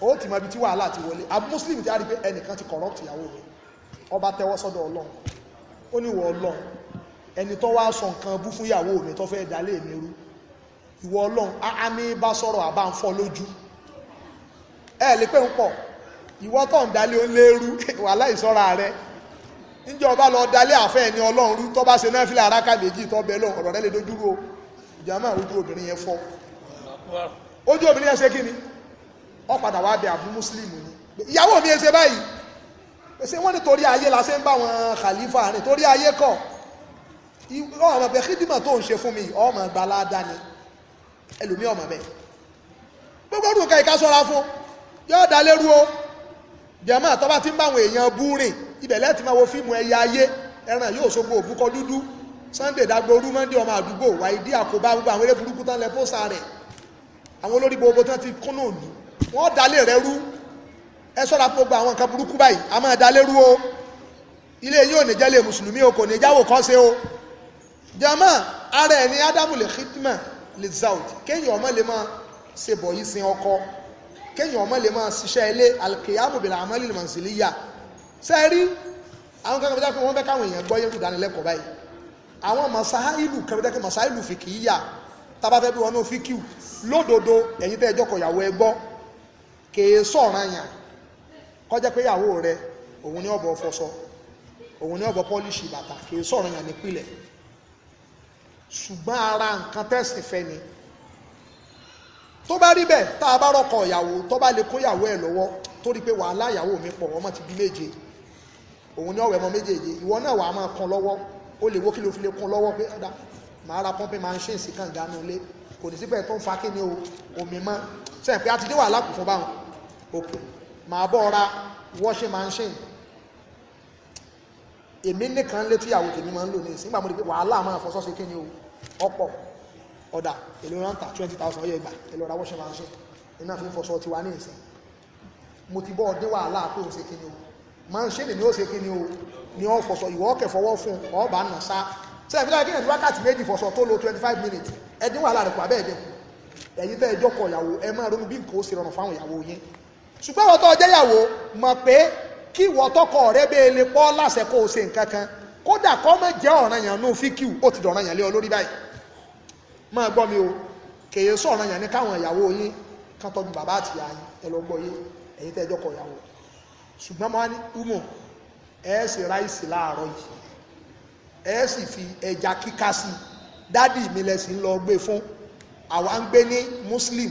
ó ti mọ ibi tí wàhálà ti wọlé àbú muslim ti á rí pé ẹnìkan ti corrupt ìyàwó rẹ̀ ọba tẹwọ́ sọ́dọ̀ ọlọ́run ó ní ìwọ ọlọ́run ẹni tó wá sọ nǹkan bú fún ìyàwó mi tó fẹ́ dalé mi rú ìwọ ọlọ́run àmì bá sọ̀rọ̀ àbá ń fọ́ lójú ẹ lè pé ń pọ̀ ìwọ tó ń dalé ó ń léru wàhálà ìsọ́ra rẹ̀ níjẹ́ ọba lọ dalé àfẹ́ ẹni ọlọ́run rú tó bá ṣe náà fílẹ̀ aráka méjì tó bẹ lọ ọ̀rọ̀ rẹ̀ lè dojúrú o ìjàmá ojú obìnrin yẹn fọ́ ojú obìnrin yẹn ṣe kí ni wọ́n padà wá bẹ àbú muslim ni ìyàwó mi ṣe báyìí ṣe wọ́n ní torí ayé la ṣe ń bá wọn khalifa ni torí ayé kọ́ ọmọ bẹ kídìmọ tó ń ṣe fún mi ọmọ gbalada ni ẹlòmí ọmọ bẹ gbogbo orúkọ ìkásọra fún yóò dá lérú o jẹmọ tọba ti ń bá àwọn èèyàn bú rìn ibẹ̀ lẹẹtì máa wo fíìmù ẹyẹ ayé ẹran yóò ṣogbo òbúkọ dúdú Sunday dagboru mọ́ndé ọmọ àdúgbò wáìdí àkóbá gbogbo àwọn eré burúkú tán lẹ fóṣà rẹ̀ àwọn olórí gbogbo tán ti kúnnù òdù wọ́n dalé rẹ rú ẹ sọ́ra fún gbogbo àwọn nǹkan burúkú báyìí a máa dalé rú o ilé yìí ò ní jẹ́lé mùsùlùmí o kò ní jáwò kọ́ sí o jama ara ẹ̀ ní ádámù lè hitma lè zaud kéèyàn ọmọ lè máa ṣe bọ̀ yìí sin ọkọ kéèyàn ọmọ lè máa ṣiṣẹ́ ilé alkiyamu bìlà àmọ́lì lè máa ṣèlè yá sẹ́ẹ̀rí àwọn kan kẹfẹ́ pé wọ́n káwọn èèyàn gbọ́ yẹn ìdánilẹ́kọ̀ọ́ báyìí àwọn masahilu kẹfẹ́ pé masahilu fìkì yíyà tábàfẹ́ bí wọn náà fíkìú lódodo ẹ̀yin tẹ́ ẹjọ́ kọ̀yàwó ẹ gbọ́ kèé sọ̀ràn yàn kọjá pé ìyàwó rẹ òun ní ọ̀bọ̀ fọṣọ òun ní ọ̀bọ̀ pọ́líṣì bàtà kèé sọ̀ràn yàn nípìnlẹ̀ ṣùgbọ́n ara nǹkan tẹ̀sìn fẹ́ ni tó bá rí bẹ́ẹ̀ tá a bá rọ́kọ̀ ìyàwó tó bá lè kó ìyàwó ẹ̀ lọ́wọ́ torí pé wàhálà ìyàwó mi pọ̀ ọmọ ti bí méje òun ní ọ̀wẹ́ ọmọ méjèèjì ìwọ náà wàá máa kan lọ́wọ́ ó lè wó kí ló fi lè kan lọ́wọ́ pé ọ̀dà màá ra pọ́ńpé máa ń ṣe ìsìnkàn ganu ilé kò ní síbẹ̀ tó ń fa kí ni omi mọ́ sẹ́yìn pé a ti dé wàhálà kù fún báwọn okay ma bọ̀ ra washing machine èmi nìkan lé tí ìyàwó tèmi máa ń lò ní ìsìn gbàmúlẹ̀ pé wàhálà máa fọ́ o ọ̀pọ̀ ọ̀dà èlò rántà twenty thousand ọyọ ìgbà èlò ra washing machine iná fi ń ti wá ní ìsìn mo ti bọ́ wàhálà o machine ni ó o ni ó fọ́ sọ ìwọ fọwọ́ fún ọba nà sá sẹ́yìn fúnra lo ṣùgbọ́n àwọn tó jẹ́yàwó mọ̀ pé kí ìwọ tọkọ rẹ bẹ́ẹ̀ lè pọ́ láṣẹ kó o ṣe nǹkan kan kódà kọ́ mọ̀ jẹ́ ọ̀ràn yàn nù fíkìú ó ti dọ̀ràn yàn lé ọ lórí báyìí máa gbọ́ mi o kèye sọ̀ràn yàn ní káwọn ìyàwó yín kan tọ́jú bàbá àti ìyá yín ẹ lọ gbọ́ yín ẹ̀yin tẹ́ ẹjọ́ kọ ìyàwó ṣùgbọ́n máa ní umu ẹ sì ráìsì láàárọ̀ yìí ẹ sì fi ẹja kíkà sí dádì mi lẹ sì lọ gbé fún àwa ń gbé ní muslim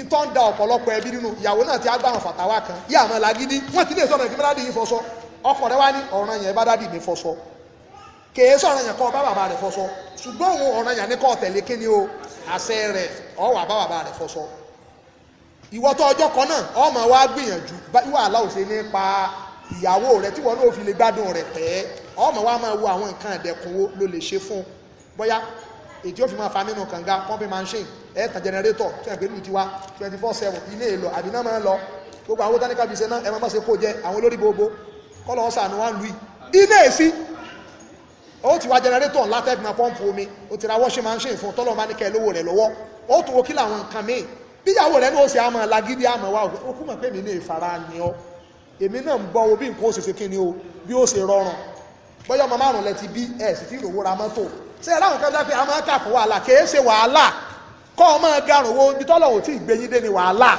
ìtọ́ ń da ọ̀pọ̀lọpọ̀ ẹbí nínú ìyàwó náà ti á gbàhàn fàtàwà kan yí àmọ́ làgídí wọ́n ti lè sọ̀rọ̀ kí mẹ́ládì yìí fọṣọ ọkọ rẹ wá ní ọ̀ràn yẹn bá dádì mi fọṣọ kèé sọ̀rọ̀ yẹn kọ́ bá bàbá rẹ̀ fọṣọ ṣùgbọ́n òun ọ̀ràn yẹn ní kọ́ tẹ̀lé kí ni o àṣẹ rẹ̀ ọ̀wà bá bàbá rẹ̀ fọṣọ ìwọ tó ọjọ́ kan náà ọmọ wa gbìyànjú wàhálà ò ṣe nípa ìyàwó rẹ tí wọn náà fi lè gbádùn rẹ tẹ́ ọmọ wa máa wo àwọn nǹkan ẹ̀dẹ̀kùnwó ló lè ṣe fún bóyá èdè ó fi máa fa nínú kànga pọ́ńpì máa ń ṣe yìí ẹ tàn jẹnẹrétọ̀ tí wọ́n pè ní tiwa twenty four seven ilé èlò àbí náà máa ń lọ gbogbo àwọn táníkà bíi ṣe náà ẹ máa má ṣe kó jẹ àwọn olórí gbogbo kọ́lọ́ sànù wá ń lu ilé èsì ó ti wá jẹnẹrétọ̀ ńlá tẹ́gbọ̀n pọ́ǹpù omi ó ti ra washing machine fún tọ́lọ́ máa ní kẹ́ lówó rẹ̀ lọ́wọ́ ó tún wọ́n kí làwọn nǹkan míì bíyàwó rẹ̀ ní ó sì á máa lagídí àmọ́ wa ó kú mọ̀ pé mi ní ìfara ni ọ́ èmi náà ń gbọ́ wo bí nǹkan ó ṣe ṣe kí ni o bí ó ṣe rọrùn bọ́yọ́ ọmọ márùn-ún lẹ ti bí ẹ̀ sì ti ìròwó ra mọ́tò ṣé ẹ láwọn kan dápẹ́ a máa kà fún wàhálà kèé ṣe wàhálà kọ́ ma máa garùn ibi tọ́lọ̀ ò tí ì gbẹ̀yìn ni wàhálà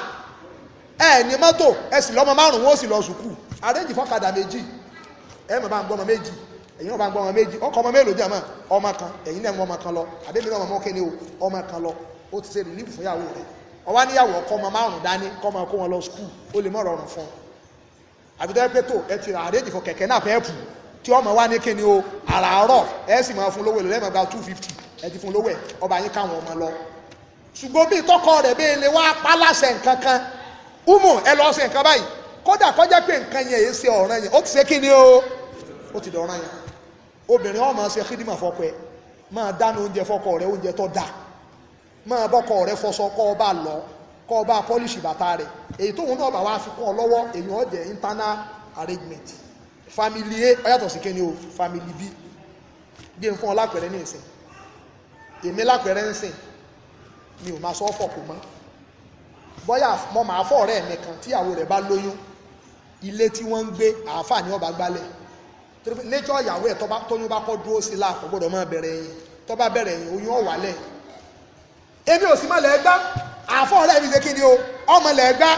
ẹ ní mọ́tò ẹ sì lọ́mọ ó sì lọ sùkú àrẹ́jì fọ́kadà méjì ẹ mọ̀ bá ń gbọ́mọ méjì ẹ̀yin náà bá ń gbọ́mọ méjì ọkọ̀ ọmọ mélòó jẹ́ kan náà ń kan lọ náà ọmọ ọmọ kan lọ ó ti ṣe rìlífù níyàwó ọkọ̀ ọmọ márùn dání kọ́ ọmọ kó wọn lọ sùkú ó lè mọ̀ rọrùn fún un fọ kẹ̀kẹ́ náà fẹ́ẹ́ o ti fún lówó ẹ̀ ọba yín káwọn ṣùgbọ́n bí tọkọ rẹ̀ bẹ́ẹ̀ lè wá pa láṣẹ nǹkan kan umu ẹ lọ ṣe nǹkan báyìí kódà kọjá pé nǹkan yẹn èyí ṣe ọ̀ràn yẹn ó ti ṣe kí ni o ó ti dọ̀ràn yẹn obìnrin ọmọ ṣe kídìmọ̀ fọkọ ẹ máa dáná oúnjẹ fọkọ rẹ oúnjẹ tó dáa máa bọ́kọ rẹ fọṣọ kọ́ ọba lọ kọ́ ọba pọ́líṣì bàtà rẹ èyí tóun náà bá wá fi kọ́ ọ lọ́wọ́ èyàn ọ̀jẹ̀ internal arrangement family a ọyàtọ̀ sí kíni o family b gbé fún ọ lápẹ̀rẹ̀ ní ìsìn èmi lápẹ̀rẹ̀ ń sìn mi ò máa sọ ọ́fọ̀ kò mọ́ bọ́yà mo máa fọ́ ọ̀rẹ́ mi kan tíyàwó rẹ̀ bá lóyún ilé tí wọ́n ń gbé àáfà ní ọba gbálẹ̀ lẹ́jọ́ ìyàwó ẹ̀ tóyún bá kọ́ dúró sí láàpọ̀ gbọ́dọ̀ máa bẹ̀rẹ̀ ẹ̀yìn tó bá bẹ̀rẹ̀ ẹ̀yìn oyún ọ̀wálẹ̀ èmi ò sí mọ́ lẹ́gbá àáfà ọ̀rẹ́ mi ṣe kí ni o ọmọ lẹ́gbá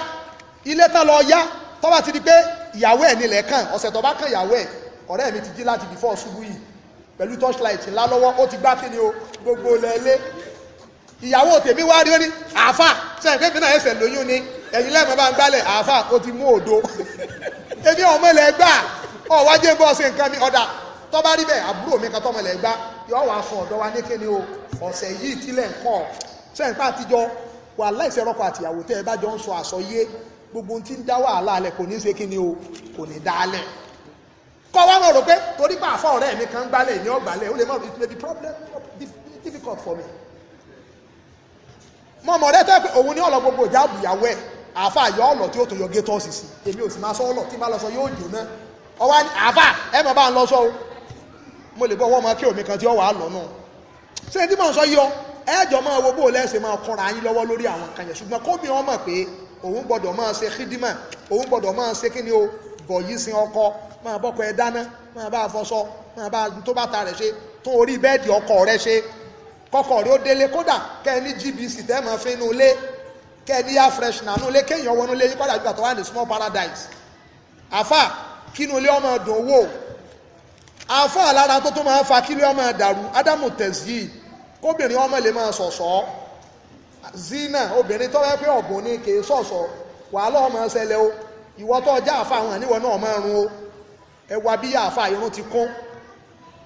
ilé tán lọ yá tó bá ti di pé ìyàwó ẹ̀ nílẹ̀ kàn ọ̀sẹ̀ tó bá kàn ìyàwó ẹ̀ ọ̀rẹ́ mi ti jí láti before ṣubú yìí pẹ̀lú torchlight ńlá lọ́wọ́ ó ti gbá kí ni o gbogbo lẹ́lé ìyàwó tèmi wá rí ó ní àáfà sẹ́yìn pé fínà ẹsẹ̀ lóyún ni ẹ̀yin lẹ́mọ̀ bá ń gbálẹ̀ àáfà ó ti mú òdo èmi ọmọ ilẹ̀ gbà ọ wá jẹ́ bọ́ọ̀sì nǹkan mi ọ̀dà tó bá rí bẹ́ẹ̀ àbúrò mi kan tọmọ ilẹ̀ gbà yọ wàá sọ ọ̀dọ́ wa ní kíni o ọ̀sẹ̀ yìí tilẹ̀ ń kọ̀ sẹ́yìn pé àtijọ́ wà láìsẹ̀ rọ́kọ àtìyàwó tẹ́ ẹ bá jọ ń sọ àsọyé gbogbo tí ń dá wàhálà alẹ̀ kò ní í ṣe kíni o kò ní dá alẹ̀ kọ́ wá mọ̀ rò pé torí pé àfọ̀ ọ̀rẹ́ mi kan gbálẹ̀ ní ọ̀gbálẹ̀ ó lè mọ̀ it may be problem difficult for me mọ̀mọ́ rẹ tẹ́ pé òun ní ọ̀lọ́ gbogbo ìjà àbùyàwó ẹ̀ àáfà yọ ọ̀lọ́ tí ó tó yọ gé tọ́ọ̀sì sí èmi ò sì máa sọ ọ̀lọ́ tí máa lọ sọ yóò jóná ọwọ́ àáfà ẹ mọ̀ bá ń lọ sọ o mo lè bọ́ ọwọ́ ọmọ kí omi kan tí ó wà á lọ náà ṣé tí mò ń sọ yọ ẹjọ́ máa wo bó o lẹ́sẹ̀ máa kọ́ra yín lọ́wọ́ lórí àwọn kan yẹn ṣùgbọ́n kómi wọn mọ̀ pé òun gbọ́dọ̀ máa ṣe kídímà òun gbọ́dọ̀ máa ṣe kí ni o bọ̀ yìí sin ọkọ máa bọ́kọ ẹ dáná máa bá a fọṣọ máa bá a tó bá ta rẹ̀ ṣe tó orí bẹ́ẹ̀dì ọkọ rẹ̀ ṣe kọkọ rẹ ó délé kódà kẹni gbc tẹ máa fi inú ilé kẹni air freshener nínú ilé kéèyàn wọnú ilé yín kódà gbígbà tó wà ní small paradise àfà kínú ilé ọmọ dùn wò àfà lára tó tó máa fa kí ilé ọmọ dàrú ádámù tẹ̀sí kóbìnrin ọmọ lè máa sọ̀sọ́ zina obìnrin tó wáyé pé ọ̀bùn ni kì í sọ̀sọ́ wàhálà ọmọ ṣẹlẹ̀ o ìwọ tó ọjà àfà àwọn àníwọ̀ náà máa run o ẹwà bí àfà irun ti kún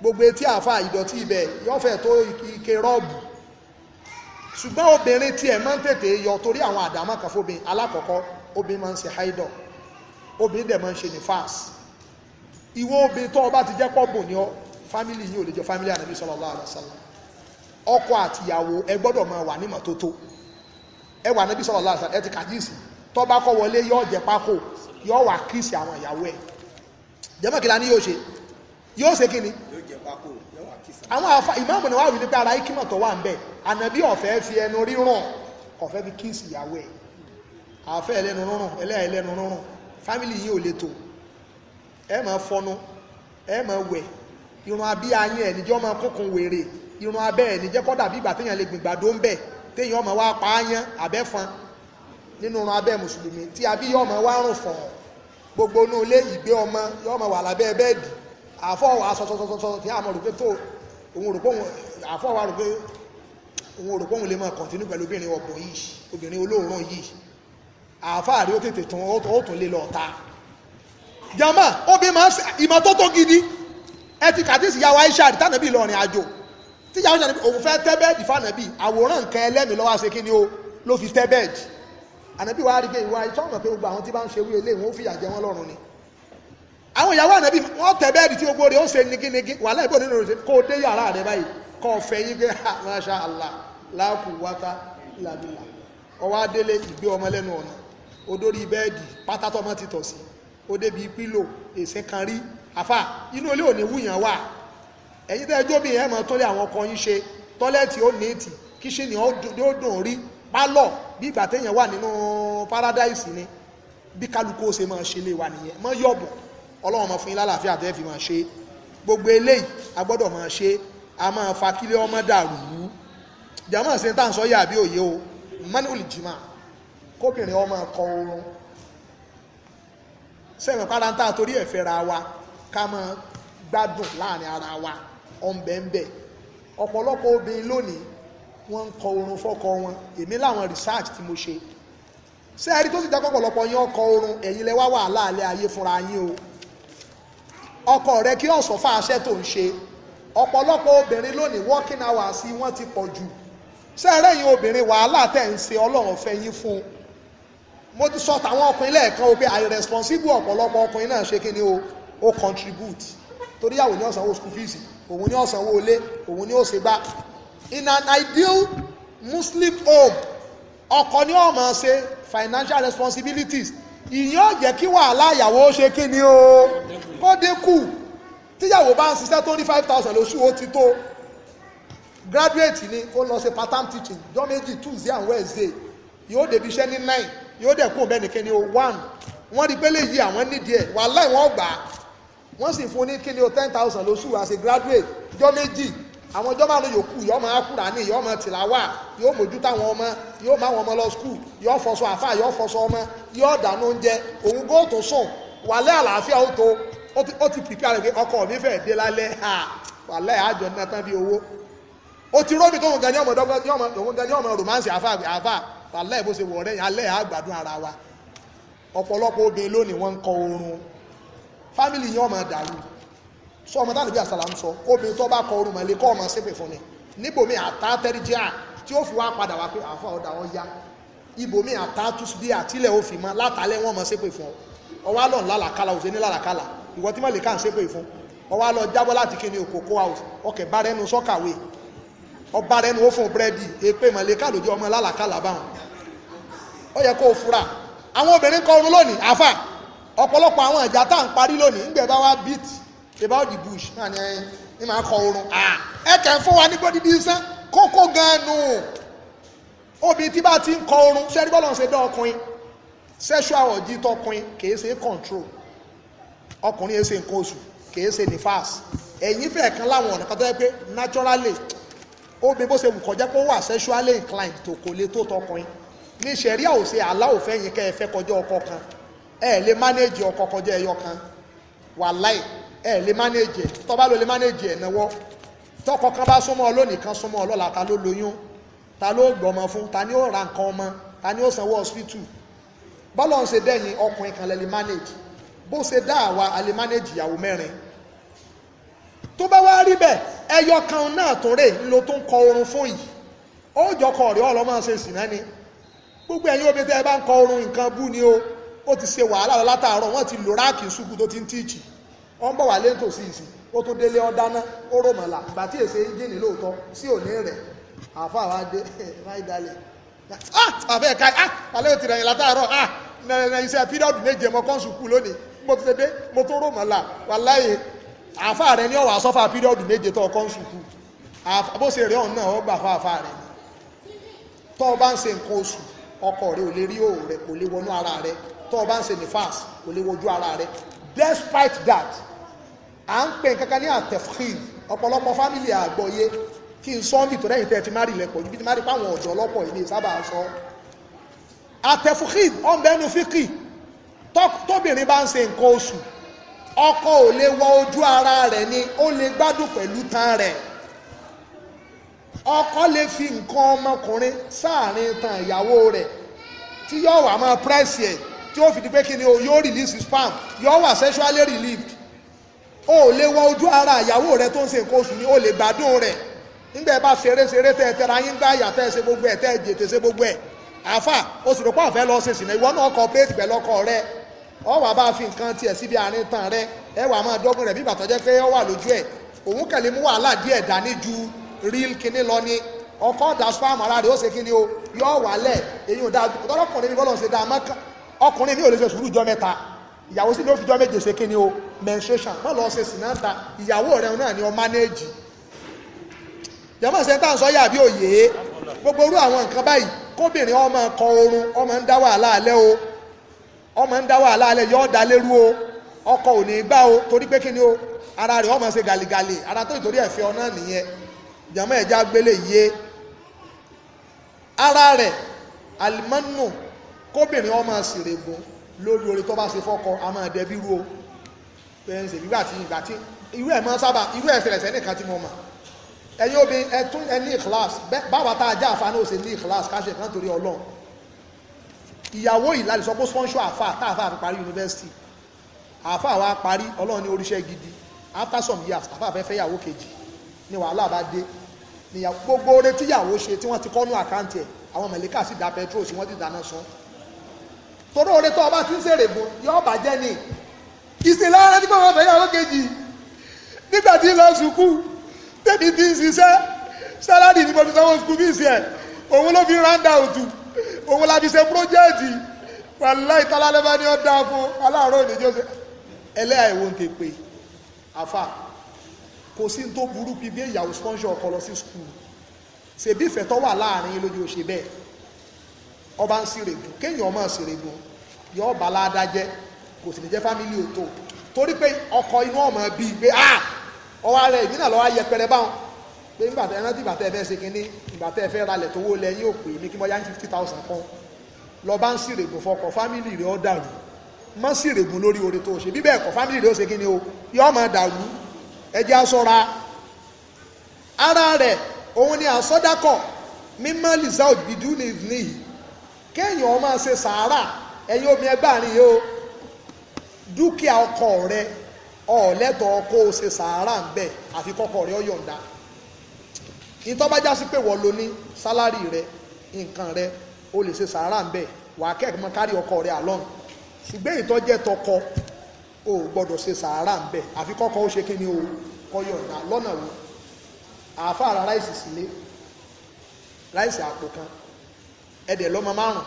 gbogbo etí àfa ìdọ̀tí ibẹ̀ yọ́fẹ̀ tó ike rọ́ọ̀bù ṣùgbọ́n obìnrin tiẹ̀ máa ń tètè yọ torí àwọn àdámọ́ kan fóbin alákọ̀ọ́kọ́ obìnrin máa ń ṣe haidọ̀ obìnrin dẹ̀ máa ń ṣe ní fas ìwọ obìnrin tó ọba ti jẹ́ pọ́bù ni ọ fámìlì yìí ò lè jọ fámìlì ànábì sallallahu alaihi wasallam ọkọ àtìyàwó ẹ gbọ́dọ̀ máa wà nímọ́tótó ẹ wà ànábì sallallahu alaihi wasallam ẹ ti kàdíìsì tó bá kọ́ wọlé yọ ọ̀jẹ̀ pákó yọ wà kíìsì àwọn ìyàwó ẹ̀ jẹ́mọ̀kìlá ni yóò ṣe yóò ṣe kí ni àwọn àfa ìmáàmù ni ara ikimọ̀ tó wà ń bẹ̀ ànàbí ọ̀fẹ́ fi ẹnu rírùn ọ̀fẹ́ fi kíìsì ìyàwó ẹ̀ àfẹ́ ẹlẹ́nu rírùn ẹlẹ́yà ẹlẹ́nu rírùn fámìlì yìí ò le tó ẹ máa fọnu ẹ máa wẹ̀ irun abíyá yín ẹ̀ níjọ́ máa kókun wèrè irun abẹ́ ẹ̀ níjẹ́ kọ́ dàbí ìgbà téèyàn lè ń bẹ̀ téèyàn gbogbo ilé ìgbé ọmọ wà lábẹ́ bẹ́ẹ̀dì àfọwọ́ asọ̀sọ̀sọ̀sọ̀ tí a mọ̀ rò pé tó òun rò pé àfọwọ́ rò pé òun rò pé òun lè máa kọ̀tínú pẹ̀lú obìnrin ọ̀pọ̀ yìí obìnrin olóòórùn yìí àfáàrí ó tètè tún ó tún lè lọ ta jama obìnrin máa ń ṣe ìmọ́tótó gidi ẹ ti kàdísì yàwó aisha tánàbí lọrin àjò tí yàwó aisha òun fẹ́ tẹ́bẹ́ẹ̀dì fànàbí àwòrán nǹkan ẹlẹ́mìí lọ́wọ́ ṣe kí ni ó ló fi tẹ́bẹ́ẹ̀dì ànàbí wàá rí pé ìwà ìtọ́mọ̀ pé gbogbo àwọn tí bá ń ṣe wí eléyìí wọ́n fìyà jẹ wọ́n lọ́rùn àwọn ìyàwó ànábì wọ́n tẹ bẹ́ẹ̀dì tí gbogbo rẹ̀ ó ṣe niginigi wàhálà ìbò nínú rẹ̀ kó o dé yàrá rẹ̀ báyìí kọ́ ọ fẹ́ yín pé ha masha allah láàkú wáta làbílà ọwọ́ adélé ìgbé ọmọ lẹ́nu ọ̀nà odórí bẹ́ẹ̀dì pátátọ́mọ́ ti tọ̀ sí ó débi pílò èsì kan rí àfà inú ilé òní wúyàn wà ẹ̀yin tẹ́ ẹjọ́ mi ẹ̀ mọ̀ tó lé àwọn ọkọ yín ṣe tọ́lẹ́ẹ̀tì ó nìtì kíṣìnì ó dùn rí pálọ̀ bí ìgbà téèyàn wà nínú paradise ni bí kálukú ó ṣe máa ṣe lè wà nìyẹn mọ́ yọ̀bùn ọlọ́run máa fún yín lálàáfíà tẹ́ fi máa ṣe gbogbo eléyìí a gbọ́dọ̀ máa ṣe a máa fa kílẹ̀ ọmọ dàrú jàmọ́ sí tá à ń sọ yàbí òye o manuel jimá kóbìnrin ọmọ ọkọ oorun sẹ́mi pàrántà torí ẹ̀fẹ́ ra wa ká máa gbádùn láàrin ara wa ọ̀nbẹ̀ǹbẹ̀ ọ̀pọ̀lọpọ̀ obìnrin lónìí wọ́n ń kọ oorun fọ́kọ wọn èmi láwọn research tí mo ṣe sẹ́ẹ̀rí tó sì jẹ́ pọ̀pọ̀lọpọ̀ yín ọkọ oorun ẹ̀yin lẹ wá wàhálà alẹ́ ayé fúnra yín o ọkọ rẹ kí ọ̀sọ́ fà àṣẹ tó ń ṣe ọ̀pọ̀lọpọ̀ obìnrin lónìí working hours wọ́n ti pọ̀ jù sẹ́rẹ́ yìí obìnrin wàhálà tẹ̀ ń ṣe ọlọ́run fẹ́ yín fún un mo ti sọ tàwọn ọkùnrin lẹ́ẹ̀kan o pé irresponsible ọ̀pọ̀lọpọ̀ ọkùnrin náà ṣe kí ni o ó contribute torí àwọn ní ọ̀sánwó school fees òun ní ọ̀sánwó ilé òun ní òsè gbá in an ideal Muslim home ọkọ ni ó máa ṣe financial responsibilities ìyẹn ò jẹ́ kí wàhálà ìyàwó ṣe kí ni o kó dínkù tíyàwó bá ń ṣiṣẹ́ tó ní five thousand lóṣù ó ti tó graduate ni ó lọ ṣe part time teaching jọ́ méjì tuesday and wednesday yóò débi iṣẹ́ ní nine yóò dẹ̀ kó bẹ́ẹ̀ ni kí ni o one wọ́n rí pé léyìí àwọn nídìí ẹ̀ wàhálà ìwọ̀n gbà wọ́n sì fún ní kí ni o ten thousand lóṣù as a graduate jọ́ méjì àwọn ọjọ́ márùn yòókù yóò máa Kùránì yóò máa tìláwà yóò mójú táwọn ọmọ yóò máa wọn ọmọ lọ skul yóò fọṣọ àfà yóò fọṣọ ọmọ yóò dáná oúnjẹ òun kó tó sùn wàlẹ́ àlàáfíà ó tó ó ti pìpì àrẹ pé ọkọ mi fẹ́ dé lálẹ́ wàlẹ́ àjọ náà tán bí owó ó ti rómi tóun gan ní ọmọ dọ́gbọ́n ní ọmọ òun gan ní ọmọ romance àfà àfà wàlẹ́ bó ṣe wọ̀ rẹ́ alẹ́ àgbàdùn ara wa ọ̀pọ̀lọpọ̀ obìnrin lónìí wọ́n ń kọ oorun fámìlì sọ ọmọ tánàbí àsàlám sọ obìnrin tó bá kọ orun mọ̀lẹ́ kọ́ ọmọ sípè fún ni níbòmí àtàtẹ́rìjì à tí ó fi wá padà wá pé àfa ọ̀dà wọn ya ibòmí àtàtúsí bí àtìlẹ̀ ó fi mọ́ látàlẹ́ wọn mọ̀ sípè fún ọ ọwọ́ àlọ́ ńlálàkálà òṣèlú ńlálàkálà ìwọ tí mọ̀lẹ́ kà ń sípè fún ọwọ́ àlọ́ jábọ́ láti kí ni òkòkò house ọkẹ̀ bá rẹnu sọ́kàwé ọba rẹnu ó fún búrẹ́dì èpè mọ̀lẹ́ kàlójú ọmọ ńlálàkálà báwọn ó yẹ kó o fura àwọn obìnrin kọ orun lónìí àfà ọ̀pọ̀lọpọ̀ àwọn ìjà tá à ń parí lónìí ń about the bush náà eh, ni ẹ máa kọ oorun ah, ẹ kẹ́ ń fún wa nígbó dídí sán kókó gan-an nù obìnrin tí bá ti ń kọ oorun ṣẹ́rí bọ́lọ̀ ń ṣe dán ọkùnrin sexual ọ̀jì tọkùnrin kìí ṣe control ọkùnrin ẹ ṣe nǹkan oṣù kìí ṣe nifas ẹ̀yìn fẹ̀ kan láwọn ọ̀nà kan tó yẹ pé naturally obìnrin bó ṣe wù kọjá pé ó wà sexually inclined tó kò lè tó tọkùnrin ní sẹ̀ríà ò ṣe aláòfẹ́ yìí kẹ́ ẹ fẹ́ kọjá ọkọ kan ẹ lè manage ọkọ kọjá ẹyọ kan wàláì ẹ lè mánéjì ẹ̀ tọ́ bá lọ lè mánéjì ẹ̀ náwó tọkọ kan bá súnmọ́ ọ lónìí kan súnmọ́ ọ ta ló lóyún ta ló gbọ́mọ fún ta ni ó ra nǹkan ọmọ ta ni ó sanwó hospital bọ́lọ̀ ń ṣe dẹ́yìn ọkùnrin kan lè lè mánéjì bó ṣe dá àwa a lè mánéjì ìyàwó mẹ́rin tó bá wá rí bẹ́ẹ̀ ẹyọ kan náà tó rè ń lo tó ń kọ orun fún yìí ó jọkọ ọ̀rẹ́ ọlọ́mọ ṣe sì náà ni gbogbo ẹ̀yin obìnrin tẹ́ ẹ bá ń kọ orun nǹkan bú ni o ó ti ṣe wàhálà lọ látàárọ̀ wọ́n ti lò ráàkì ṣùkú tó ti ń tíìchì wọ́n bọ̀ wá létòsí ìsìn ó tó délé ọ dáná ó rọ̀mọ̀là ìgbà tí èsè ẹ́ńjìnì lóòótọ́ sí òní rẹ̀ àfa wa dé láì dalẹ̀ ah àfẹ́ ẹ̀ka ah alẹ́ òtí rẹ̀yìn látàárọ̀ ah nàìjíríà iṣẹ́ pírọ̀dù méje mọ́ kọ́ńsùkú lónìí mo ti dé mo tó rọ̀mọ̀là wàláyé àfa rẹ̀ ní ọ̀wà sọ́fà pírọ̀dù méje tó kọ́ńsùkú bó ṣe rẹ̀ ọ̀nà ọgbà fáfá rẹ̀ tó o bá ń ṣe nǹkan oṣù ọkọ rẹ ò lè rí òòrẹ kò lè wọnú ara rẹ tó o bá ń ṣe nífàs kò lè wojú ara rẹ despite that à ń pè nǹkankan ní àtẹ̀fíìl ọ̀pọ̀lọpọ̀ fámìlì àgbọ̀yé kí n sọ́ọ́lì tó lẹ́yìn tẹ́ ti má rí lẹ́pọ̀ níbi tí má rí páwọn ọ̀dọ́ ọlọ́pọ̀ ilé sábà sọ àtẹ̀fíìl ọ̀nbẹ́nu fíkì tóbìnrin bá ń ṣe nǹkan oṣù ọkọ ò lè wọ ojú ara rẹ̀ ni ó lè gbádùn pẹ̀lú tan rẹ̀ ọkọ lè fi nǹkan ọmọkùnrin sáàrin tan ìyàwó rẹ̀ tí yóò wà máa pírẹ́sì ẹ̀ tí ó fi di pé kí ni o yóò release his sperm yóò wà sexually relieved o ò lè wọ ojú ara ayawe rẹ tó ń ṣe nǹkan oṣù ni o lè gbádùn rẹ nígbà ẹ bá ṣeré ṣeré tẹ ẹ tẹra yín gbá àyà tẹ ẹ ṣe gbogbo ẹ tẹ ẹ jètè ṣe gbogbo ẹ àáfà o sì rò pé àfẹ lọ ṣe ìwọ náà kọ ọkọ rẹ ọ wà bá fi nǹkan tiẹ̀ síbi àárín tán rẹ ẹ wà máa dọ́gbọ́n rẹ bí bàtọ́ jẹ́ pé ọ wà ju lọ ni ọkọ spam o yọ èyí ò dáa mi ìyàwó sí ló fi jọ méje ṣe ni o menstruation má lọ ṣe sinanta ìyàwó rẹ náà ni ọ manage jọmọ sẹńtà ń sọ yàbí òye gbogbo orú àwọn nǹkan báyìí kóbìnrin ọmọ kọ oorun ọmọ ń dá wàhálà alẹ o ọmọ ń dá wàhálà alẹ yọ ọdà lérú o ọkọ ò ní gbà o torí pé ni o ara rẹ ọmọ ṣe gàlìgàlì ara tó ìtòrí ẹfẹ ọ náà nìyẹn jọmọ ẹja gbélé yé ara rẹ alimọnu kóbìnrin ọmọ sèrègùn lórí oore tó bá ṣe fọ́kọ a máa dẹbí ru o pẹ̀nsẹ̀ nígbà tí ìgbà tí irú ẹ̀ máa sábà irú ẹ̀ fẹ̀rẹ̀sẹ̀ nìkan tí mo mọ̀ ẹ̀yin obìnrin ẹ tún ẹ ní ìkíláàs báwa tá a já àfa náà ṣe ní ìkíláàs káṣẹ kan torí ọlọ́run ìyàwó yìí láti sọ pé sponsor àfa tá àfa àfi parí yunifásitì àfa wa parí ọlọ́run ní oríṣẹ́ gidi after some years àfa àfẹ́ fẹ́ yàwó kejì ni wàhálà bá dé ni gbogbo oore tíyàwó ṣe tí wọ́n ti kọ́nú àkáǹtì ẹ̀ àwọn mẹ̀lẹ́kà sì dá petros wọ́n ti dáná san torí oore tó ọba ti ń ṣèrè bò yọ bàjẹ́ ni ìsìnlára nígbà wọn fẹ́ yàwó kejì nígbà tí ń lọ sùkú tèmi ti ń ṣiṣẹ́ sálárì ni mo fi sanwó sùkú bíìsì ẹ̀ e. òun ló fi ráńdà òtù òun la fi ṣe pírójẹ́ẹ̀tì wàláì tálálẹ́bá ni ó dá fún aláàárọ̀ òní jọ́sẹ̀ ẹlẹ́yà ìwò ń tè pé àfà kò sí tó burú bíi bí ìyàwó sponsor ọkọ lọ sí sùkú ṣèbí ìfẹ́ tó wà láàrin lójú òṣè bẹ́ẹ̀ ọba ń sírègùn kéèyàn ọmọ sírègùn yọ ọba aládájẹ kò sì ní jẹ́ fámìlì òtò torí pé ọkọ inú ọmọ bíi pé ah ọwọ́ rẹ̀ ìbí náà lọ́wọ́ yẹpẹrẹ báwọn pé nígbà tẹ ẹrántí ìgbà tẹ ẹ fẹ́ ṣe kínní ìgbà tẹ ẹ fẹ́ ralẹ̀ tó wó lẹ́yìn òpè mi kí mo yá ní fifty thousand kan lọ bá ń sírègùn fọkọ fámìlì rẹ̀ ó dàrú má sírègùn lórí oore tó ṣe bíbẹ̀ ẹ̀kọ́ fámìlì rẹ̀ ó ṣe kínní o yọ ọmọ dàrú ẹjẹ́ aṣọra ara rẹ̀ òun ni àsọdákọ̀ mímọ́ lisa òbídú ní ìdílé yìí kéèyàn máa ṣe sàárà ẹ̀yin omi ẹgbẹ́ àárín yìí o dúkìá ọkọ rẹ ọ̀lẹ́tọ̀ọ́ kó o ṣe sàárà ń bẹ̀ àfi kọ́kọ́ rẹ ó yọ̀ǹda ìtọ́bájá sí pé wọ́n lo ní sálárì rẹ nǹkan rẹ o lè ṣe sàárà ń bẹ̀ wàá kẹ́kọ̀ọ́ máa kárí ọkọ rẹ àlọ́n ṣùgbẹ́ ìtọ́jẹ́ tọkọ o gbọ́dọ̀ ṣe sàárà ń bẹ̀ àfi kọ́kọ́ ó ṣe kí ni o kọ́ yọ̀ǹda lọ́nà wo àáfàá ra ráìsì sílé ráìsì àpò kan ẹ̀dẹ̀ lọ́mọ márùn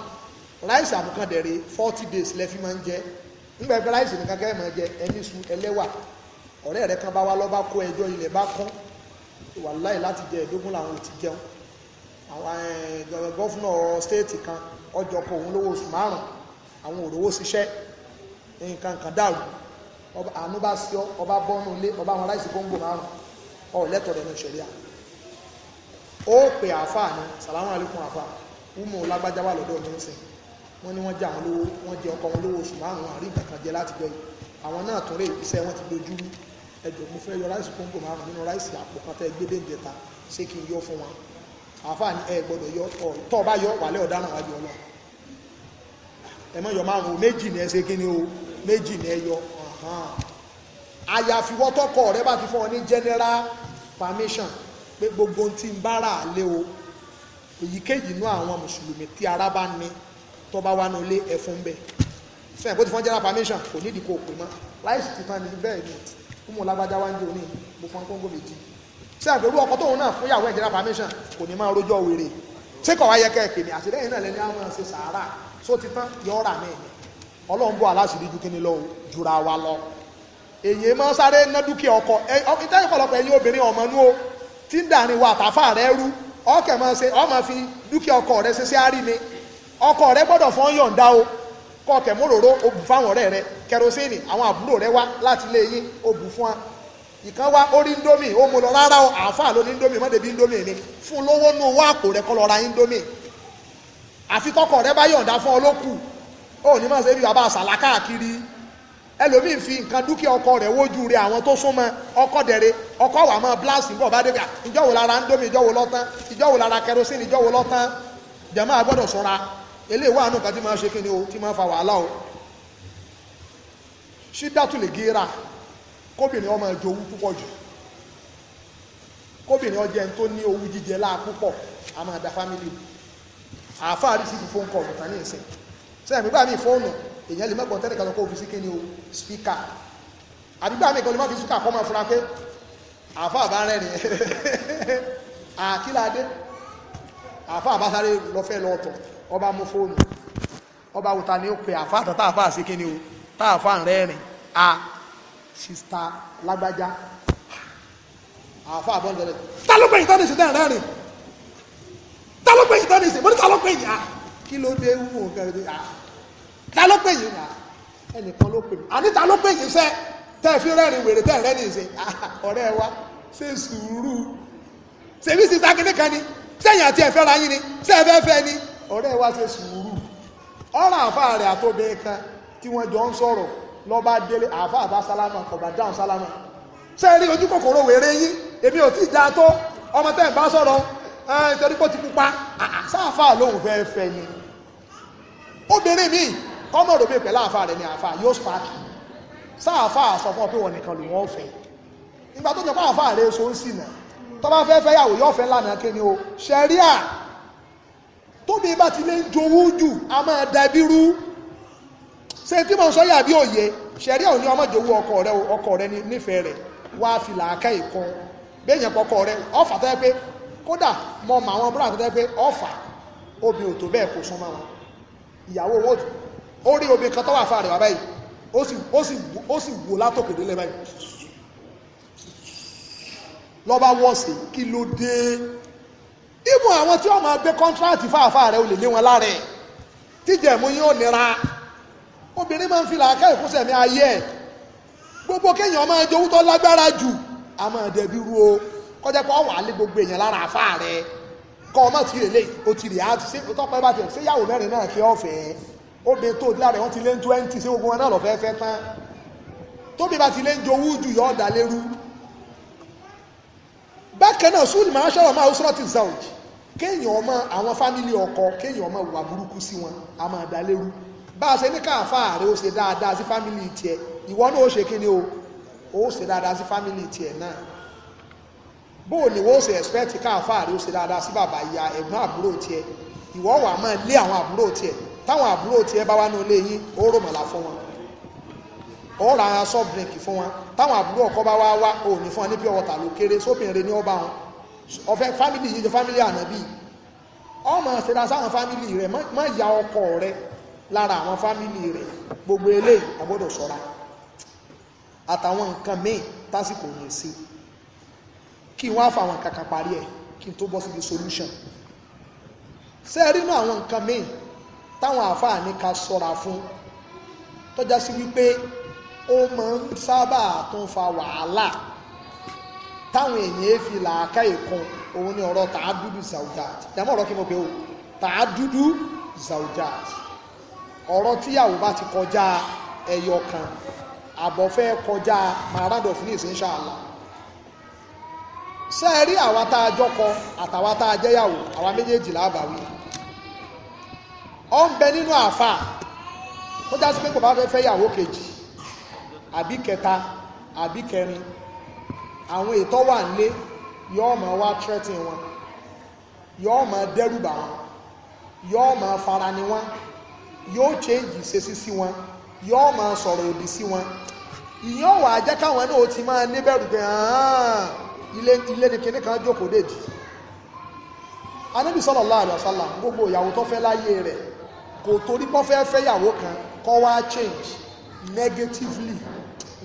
ráìsì àbùkàn dẹ̀rẹ̀ forty days lẹ́fí máa ń jẹ nígbà pé ráìsì nìkan kẹ́rẹ́ máa jẹ ẹni su ẹlẹ́wà ọ̀rẹ́ rẹ kan bá wá lọ́ bá kó ẹjọ́ ilẹ̀ bá kán wàláì láti jẹ ẹ̀ẹ́dógún làwọn ò ti jẹun àwọn gọ́fúnà stéètì kan ọjọ́ kọ òun lówó oṣù márùn àwọn òrówó ṣiṣẹ́ nǹkan kan dàrú àánú bá sí ọ ọba bọ́nú ilé ọba àwọn aláìsí gbóngbò márùn ọ lẹ́tọ̀ọ́ rẹ̀ ní ìṣẹ̀lẹ̀ ó pè àáfàá ni sàlámù alaykum àáfàá umu lágbájá wà lọ́dọ̀ mi ń sìn wọ́n ní wọ́n jẹ àwọn lówó wọ́n jẹ ọkọ wọn lówó oṣù márùn-ún àrí nǹkan kan jẹ láti gbọ́ yìí àwọn náà tún rè iṣẹ́ wọn ti dojú rú ẹjọ́ mo fẹ́ yọ ráìsì kóńgò márùn-ún nínú ráìsì àpò kan tẹ́ gbé déǹdé ta ṣé kí n yọ fún wọn àáfàá ni ẹ gbọ́dọ̀ yọ tọ́ ọ bá yọ wàlẹ́ ọ̀daràn wájú ọlọ́run ẹ mọ̀ yọ márùn-ún méjì ni ẹ ṣe kí ni o méjì ni ẹ yọ àyàfi wọ́tọ́kọ̀ rẹ bá ti fún ọ ní general permission pé gbogbo ohun tí ń bára àlẹ́ o èyíkéyìí inú àwọn mùsùlùmí tí ara bá ní tó bá wá nulẹ̀ ẹ̀fún bẹ́ẹ̀ fẹ́ẹ̀ bó ti fọ́n general permission kò ní ìdíkò òpè mọ́ láìsí ti ní bẹ́ẹ̀ ni fún mọ̀ lágbájá wá ń jẹ òní mo fọ́n kóńgò méjì ṣé àgbẹ̀rú ọkọ tóun náà fún ìyàwó general permission kò ní máa rójọ́ wèrè ṣé kọ̀ wáyẹ kẹ́ẹ̀kẹ́ ni àtìlẹ́yìn náà lẹ́ni àwọn ṣe sàárà só ti tán yọ̀ọ́rà náà ni ọlọ́run bọ́ aláṣìírí ju kíni lọ jura wa lọ èyí máa sáré ná dúkìá ọkọ ìtẹ́yìn ọ̀pọ̀lọpọ̀ ẹ̀yin obìnrin ọkẹ máa ṣe ọ máa fi dúkìá ọkọ rẹ ṣe sí ọkọ rẹ gbọdọ fọ yọ̀ǹda o kọ kẹmú òróró o bù fáwọn ọ̀rẹ́ rẹ kẹrosíìnì àwọn àbúrò rẹ wá láti ilé yín o bù fún wa ìkan wá ó rí ndómì ó mu lọ rárá o àáfàá ló ní ndómì ndómì ni fún lówó owó àpò rẹ kọ́ lọ ra bá yọ̀ǹda fún ọ ó ní ṣe bí bàbá àṣàlá káàkiri ẹlòmíín fi nǹkan dúkìá ọkọ rẹ̀ wojú rẹ̀ àwọn tó súnmọ́ ọkọ dẹ̀rẹ̀ ọkọ wà máa blásì bọ̀ bá débi à ìjọ́wò lára ń dómi ìjọ́wò lọ́tán ìjọ́wò lára kẹrosínì ìjọ́wò lọ́tán jẹ̀mọ́ àgbọ́dọ̀ sọ́ra eléyìí wà nù kan tí máa ṣe kíni o tí máa fa wàhálà o. ṣídàtú lè géra kóbìnrin ọmọ ìjọ owó púpọ̀ jù kóbìnrin ọjẹ́ tó ní owó jíjẹ láà púpọ̀ a máa da fámìlì àfáà rí sí ti fóun kọ̀ ọ̀tàn ní ìsìn sẹ́yìn gbígbà mí fóònù èyàn lè mẹ́gbọ̀n tẹ́lẹ̀ kàtọ́kọ́ òfin sí kí ni o spíkà àdúgbà mi kan má fi spíkà kọ́ máa pé àfa àbá rẹ̀ ni àkíládé àfa àbá sáré lọ́fẹ́ lọ́ọ̀tọ̀ ọba mú fóònù ọba wùta ni ó pe àfa àtàtà àfa sí kí ni o tá àfa rẹ̀ rìn a sista lágbájá àfa àbọ̀n tẹ́lẹ̀ ta ló gbẹ̀yìn tọ́ni sí tẹ́ rẹ̀ rìn ta ló gbẹ̀yìn tọ́ni sí mo ní ta à kí ló dé wù ó kẹrin ta ló pè yín nà ẹnìkan ló pè mí àní ta ló pè yín sẹ́ tẹ́ ẹ fi rẹ́rìn wèrè tẹ́ ẹ rẹ́rìn ṣe ah, wa ṣe sùúrù ṣèbí sísá kínní kan ni sẹ́yìn àti ẹ̀fẹ́ ra yín ni sẹ́ẹ̀fẹ́ fẹ́ ni ọ̀rẹ́ wa ṣe sùúrù ọ̀rọ̀ àfa rẹ̀ àtòbìnrin kan tí wọ́n jọ ń sọ̀rọ̀ lọ́ba délé àfa àbá sálámà kọ̀bà dáhùn sálámà sẹ́ẹ̀rí ojú kòkòrò wèrè yín èmi ò tí ì dáa tó ọmọ tẹ́ ẹ̀ bá sọ̀rọ̀ ẹ̀ torí pé ó ti pupa sáàfà ah, ah, lóhùn fẹ́ fẹ́ ni obìnrin míì kọ́mọ̀ rò pé pẹ̀lú àfa rẹ̀ ni àfa yóò spáàkì sáàfà sọ fún ọ pé wọn nìkan ló wọ́n fẹ́ nígbà tó jẹ́ pé àfa rẹ̀ so ń sìnà tó bá fẹ́ fẹ́yàwó yóò fẹ́ lánàá kí ni o ṣẹ̀ríà tóbi bá ti lè ń jowú jù a máa dẹbi rú ṣe tí mo sọ yàbí òye ṣẹ̀ríà ò ní ọmọ jowú ọkọ rẹ ọkọ rẹ nífẹ̀ẹ́ rẹ wá fi làákà ìkan bẹ́ẹ̀ yẹn pọkọ rẹ ọ̀fà tó yẹ pé kódà mo mọ àwọn búrọ̀ àti tó yẹ pé ọ̀fà obìnrin ò tó bẹ́ẹ̀ kó súnmọ́ wọn ìyàwó owó ó rí obìnrin kan tó wà fáàrẹ̀ wá báyìí ó sì ó sì ó sì wò látòkè délẹ̀ báyìí lọ́ba wọ́ọ̀sì kí ló dé ibu àwọn tí wọ́n máa gbé kọ́ńtíráàtì fáàfáà rẹ̀ ó lè lé wọn lára ẹ̀ tíjẹ̀ mú yín ò nira obìnrin máa ń fi làákẹ́ ìkúsẹ̀ ní ayé ẹ̀ gbogbo kéèyàn máa jowú tó lágbára jù a máa dẹbi ru o kọjá pé ọwọ́ alẹ́ gbogbo èèyàn lára àfáà rẹ̀ kọ́ ọ má ti rè lé o ti rè á ti ṣe tọ́pẹ́ bá ti rè mẹ́rin náà kí ọ̀fẹ́ obìnrin tó lára wọn ti lé ní twenty ṣé gbogbo wọn náà lọ fẹ́ fẹ́ tán tóbi bá ti lé ní jowú jù yọ ọ̀dà lérú bákan náà sùn máa ṣọ̀rọ̀ máa ṣọ̀rọ̀ ti zawj kéèyàn ọmọ àwọn fámìlì ọkọ kéèyàn ọmọ ìwà burúkú sí wọn a máa dá lérú bá a ṣe ní káàfà rẹ ó ṣe dáadáa sí fámìlì tiẹ̀ ìwọ náà ó ṣe kí ni o ó ṣe dáadáa sí fámìlì tiẹ̀ náà bó o ní wọ́n ṣe expect káàfà rẹ ó ṣe dáadáa sí bàbá ìyá ẹ̀gbọ́n àbúrò tiẹ̀ ìwọ wà máa lé àwọn àbúrò tiẹ̀ táwọn àbúrò tiẹ̀ bá wá ní ilé yín ó rò mọ̀lá fún wọn ó ra soft drink fún wọn táwọn àbúrò ọkọ bá wá wá ò ní fún wọn ní pure water ló kéré sóbìnrin ní ọba wọn ọfẹ fámìlì yìí jẹ fámìlì ànábì ọmọ ṣẹlá sáwọn fámìlì rẹ má ya ọkọ rẹ lára àwọn fámìlì rẹ gbogbo eléyìí àgbọ́dọ̀ ṣọ́ra àtàwọn nǹkan míì tásìkò ní sí kí wọn á fa àwọn kankan parí ẹ kí n tó bọ́ síbi solution ṣe rí nú àwọn nǹkan míì táwọn àáfàá ní ká sọ́ra fún tọ́já sí wípé ó máa ń sábà tún fa wàhálà táwọn èèyàn fi làákà ìkan òun ni ọ̀rọ̀ tàá dúdú zaujat ìyàmọ́ ọ̀rọ̀ kí mo bẹ̀ o tàá dúdú zaujat ọ̀rọ̀ tíyàwó bá ti kọjá ẹyọ kan àbọ̀ fẹ́ kọjá maradọ̀ fún ìsìn ṣáàlà ṣe àwa tá a jọkọ àtàwa tá a jẹ́yàwó àwa méjèèjì lábàáwí ọ ń bẹ nínú àáfàá ó já sí pé kò bá fẹ́ fẹ́ ìyàwó kejì àbí kẹta àbí kẹrin àwọn ètò wà nílé yóò máa wá threatening wọn yóò máa dẹ́rùbà wọn yóò máa fara ni wọn yóò change ìṣesí sí wọn yóò máa sọ̀rọ̀ òdì sí wọn ìyẹn wà á jẹ́ káwọn náà ti máa níbẹ̀rù pé ilé ilé ni kinní kan jókòó dèjì anábì sallallahu alaihi wasallam gbogbo ìyàwó tó fẹ́ láyé rẹ̀ kò torí pọ́ fẹ́ fẹ́yàwó kan kọ́ wá change negatively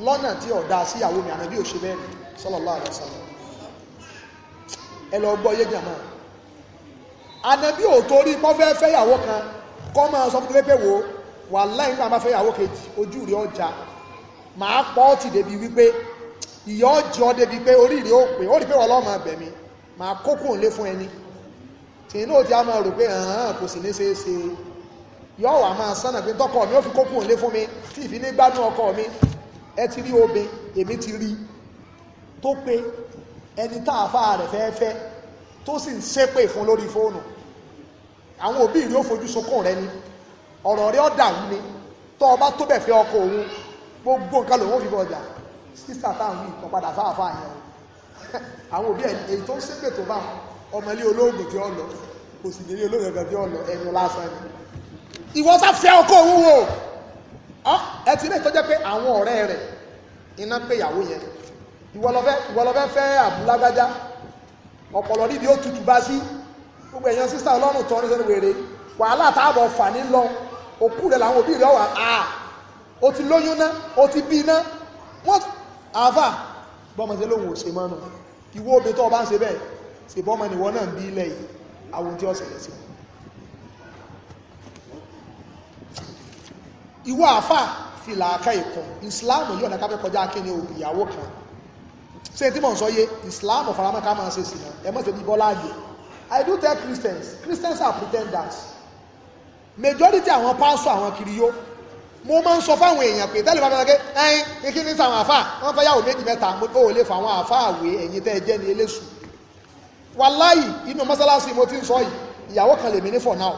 lọ́nà tí ọ̀dà síyàwó mi ànábì òṣè bẹ́ẹ̀ ni sallallahu alaihi wasallam ẹ lọ gbọ́ yé jàmá ànábì ò torí pọ́ fẹ́ fẹ́yàwó kan kọ́ máa sọ fún pé wo wàláhì nígbà máa fẹ́yàwó kejì ojú rẹ̀ ọjà màá pọ́ ti débi wípé ìyọ́ jọ débi pé orí rẹ̀ ó pè ó rí pé wọ́n lọ́mọ bẹ̀ mi màá kókò ńlé fún ẹni tìǹbù ti á máa rò pé hàn kò sì ní ṣeé ṣe yọ wà máa sánà pé tọkọ mi ó fi kókùn òlé fún mi tí ìfi ní gbádùn ọkọ mi ẹ ti rí obe èmi ti rí tó pé ẹni tá àfa rẹ̀ fẹ́ẹ́fẹ́ tó sì ń ṣépè fún lórí fóònù àwọn òbí rí ó fojú sunkún rẹ ni ọ̀rọ̀ rẹ ọ̀dà wù ni tọ́ ọba tó bẹ̀ fẹ́ ọkọ òun gbogbo nǹkan lòun fi bọ̀ ọjà sísà táwọn yìí kọ́ padà fáàfá yẹn o àwọn òbí èyí tó ń ṣépè tó bá ọmọ ilé olóògùn tí ó lọ kò sì ní ilé olóògùn tí ó ìwọ sá fẹ́ ọkọ òun wò ẹ ti rí ìtọ́jẹ́ pé àwọn ọ̀rẹ́ rẹ̀ iná pé ìyàwó yẹn ìwọ lọ fẹ́ ìwọ lọ fẹ́ fẹ́ àbúlágájá ọ̀pọ̀lọ́ níbi ó tutù bá sí gbogbo èèyàn sísá ọlọ́run tọ́ ní sọ́ni wèrè wàhálà táàbọ̀ fà ní lọ òkú rẹ̀ làwọn òbí rẹ̀ wà á o ti lóyún ná o ti bí ná wọ́n àáfà bọ́mọdé lòun ò ṣe mọ́nu ìwọ obìnrin tó o bá ń ṣe bẹ́ẹ̀ ṣèbọ́mọ nìwọ náà ń bí ilẹ̀ yìí àwọn tí ó ṣẹlẹ̀ sí wọn. ìwọ àfà fìlà àká ìkọ ìsìláàmù yóò ní káfẹ́ kọjá kí ni o ìyàwó kan ṣé tí mò ń sọ yé Islam faramọ́ ká máa ṣe sí náà ẹ mọ̀ sí bọ́lá àgbẹ̀ I do tell Christians Christians are pretenders majority àwọn pásọ àwọn kiri yó mo máa ń sọ fáwọn èèyàn pé tẹ́lẹ̀ bá fẹ́ sọ́kẹ́ ẹ̀yìn kíkí ní sàwọn àfáà wọ́n fẹ́ yàwó méjì mẹ́ta ó lè fà àwọn àfáà wé ẹ̀yìn tẹ́ ẹ jẹ́ ní eléṣù wàláyì inú mọ́sálásí mo ti ń sọ yìí ìyàwó kan lèmi ní for now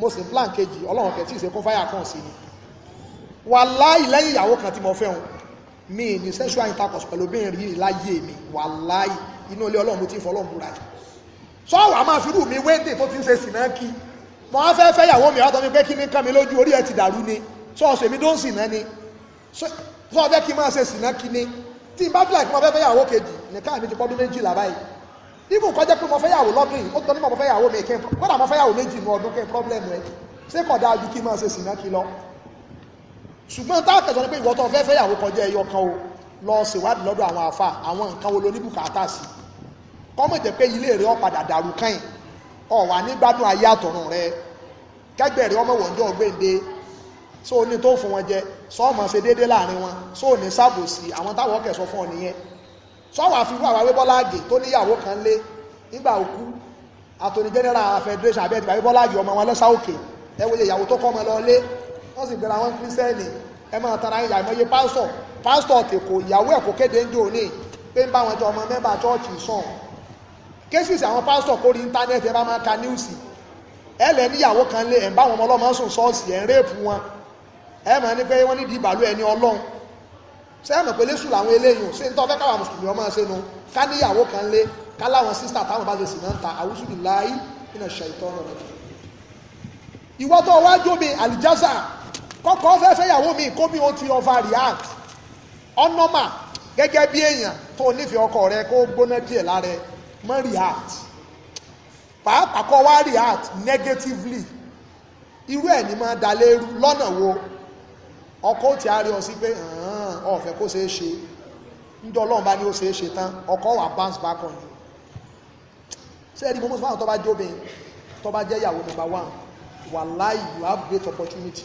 mo sì ń plan kejì ọlọ́run kẹ̀ tí ì ṣe kún fáyà kan sí ni wàláì lẹ́yìn ìyàwó kan tí mo fẹ́ hun mi ní sexual intercourse pẹ̀lú obìnrin yìí láyé mi wàláì inú ilé ọlọ́run tí ń fọlọ́run búra jù sọ́ọ̀wà máa fi rú mi wéńdè tó ti ń ṣe sì náà kí mo wá fẹ́ fẹ́ ìyàwó mi ọ̀tọ́ mi pé kí ní kàn mí lójú orí ẹ̀ ti dàrú ni sọ́ọ̀sì èmi tó ń sì náà ni sọ́ọ̀ fẹ́ kí máa ṣe sì náà kí ni tí n bá fìlà kí mo fẹ́ fẹ́ ìyàwó kejì nìkan mi ti pọ́dún méjìlá báyìí ibù kọjá pé mo fẹ́ yàwó lọ́dún yìí ó tọ́ ní mo fẹ́ yàwó mi kí n kọ́dà mo fẹ́ yàwó méjì ní ọdún kí n pọ́blẹ́mù ẹ̀ ṣé kọ̀dá ju kí n máa ṣe sì náà kí lọ ṣùgbọ́n táwọn kẹsàn-án ni pé ìwọ tó fẹ́ fẹ́ yàwó kọjá ẹyọ kan o lọ ṣèwádìí lọ́dọ̀ àwọn àfa àwọn nǹkan wo ló ní bùkátà sí kọ́mọ̀ jẹ́ pé ilé rẹ̀ ọ̀padà dàrú kẹ́yìn ọ̀wà nígbádùn ayé àtọ̀run rẹ̀ kẹgbẹ́ rẹ̀ ọmọ wọ̀njọ́ gbèǹde so ní tó fún wọn jẹ so ọmọ ṣe déédé láàrin wọn so ní sábòsí àwọn táwọn ọkẹ sọ fún ọ nìyẹn so àwọn àfi irú àwọn awébọ́lá àgè tó níyàwó kan lé nígbà òkú attorney general federation abẹ́ẹ̀dì àwébọ́lá àgè ọmọ wọn lọ́sà òkè ẹ wo iye ìyàwó tó kọ́ ọmọ lọ lé wọ́n sì gbéra wọn kírísẹ́nì ẹ máa tara ìyá ìmọ̀ye pásítọ̀ pásítọ̀ tèkó ìyàwó ẹ̀ kò kéde ń jò ní pé ń bá wọn jẹ ọmọ mẹ́mbà chọ́ọ̀chì sàn kéṣìṣì àwọn pásítọ̀ kórìí íńtánẹ́ẹ̀tì ẹ bá máa ka níwùsì ẹ lẹ níyàwó kan lé ẹ̀ ń bá wọn ọlọ́mọ sùn ṣọ́ọ̀ṣì ẹ̀ ń réèpù wọn ẹ máa ní pé wọ́n ní ìdìbàlú ẹni ọlọ́run sẹ́yìnmọ̀ pé lẹ́sùn làwọn eléyìí ṣé ń tọ́ fẹ́ káwọn mùsùlùmí ọmọ ṣe nu ká níyàwó kan lé ká láwọn sísà táwọn bá ṣe sì náà ta àwùsù ní láàyè nínú ṣe ìtọ́ ọ̀rọ̀ rẹ̀ ìwọ́tọ̀ wájú mi àlìjásà kọkọ fẹ́ fẹ́yàwó mi kó mi ó ti overreact ọ̀nọ́mà gẹ́gẹ́ bí èèyàn tó nífẹ̀ẹ́ ọkọ rẹ kó gbóná díẹ̀ lára ẹ react pàápàá kọ́ wá react negatively irú ẹ̀ ní máa dalé rú lọ́nà wo ọkọ ó ti àárẹ̀ ọ sí pé ọ̀fẹ́ kó ṣeé ṣe níjọ́ ọlọ́run bá ní ó ṣeé ṣe tán ọkọ wà bounce back on you ṣé ẹni mo mọ̀ sí fáwọn tó bá jóbin tó bá jẹ́ ìyàwó number one wàláì you have great opportunity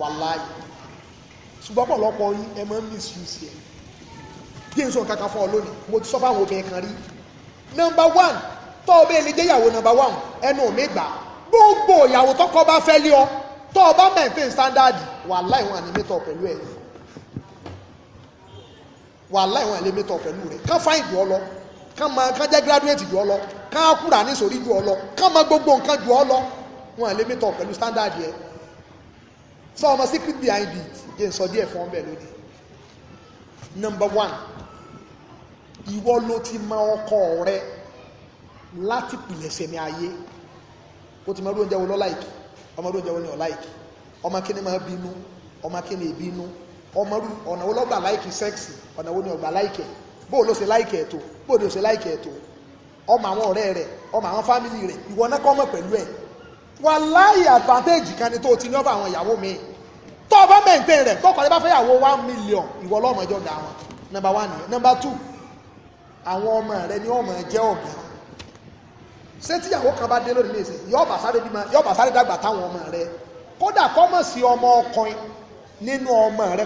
wàláì ṣùgbọ́n pọ̀lọpọ̀ yín ẹ máa ń misuse ẹ̀ bí n sọ nǹkan kan lónìí mo ti sọ fáwọn obìnrin kan rí nọmba one tọ́ ọ bẹ́ẹ̀ lè jẹ́yàwó nọmba one ẹnu mi gbà gbogbo ìyàwó tọkọ bá fẹ́ lé ọ tọ́ ọ bá maintain standard wàláì wọn àní mẹ́tọ̀ pẹ̀lú ẹ̀ wàláì wọn àní mẹ́tọ̀ pẹ̀lú rẹ̀ ká fáìn jù ọ lọ ká máa ká jẹ́ graduate jù ọ lọ ká kúrà nísorí jù ọ lọ ká máa gbogbo nǹkan jù ọ lọ wọn àní pẹ̀lú standard yẹn so ọmọ secret behind it jẹ́ sọ díẹ̀ fún ọbẹ̀ lónìí number one ìwọ ló ti mọ ọkọ rẹ láti pìlẹ̀ṣẹ̀ ní ayé ó ti mọ ọdún oúnjẹ wo lọ láìkì ọmọ ọdún oúnjẹ wo ni ọ láìkì ọmọ kí ni máa bínú ọmọ kí ni ìbínú ọmọ ọ̀nà wo lọ́gbà láìkì sẹ́ẹ̀sì ọ̀nà wo ni ọ̀gbà láìkì ẹ̀ bó o ló ṣe láìkì ẹ̀ tó bó o ló ṣe láìkì ẹ̀ tó ọmọ àwọn ọ̀rẹ́ rẹ̀ ọmọ àwọn fámìlì rẹ̀ ìwọ náà kọ́ mọ̀ pẹ̀lú ẹ̀ wàláyé advantage kan ni tó o ti ní ọba àwọn ìyàwó mi tó o bá maintain rẹ̀ tọkọ bá fẹ́ yàwó one million ìwọ ẹjọ́ ga wọn number one number two àwọn ọmọ rẹ ni ọmọ jẹ́ ọ̀gá ṣé tíyàwó kan bá dé lónìí ní ìsìn yọọba sáré dàgbà táwọn ọmọ rẹ kódà kọ́mọ̀ sí ọmọ ọkùnrin nínú ọmọ rẹ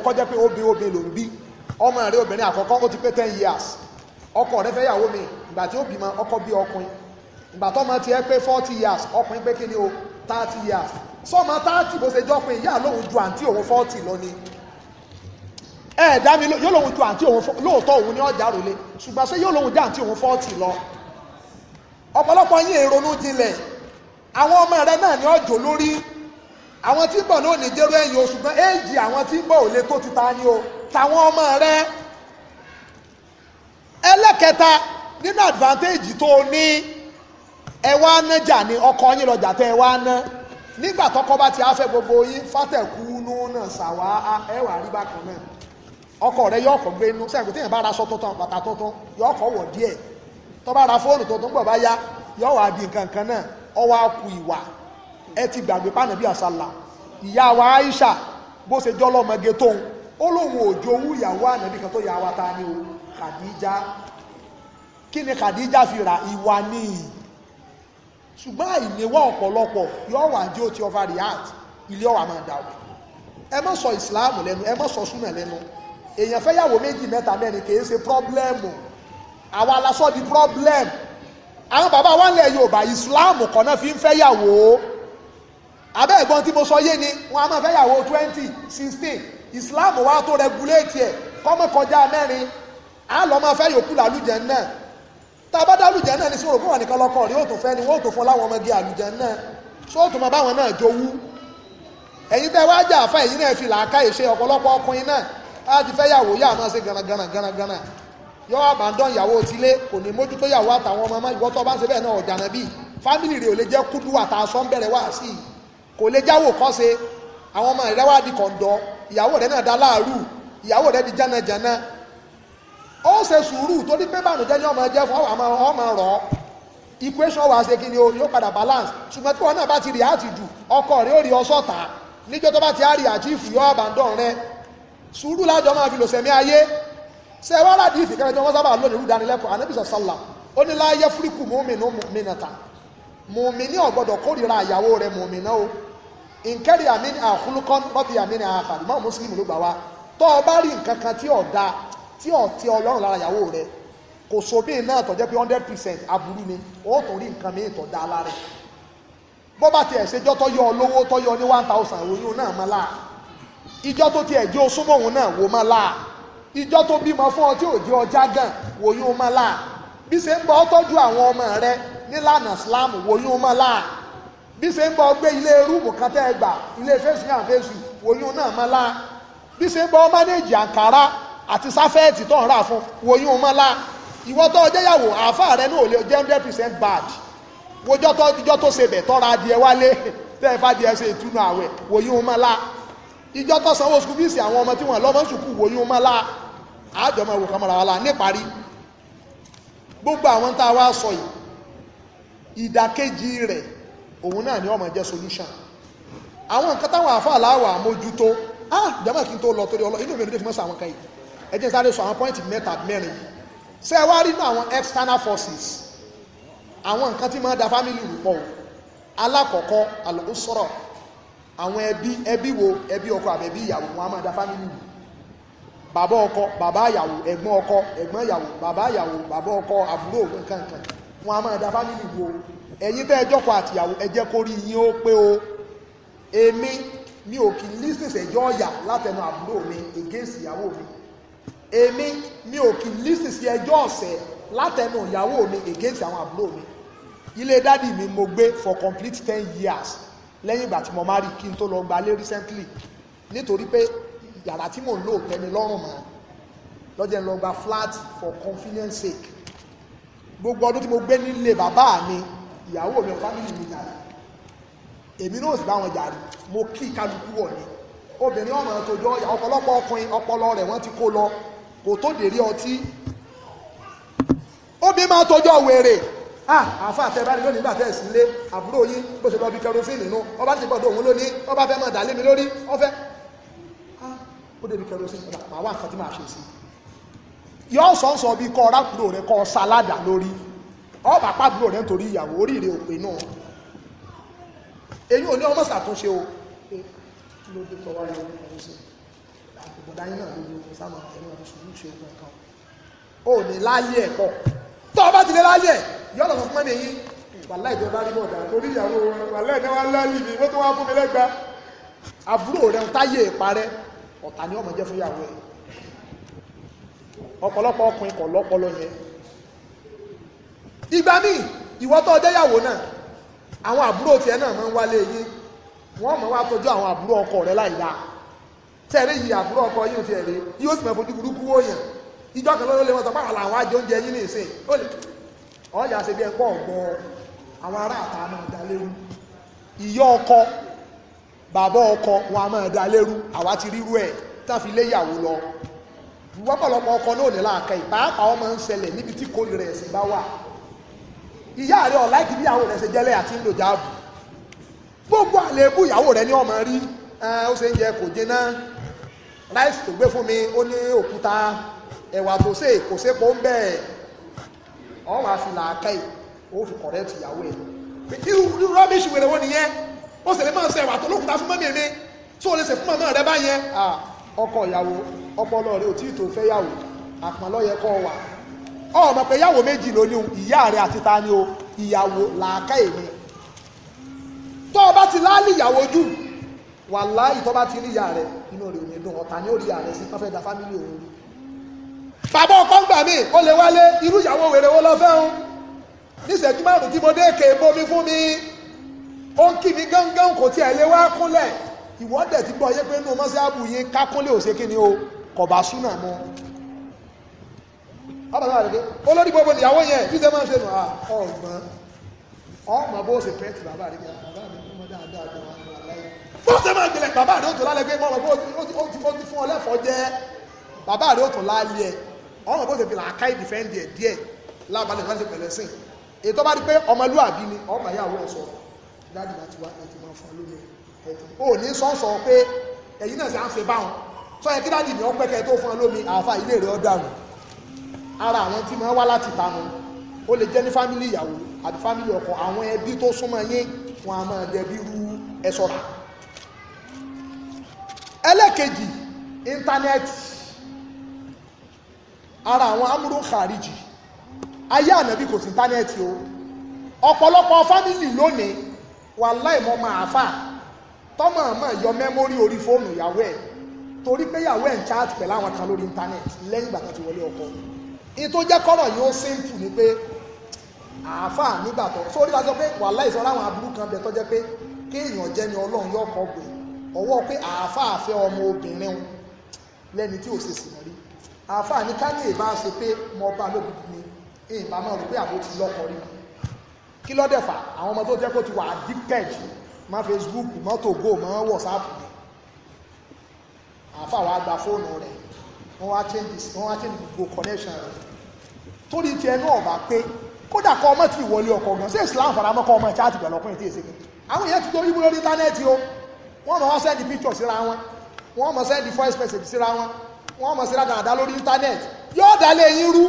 pé years ọkọ rẹ fẹ́ yàwó mi ìgbà ọkọ bí ọkùnrin ìgbà tọ́mọ ti ẹ pé forty years ọkùnrin pé kí ni o thirty years sọmọ thirty bó ṣe jọ́pin ìyá lòun ju àǹtí òun forty lọ ni ẹ dá mi yóò lòun ju àǹtí òun lóòótọ́ òun ní ọjà rò lé ṣùgbọ́n ṣé yóò lòun ju àǹtí òun forty lọ ọ̀pọ̀lọpọ̀ yín èrònú jinlẹ̀ àwọn ọmọ rẹ náà ní ọjọ́ lórí àwọn tí ń bọ̀ náà ní jẹ́rú ẹ̀yìn oṣù gan éèjì àwọn tí ń bọ̀ ò lè tó ti ta ni o tàwọn ọmọ rẹ ẹlẹ́kẹta nínú advantage tó o ní ẹ wá nájà ni ọkọ yín lọ́jà tẹ́ ẹ wá ná nígbà tọkọ bá ti á fẹ́ gbogbo yín fátẹ̀kù náà ṣàwá ẹ wà rí bákan náà ọkọ rẹ yóò kọ gbénú sẹ́yìn tí yẹn bá ra aṣọ tuntun bàtà tuntun yóò kọ wọ̀ díẹ̀ tó bá ra fóònù tuntun gbọ̀ bá yá yóò wà di nǹkan kan náà ọwọ́ akù ìwà ẹ ti gbàgbé pàánù bí àṣàlà ìyá wa Aisha bó ṣe jọ́ lọ́mọge tóun ó lóun ò jó owó ìyàwó ànábì kan tó yà wá ta ni o Khadija kí ni Khadija fi ra ìwà níyì ṣùgbọ́n àìléwọ́ ọ̀pọ̀lọpọ̀ yọ wà ní ó ti ọfà react ilé ọ̀wà máa dà wọ̀ ẹ má sọ ìsìláàmù lẹ́nu ẹ má sọ súnà lẹ́nu èèyàn fẹ́ yàwó méjì mẹ́ta mẹ́rin kì í ṣe pọ́blẹ́mù àwa la di pọ́blẹ́mù àwọn bàbá wa lẹ̀ Yorùbá ìsìláàmù kan náà fi ń fẹ́ yàwó abẹ́ ẹ̀gbọ́n tí mo sọ yé ni wọn a máa fẹ́ yàwó twenty sixteen ìsìláàmù wa tó rẹguléètì ẹ̀ kọ́mọ kọjá mẹ́rin á lọ́ máa fẹ́ yòókù làlújẹ náà tá a bá náà ní sọ̀rọ̀ fún wa nìkan lọ́kọ̀ rí ó tó fẹ́ ni wọ́n ó tó fọ́ láwọn ọmọge àlùjẹ́ náà sóòtù máa báwọn náà jowú ẹ̀yin tẹ́ wájà àfa ẹ̀yin náà fi làákà ìṣe ọkùnrin náà á ti fẹ́ yàwó yà máa ṣe yọ kò ní mójútó àtàwọn ọmọ ọmọ ìwọ́tọ́ bá ń ṣe bẹ́ẹ̀ náà fámìlì ò lè jẹ́ kúdú bẹ̀rẹ̀ wá sí kò lè àwọn ọmọ ó ṣe sùúrù torí pé bànújẹ́ ni ọmọ ẹjẹ́ fún ọmọ equation wa ṣe kí ni o yóò balance ṣùgbọ́n tí wọn náà bá ti rí àti jù ọkọ rẹ ó rí ọ sọ́ta níjọ́ tó bá ti rí àchífù yóò abandon rẹ sùúrù lájọ máa fi lò sẹ̀mí ayé ṣe wá láti ìfì kẹrẹjọ wọn sábà lónìí rúdanilẹ́kọ̀ọ́ anábìsọ̀ sálà ó ní láyé fúríkù ọ̀gbọ́dọ̀ kórìíra o tí ọ̀tí ọlọ́run lára ìyàwó rẹ kò so bí náà tọ́jẹ́ pé hundred percent aburú ni ó tó rí nǹkan mìíràn da lára rẹ bọ́ bá tiẹ̀ ṣe jọ́ tó yọ olówó tó yọ ní one thousand náà ìjọ tó tiẹ̀ jẹ́ wò ìjọ tó fún ọ tí wòyún bí ṣe ń ọmọ rẹ nílànà Islam wòyún bí gbé ilé rúùmù ilé náà wòyún náà bí ṣe ń àti sáfẹ́ẹ̀tì tó ń rà fún wòyún mọ́lá ìwọ tó jẹ́yàwó àáfà rẹ ní òòlù jẹ́ hundred percent bad wojọ́ tó ìjọ́ tó ṣe bẹ̀ tọ́ra adìẹ wálé tẹ́ ẹ fàdìẹ ṣe ìtúnu àwẹ̀ wòyún mọ́lá ìjọ́ tó sanwó sukùl fíìsì àwọn ọmọ tí wọ́n lọ́mọ sùkùl wòyún mọ́lá àjọmọ̀ ìwò kan mọ́ra wa la níparí gbogbo àwọn tá a wá sọ yìí ìdàkejì rẹ̀ òun náà ni ọmọ jẹ́ solution àwọn nǹkan táwọn àáfà láwà mójútó ah jama kí n tó lọ torí ọlọ inú mi ló dé fi mọ́ sí àwọn kan yìí ẹ jẹ́ sáré sọ àwọn pọ́ìntì mẹ́ta mẹ́rin ṣé ẹ wá rí inú àwọn external forces àwọn nǹkan tí máa da family rú pọ̀ alákọ̀ọ́kọ́ àlọ́ sọ̀rọ̀ àwọn ẹbí ẹbí wo ẹbí ọkọ àbẹ̀bí ìyàwó wọn a máa da family rú bàbá ọkọ bàbá ìyàwó ẹ̀gbọ́n ọkọ ẹ̀gbọ́n ìyàwó bàbá ìyàwó bàbá ọkọ àbúrò nǹkan kan wọn a máa da family rú o ẹ̀yin tẹ́ ẹjọ́ kọ àtìyàwó ẹ jẹ́ kó rí yín ó pé o èmi mi ò kì í lísìsì ẹjọ́ ọ̀yà látẹnu àbúrò mi against ìyàwó mi èmi mi ò kì í lísì sí ẹjọ́ ọ̀sẹ̀ látẹnu ìyàwó mi against àwọn àbúrò mi ilé dádì mi mo gbé for complete ten years lẹ́yìn ìgbà tí mo má rí kí n tó lọ gbalé recently nítorí pé yàrá tí mò ń lò tẹ́mi lọ́rùn mọ́ lọ́jọ́ ń lọ gba flat for convenience sake gbogbo ọdún tí mo gbé nílé bàbá mi ìyàwó mi family mi jàre èmi náà sì bá wọn jàre mo kí kálukú wọ̀ ni obìnrin ọmọ tó jọ ọ̀pọ̀lọpọ̀ ọkùnrin ọpọlọ rẹ̀ wọ́n ti kó lọ kò tó dèrí ọtí omi máa tọjọ́ wèrè àfa àtẹ̀bárí lónìí gbà tẹ̀sí lé àbúrò yín bó ṣe lọ bí kẹrosíìnì nù ọba ti gbọdọ̀ òun lónìí ọba fẹ́ máa dàlé mi lórí ọfẹ́ ó débi kẹrosíìnì padà màá wá nǹkan tí màá ṣe sí i yọ sọ̀nsọ̀ bíi kọ́ ọ̀rákùrò rẹ kọ́ sáládà lórí ọba pàbúrò rẹ nítorí ìyàwó oríire òpin náà èyí ò ní ọmọ ṣàtúnṣe o kí ló dé tọ́wá lórí kẹrosíìnì kò dá yín náà lójú sáwọn ẹ̀rọ àti sùúrù ṣe ogun kan ó ní láyé ẹ̀kọ́ tó o bá ti lé láyé ẹ̀ yọ̀nà sọ fún mẹ́mi yín wàláì tó bá rí bọ̀ dà torí ìyàwó wàláì náà wà lálì mi wọ́n tó wá fún mi lẹ́gba àbúrò rẹ̀ ń táyé ìparẹ́ ọ̀tá ni ọmọ jẹ́ fún ìyàwó ẹ̀ ọ̀pọ̀lọpọ̀ ọkùnrin kọ̀ lọ́pọlọ yẹn ìgbà míì ìwọ tó ọjọ́ ìyàwó náà àwọn àbúrò tiẹ̀ náà máa ń wálé yín wọ́n máa wá tọ́jú àwọn àbúrò ọkọ rẹ̀ láì tẹ́ ẹ lè yí àbúrò ọkọ yóò ti ẹ̀rí yóò sì máa fojú burúkú wọ̀nyàn ìjọ kan lọ́dọ̀ lè wọ́n sọ pé àwọn àwọn àjẹ oúnjẹ yín ní ìsìn ó lè ọ̀yà ṣe bí ẹ̀kọ́ ọ̀gbọ́ àwọn ará àta máa dá lérú ìyá ọkọ bàbá ọkọ wọn a máa dá lérú àwa ti rírú ẹ̀ táfi léyàwó lọ wọ́pọ̀lọpọ̀ ọkọ náà ní láàkà ìpàápàá ọmọ ń ṣẹlẹ̀ níbi tí kò gbogbo ìyàwó ni ọmọ rí ó ṣe ń jẹ ráìsì tó gbé fún mi ó ní òkúta ẹwà tó ṣe kò sépo ń bẹ́ẹ̀ ọ̀hún wàá fi ó fi ìyàwó ẹ̀ irú rọ́bìṣì wọn nìyẹn ó sì lè máa ṣe ẹ̀wà tó lókúta fún mọ́mí mi tó lè ṣe fún rẹ báyẹn ìyàwó ọpọlọ rẹ ò tí ì tó fẹ́ yàwó yàwó méjì ló ní ìyá rẹ ta ni o ìyàwó làákà èmi tó o bá ti wàláhì tó bá ti rí ìyá rẹ̀ inú rẹ̀ ò dùn ọ̀tá ni ó rí ìyá rẹ̀ sí tó fẹ́ da fámìlì òun rí. bàbá ọkọ ń gbà mí ó lè wálé irú ìyàwó wèrè wo lọ́fẹ́ òun níṣẹ́jú márùn-ún tí mo dé èké bomi fún mi ó ń kí mi gángan kò tiẹ̀ lè wá kúnlẹ̀ ìwọ́dẹ̀ ti gbọ́ yé pé inú mọ́sáàbù yín kákúnlẹ̀ ò ṣe kí ni o kò bá súnà mọ́ ọ̀bàbà rẹ̀ pé olórí gbogbo ìyàwó yẹn fíjẹ́ máa ń ṣe nù ah, bó ṣe máa gbẹlẹ̀ bàbá rẹ̀ ó tó lálẹ́ gbé mọ́ ọ̀rọ̀ bó ti fún ọ lẹ́fọ̀ọ́ jẹ́ bàbá rẹ̀ ó tó lálẹ́ ẹ̀ ọmọ bó ṣe fi làákà ìdìfẹ́ǹdì ẹ̀ díẹ̀ lábalẹ̀ láti pẹ̀lẹ́ sìn ètò bá rí pé ọmọlúàbí ni ọmọ ìyàwó ẹ̀ sọ dáàdì láti wá ẹ̀ ti máa fún lónìí ò ní sọ́nsọ̀ pé ẹ̀yin náà ṣe à ń ṣe báwọn sọ yẹ kí dáàdì ní ọpẹ́kẹ́ tó fún ọ lómi àáfà ilé rẹ̀ ọ́ dànù ara àwọn tí máa wá láti tanu ó lè jẹ́ ní fámìlì ìyàwó àti fámìlì ọkọ àwọn ẹbí tó súnmọ́ yín wọn a máa dẹbi rú ẹ sọ̀rọ̀ ẹlẹ́kejì íńtánẹ́ẹ̀tì ara àwọn amúrò ayé ànábì kò sí íńtánẹ́ẹ̀tì o ọ̀pọ̀lọpọ̀ fámílì lónìí wàláì mọ́ máa tọ́mọ̀ mọ̀ yọ mẹ́mórí orí fóònù ìyàwó ẹ̀ torí pé ìyàwó ẹ̀ ń chat pẹ̀lú àwọn kan lórí íńtánẹ́ẹ̀tì lẹ́yìn ìgbà tó ti wọlé ọkọ tó jẹ́ kọ́rọ̀ ni pé nígbà tó sórí ta sọ pé láwọn aburú ọwọ́ pé àáfàá fẹ́ ọmọ obìnrin wọn lẹ́ni tí ò ṣe sì mọ́ rí àáfàá ní ká ní ìbá ṣe pé mo bá lóbi ni ìbá máa rò pé àbó ti lọ́kọ rí kí ló dẹ̀ fà àwọn ọmọ tó jẹ́ kó ti wà addicted má Facebook má togo má WhatsApp ni àáfàá wa gba fóònù rẹ̀ wọ́n wá change wọ́n wá change gbogbo connection rẹ̀ torí tiẹ̀ náà bá pé kódà kọ́ ọmọ tí ìwọlé ọkọ̀ gan ṣé Islam faramọ́ kọ́ ọmọ ìṣáàtì pẹ̀lú ọkùnrin tí èsì kan àwọn èèyàn ti dorí mú lórí íńtánẹ́ẹ̀tì o wọ́n mọ̀ wọ́n sẹ́ndì picture síra wọn wọ́n mọ̀ sẹ́ndì voice message síra wọn wọ́n mọ̀ síra dáadáa lórí internet yóò dálé yín rú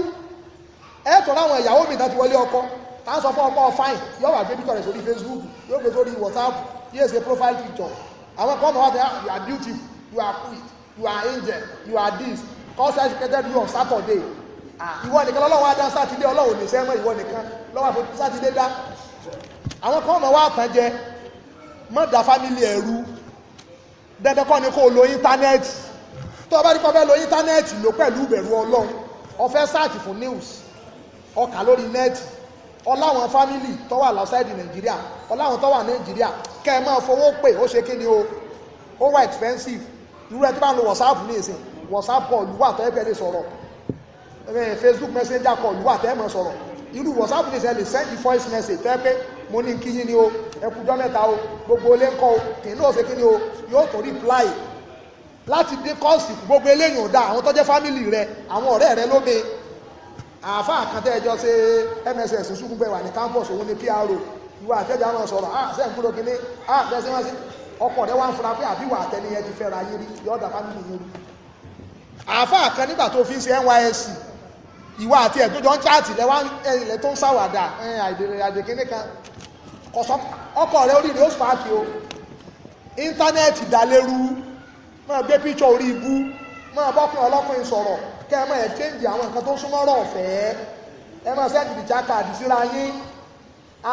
ẹ tọ́ láwọn ìyàwó mi náà ti wọlé ọkọ tá ń sọ fún ọkọ fine yóò wà gbé picture rẹ̀ sórí facebook yóò gbé sórí whatsapp yóò ṣe profile picture àwọn kan mọ̀ wá tẹ you are beautiful you are quick you are angel you are this call sign secretary you on saturday ìwọ nìkan lọ́wọ́ adá sátidé ọlọ́wọ́ ní sẹ́mọ́ ìwọ nìkan lọ́wọ́ àfojúsí sátidé dá àwọn kan mọ̀ wá tàn jẹ mọ́ da fámílì ẹ̀rú dandan kọ́ ni kò lo íńtánẹ́ẹ̀tì tó o bá ní kó fẹ́ lo íńtánẹ́ẹ̀tì lò pẹ̀lú ìbẹ̀rù ọlọ́run o fẹ́ sáàtì fún news o kà lórí nẹ́ẹ̀tì ọláwọn fámìlì tó wà lọ́sáìdì nàìjíríà ọláwọn tó wà nàìjíríà kẹ́ ẹ máa fowó pè ó ṣe kí ni o ó wà expensive irú ẹ tí bá ń lo whatsapp ní ìsìn whatsapp kọlù wà tẹ́ bẹ́ẹ̀ lè sọ̀rọ̀ eh, facebook messenger kọlù wà tẹ́ mọ̀ sọ̀rọ̀ irú whatsapp ní ìsìn lè send the voice message tẹ́ pé mo ní ni o ẹkùjọ́ mẹ́ta o gbogbo ilé ń kọ́ o kì í kí ni o yóò tún reply láti dé kọ́ọ̀sì gbogbo eléyìí ò àwọn tọ́jẹ́ fámìlì rẹ àwọn ọ̀rẹ́ rẹ lóbi àáfà àkàntẹ́ ẹjọ́ ṣe mss sùkúnbẹ̀ wà ní campus òun ní pro ìwà àtẹ́jà sọ̀rọ̀ ah kúrò kínní ah bẹ́ẹ̀ ọkọ̀ rẹ̀ wá ń fura ìwà àti ẹ̀dójọ́ ń chaàtì lẹ́wà ilẹ̀ tó ń sàwàdà àdèkéné kan kọ̀sọ́ ọkọ̀ rẹ orí rẹ ó sùpáàkì o íńtánẹ́ẹ̀tì dàlérú máa gbé píṣọ orí ibú máa bọ́kùn ọlọ́kùnrin sọ̀rọ̀ kẹ́ ẹ máa ẹ̀chẹ́ǹjì àwọn nǹkan tó súnmọ́ rọ̀ ọ̀fẹ́ ẹ máa sẹ́ǹdì ìjà káàdì síra yín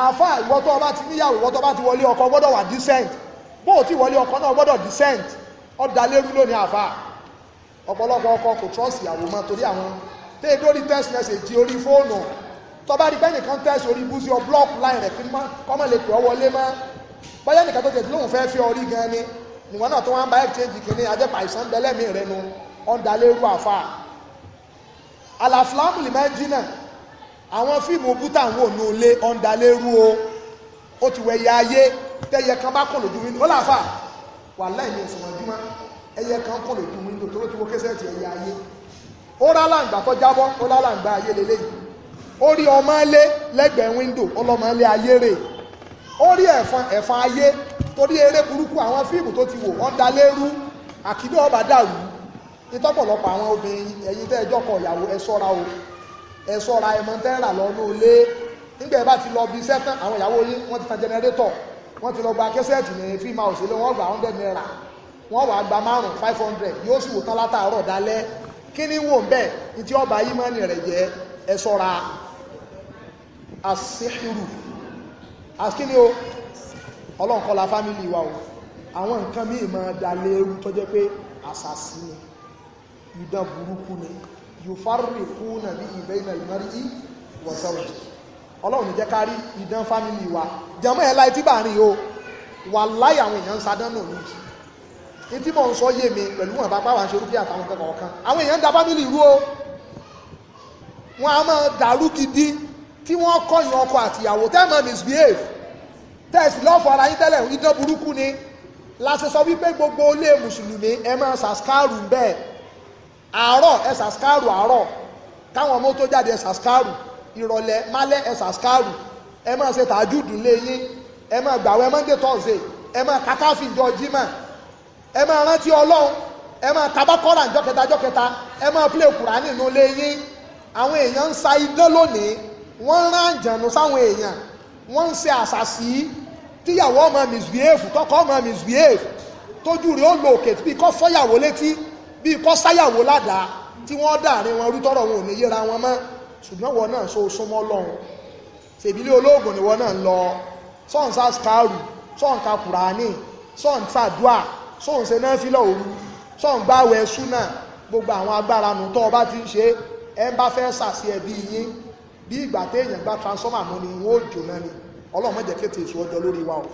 àáfà ìwọ tó bá ti níyàwó ìwọ tó bá ti wọlé ọkọ gbọ́dọ̀ wà decent bó o ti wọlé ọkọ náà gbọ́dọ̀ decent ọ̀dàlérú lónìí àáfà ọ̀pọ̀lọpọ̀ ọkọ kò trọ́ọ̀sì ìyàwó mọ́ torí àwọn dé lórí text message orí fóònù tọ́ba rí bẹ́ẹ̀ nìkan text orí ibùsùn ọ block line rẹ̀ kí kọ́mọ̀ lè pè ọ́ wọlé mọ́ bóyá nìkan tó tẹ̀sí lóhùn fẹ́ẹ́ fi ọ rí gan ni ìwọ náà tó wá ń bá exchange kìíní ajẹ́pà ìsàn bẹ́lẹ́mì rẹ nu ọ̀ndàlérú àfa àlàfíàmù lè máa jìnnà àwọn fíìmù bútà ń wò ní ilé ọ̀ndàlérú o ó ti wẹ̀yẹ ayé tẹ́yẹ kan bá kọ̀ lójú wíńdò ó làfà wà láì ní ìsọ̀mọ̀júmọ́ ẹyẹ kan kọ̀ lójú wíńdò tó ló ti wọ́ kẹsẹ̀ ti ẹ̀yẹ ayé ó rálàǹgbà tó jábọ́ ó rálàǹgbà ayé lélẹ́yìí ó rí ọmọ ilé lẹ́gbẹ̀ẹ́ wíńdò ó lọ́mọ ilé ayé rè ó rí ẹ̀fọn ẹ̀fọn ayé torí eré burúkú àwọn fíìmù tó ti wò ó da lérú àkídó ọba dàrú ìtọ́pọ̀lọpọ̀ àwọn obìnrin ẹ̀yin tẹ́ ẹ jọ́kọ̀ ìyàwó ẹ sọ́ra o ẹ sọ́ra ẹ mọ̀ tẹ́ ẹ ti lọ bí iṣẹ́ awon àwọn ìyàwó yín wọ́n ti tan jẹnẹrétọ̀ wọ́n ti lọ gba kẹsẹ́ẹ̀tì ní fíìmù wọ́n gba hundred naira wọ́n kí ni wò bẹ́ẹ̀ ní tí ọba yìí máa ń rẹ̀ jẹ́ ẹ sọ́ra àṣíhìrù àṣíkíní o ọlọ́nkọlá fámílì wa o àwọn nǹkan míì máa dalẹ̀ ewu tó jẹ́ pé àṣàṣì ni ìdán burúkú ni yòfárì kú nàbí ìbẹ́ ìnà ìmọ̀rí wọ̀sọ̀rọ̀ ọlọ́run jẹ́ ká ìdán fámílì wa jẹ́mọ́ ẹ̀ láì tí bàárín o wà láì àwọn èèyàn ń sadán náà níbi ní tí mò ń sọ yé mi pẹ̀lú wọn bá pàwọn aṣerú bí àtàwọn kankan kan àwọn èèyàn ń da fámìlì rú o wọn a máa dàrú gidi tí wọ́n kọ̀yìn ọkọ àtìyàwó tẹ́ẹ̀mọ̀ misbehave test lọ́ọ̀fọ̀ ara yín tẹ́lẹ̀ idán burúkú ni láti sọ wípé gbogbo ilé mùsùlùmí ẹ máa ṣàṣkárù bẹ́ẹ̀ àárọ̀ ẹ ṣàṣkárù àárọ̀ káwọn mọ́tò jáde ẹ ṣàṣkárù ìrọ̀lẹ́ málẹ́ ẹ ṣàṣkárù ẹ máa ṣe tàájùdù lé yín ẹ máa gbàwẹ̀ monday thursday ẹ máa kàkàfì jọ jímọ̀ ẹ máa rántí ọlọ́run ẹ máa tabakọ́ra jọ́kẹta jọ́kẹta ẹ máa play kùránì nínú ilé yín àwọn èèyàn ń sa idán lónìí wọ́n ń rán àjànú sáwọn èèyàn wọ́n ń ṣe àṣàṣì tíyàwó ọmọ misbehave tọkọ ọmọ misbehave tójú rẹ̀ ó lo òkè bíi kọ́ fọ́yàwó létí bíi kọ́ sáyàwó ládàá tí wọ́n dàrin wọn rú tọ́rọ̀ wọn ò ní yéra wọn mọ́ ṣùgbọ́n wọn náà so súnmọ́ lọ́run ṣèbílẹ̀ olóògùn ni wọn náà ń lọ sọ́ǹsà skaru sọ́ǹkà kùránì sọ́ǹsà dùà sóun ṣe náà fílà òru sóun bá wẹ súnà gbogbo àwọn agbára nù tó ọba ti ń ṣe ẹ ń bá fẹ́ sàṣì ẹbí yín bí ìgbà téèyàn gba transformer mọ́ ni wọ́n ò jóná ni ọlọ́run má jẹ́ kéte èso ọjọ́ lórí wa o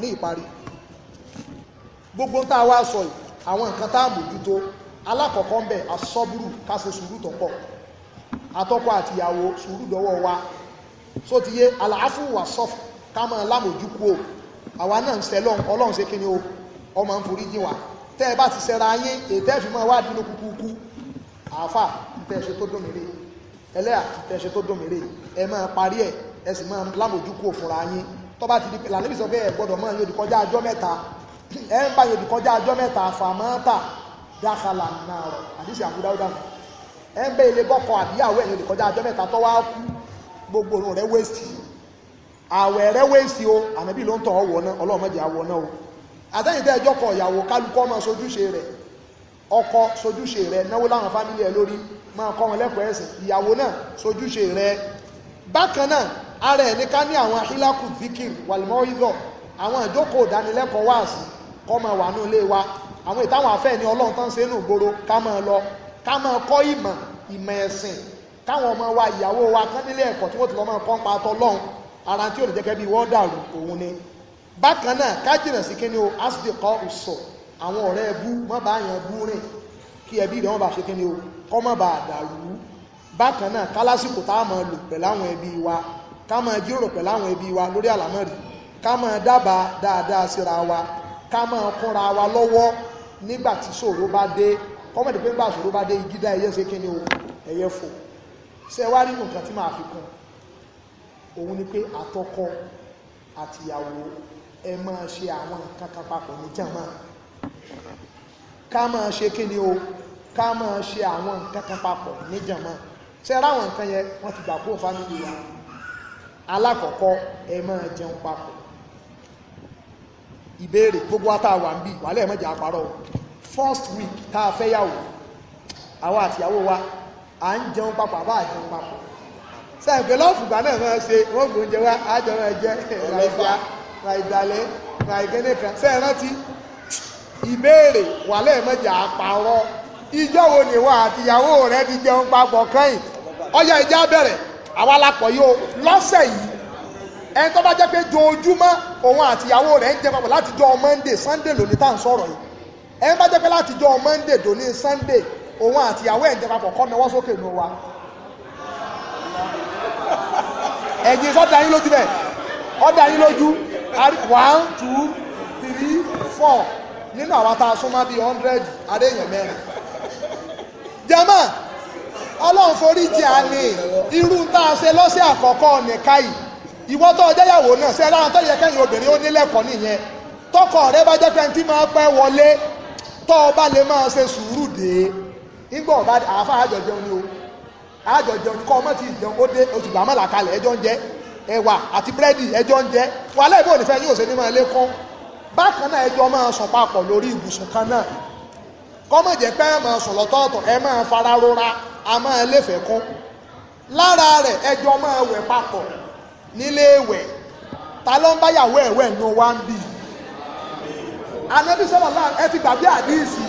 ní ìparí gbogbo tá a wá sọ yìí àwọn nǹkan tá a mójútó alákọ̀ọ́kọ́ ń bẹ̀ asọ́búrù ká ṣe sùúrù tó pọ̀ atọ́kọ àtìyàwó sùúrù dọ́wọ́ wa só ti yé àlàáfù wà sọ́fù ká máa lámòjú kú o àwa náà ń sẹ́lọ́n ọlọ́run ṣe kí ni o ó máa ń forí jì wá tẹ́ ẹ bá ti ṣẹra yín ètẹ́ ìfi máa wá dínú kúkúkú àáfà ìtẹ̀ṣe tó dùn mèrè ẹlẹ́yà ìtẹ̀ṣe tó dùn mèrè ẹ máa parí ẹ̀ ẹ sì máa lámòjú kúrò fúnra yín tó bá ti di pé lànà ìsọ̀bẹ́ ẹ̀ gbọ́dọ̀ máa yọdì kọjá ajọ́ mẹ́ta ẹ̀ ń bá yọdì kọjá ajọ́ mẹ́ta fàmáta dákàlà náà rọ̀ àdìsí àbúdáwúdà ẹ̀ ń bẹ́ ilé bọ́kọ àbíyàwó ẹ̀ yọdì kọjá ajọ́ mẹ́ta tó wá kú gbogbo rẹ̀ wéṣì àwẹ̀ rẹ̀ wéṣì o ànábì ló ń tọ̀ ọ́ wọ̀ náà ọlọ́run mẹ́jẹ̀ àwọ̀ náà o àtẹ̀yìn tẹ́ ẹjọ́ kọ ìyàwó kálukọ́ máa sojúṣe rẹ̀ ọkọ sojúṣe rẹ̀ náwó láwọn fámílì ẹ̀ lórí máa kọ́ wọn lẹ́kọ̀ọ́ ẹ̀sìn ìyàwó náà sojúṣe rẹ̀ bákan náà ara ẹ̀ ní ká ní àwọn ahilaku zikir walmoizọ àwọn ìjókòó ìdánilẹ́kọ̀ọ́ wáàsí kọ́ máa wà ní ilé wa àwọn ìtàwọn afẹ́ ní ọlọ́run tán ṣe é nù gbòòrò ká máa lọ ká máa kọ́ ìmọ̀ ìmọ̀ ẹ̀sìn káwọn ọmọ wa ìyàwó wa kán nílé ẹ̀kọ́ tí wọ́n ti lọ máa kọ́ ń pa atọ́ ara tí ò ní jẹ́ bí wọ́n dàrú òun ni bákan náà kájìnà sí kíni o asidikọ ọsọ àwọn ọ̀rẹ́ ẹbú má bá yàn bú rìn kí ẹbí rẹ wọn bá ṣe kíni o kọ má bá dàrú bákan náà kálásìkò tá a máa lò pẹ̀lú àwọn ẹbí wa ká máa jíròrò pẹ̀lú àwọn ẹbí wa lórí àlámọ̀rí ká máa dábàá dáadáa síra wa ká máa kúnra wa lọ́wọ́ nígbà tí ṣòro bá dé kọ́mọ̀dé pé nígbà ṣòro bá dé ìgídá ẹyẹ ṣe kíni o ẹyẹ fò ṣe wá rí nǹkan tí màá fi kún òun ni pé àtọkọ àtìyàwó ẹ máa ṣe àwọn nǹkan kan papọ̀ ní jàmá ká máa ṣe kí ni o ká máa ṣe àwọn nǹkan kan papọ̀ ní jàmá ṣe ráwọn nǹkan yẹn wọ́n ti gbà kó wa alákọ̀ọ́kọ́ ẹ máa jẹun papọ̀ ìbéèrè gbogbo ata wà ń bì wàhálà ẹ̀ mọ̀jà first week tá a fẹ́ yàwó àwa àtìyàwó wa à ń jẹun papọ̀ àbá àjẹun papọ̀ sẹ́yìn pé náà máa ṣe wọ́n gbò oúnjẹ wá àjọ máa jẹ́ ràìgbà ràìgbàlẹ̀ ràìgẹ́lẹ̀ kan rántí ìbéèrè wà lẹ́ẹ̀mẹ́jà àpàrọ̀ ìjọ wo ni wà àtìyàwó rẹ ti jẹun papọ̀ kẹ́yìn ìjà bẹ̀rẹ̀ àwa yóò lọ́sẹ̀ yìí ẹni tó bá jẹ́ pé òun àtìyàwó ń jẹ papọ̀ Monday Sunday tá à ń sọ̀rọ̀ yìí ẹni bá jẹ́ pé Monday dòní Sunday òun àtìyàwó ẹ̀ ń jẹ ẹ̀yin sọ́dà yín lójú bẹ̀ lójú one two three four nínú àwọn tá súnmọ́ bíi hundred adéyàn jẹ́mọ́ ọlọ́run forí jì ní irú tá a ṣe lọ́sẹ̀ àkọ́kọ́ nìka yìí ìwọ tó ọjọ́yàwó náà ṣe láwọn tó yẹ obìnrin ó tọkọ rẹ bá jẹ́ pẹ́ntì máa pẹ́ wọlé bá lè máa ṣe sùúrù dé nígbà ọba àjọjọ ní kọ́ ọmọ ti jẹun ó dé oṣù gbàmọ́ làkàlẹ̀ ẹjọ́ ń jẹ ẹ̀wà àti búrẹ́dì ẹjọ́ ń jẹ wàhálà ìbò nífẹ̀ẹ́ yóò ṣe ní máa lékún bákan náà ẹjọ́ máa sùn papọ̀ lórí ibùsùn kan náà kọ́mọ̀ jẹ́ pé ẹ máa sùn lọ́tọ̀ọ̀tọ̀ ẹ máa fara rora a máa léfẹ̀ẹ́ kún lára rẹ̀ ẹjọ́ máa wẹ̀ papọ̀ nílé ìwẹ̀ ta ló ń báyàwó ẹ̀wẹ̀ nù wá ń bì anábì sọ́lá ẹ ti gbàgbé àdíìsì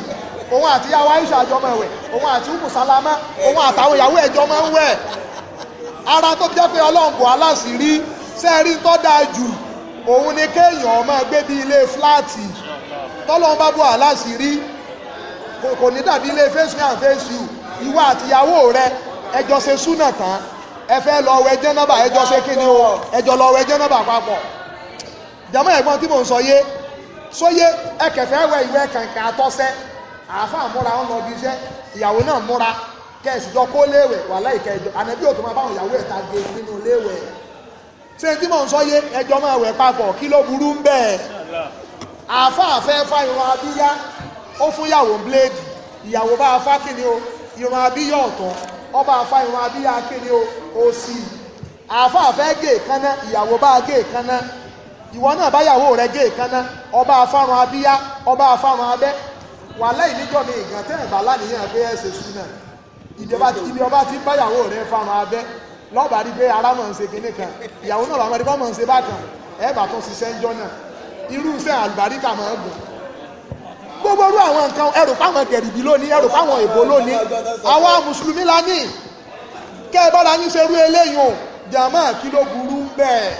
òun àti yàwó Aisha àjọmọ ẹ̀wẹ̀ òun àti Umu Salama òun àtàwọn ìyàwó ẹjọ máa ń ara tó jẹ́ pé Ọlọ́run bò aláṣìírí sẹ́ẹ̀rí tó dáa jù òun ni kéèyàn ọmọ gbé bí ilé fúláàtì tọ́lọ́run bá bò rí kò ní dàbí ilé ìwọ àti rẹ ẹjọ ṣe súnà tán lọ wẹ ẹjọ ṣe kíni o ẹjọ lọ wẹ sọ yé wẹ àáfàá múra ọ̀nà ọbí iṣẹ́ ìyàwó náà múra kẹsìjọ kó léèwẹ̀ wà láìka ẹjọ ànábì òtún máa báwọn ìyàwó ẹ̀ta gé nínú léèwẹ̀ ṣé tí mò ẹjọ máa wẹ̀ papọ̀ kí ló burú ń bẹ́ẹ̀ àáfàá fẹ́ abíyá ó fún ìyàwó bá a fá kíni o abíyá ọ̀tọ̀ abíyá kíni o ó sì ìyàwó bá a gé ìwọ náà rẹ gé abíyá wàhálà ìníjọ́ mi ìgbà tẹ́ ẹ̀bà lánìyàn pé ẹ ṣe súnà ìjọba ibi ọba ti ń báyàwó rẹ fáwọn abẹ́ lọ́ọ̀bà rí pé ara mọ̀ ń ṣe kinní kan ìyàwó náà làwọn ẹ̀dínwó mọ̀ ń ṣe bákan ẹ̀bà tó ṣiṣẹ́ ń jọ náà irú iṣẹ́ àlùbáríkà máa ń gùn gbogbo orú àwọn nǹkan ẹrù fáwọn kẹrìbì lónìí ẹrù fáwọn èbó lónìí àwa mùsùlùmí la ní kẹ́ ẹ bára yín ṣe rú eléyìí o jàmá kí ló burú bẹ́ẹ̀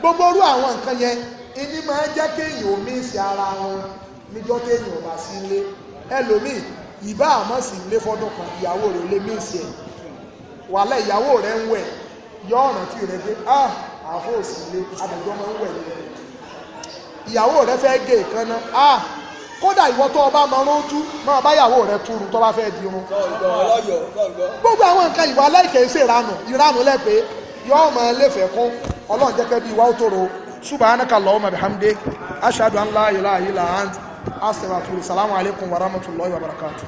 gbogbo orú àwọn nǹkan yẹn ìní máa ń jẹ́ kéèyàn ò mí ṣe ara wọn níjọ́ téèyàn bá sí ilé ẹlòmíì ìbá àmọ́ sí ilé fọ́dún kan ìyàwó rẹ̀ lé míìsì ẹ̀ wàhálà ìyàwó rẹ̀ ń wẹ̀ yọ ọ̀ràn tí rẹ̀ pé ah àfọ́ òsì ilé abẹ̀jọ́ máa ń wẹ̀ ní ìyàwó rẹ̀ fẹ́ gé ìkànnà ah kódà ìwọ tó ọba máa rán tú máa báyàwó rẹ túrú tó bá fẹ́ di irun. gbogbo àwọn nǹkan ìwà aláìkẹ́ ṣe ìranù ìranù lẹ́pẹ́ yọ́ọ́ máa léfẹ̀ẹ́ kún ọlọ́run jẹ́kẹ́ bí ìwà ó tòrò subhanaka Allahumma bihamdik ashhadu an la ilaha illa ant asirat salamu alaykum wa rahmatulahi wa barakatuh.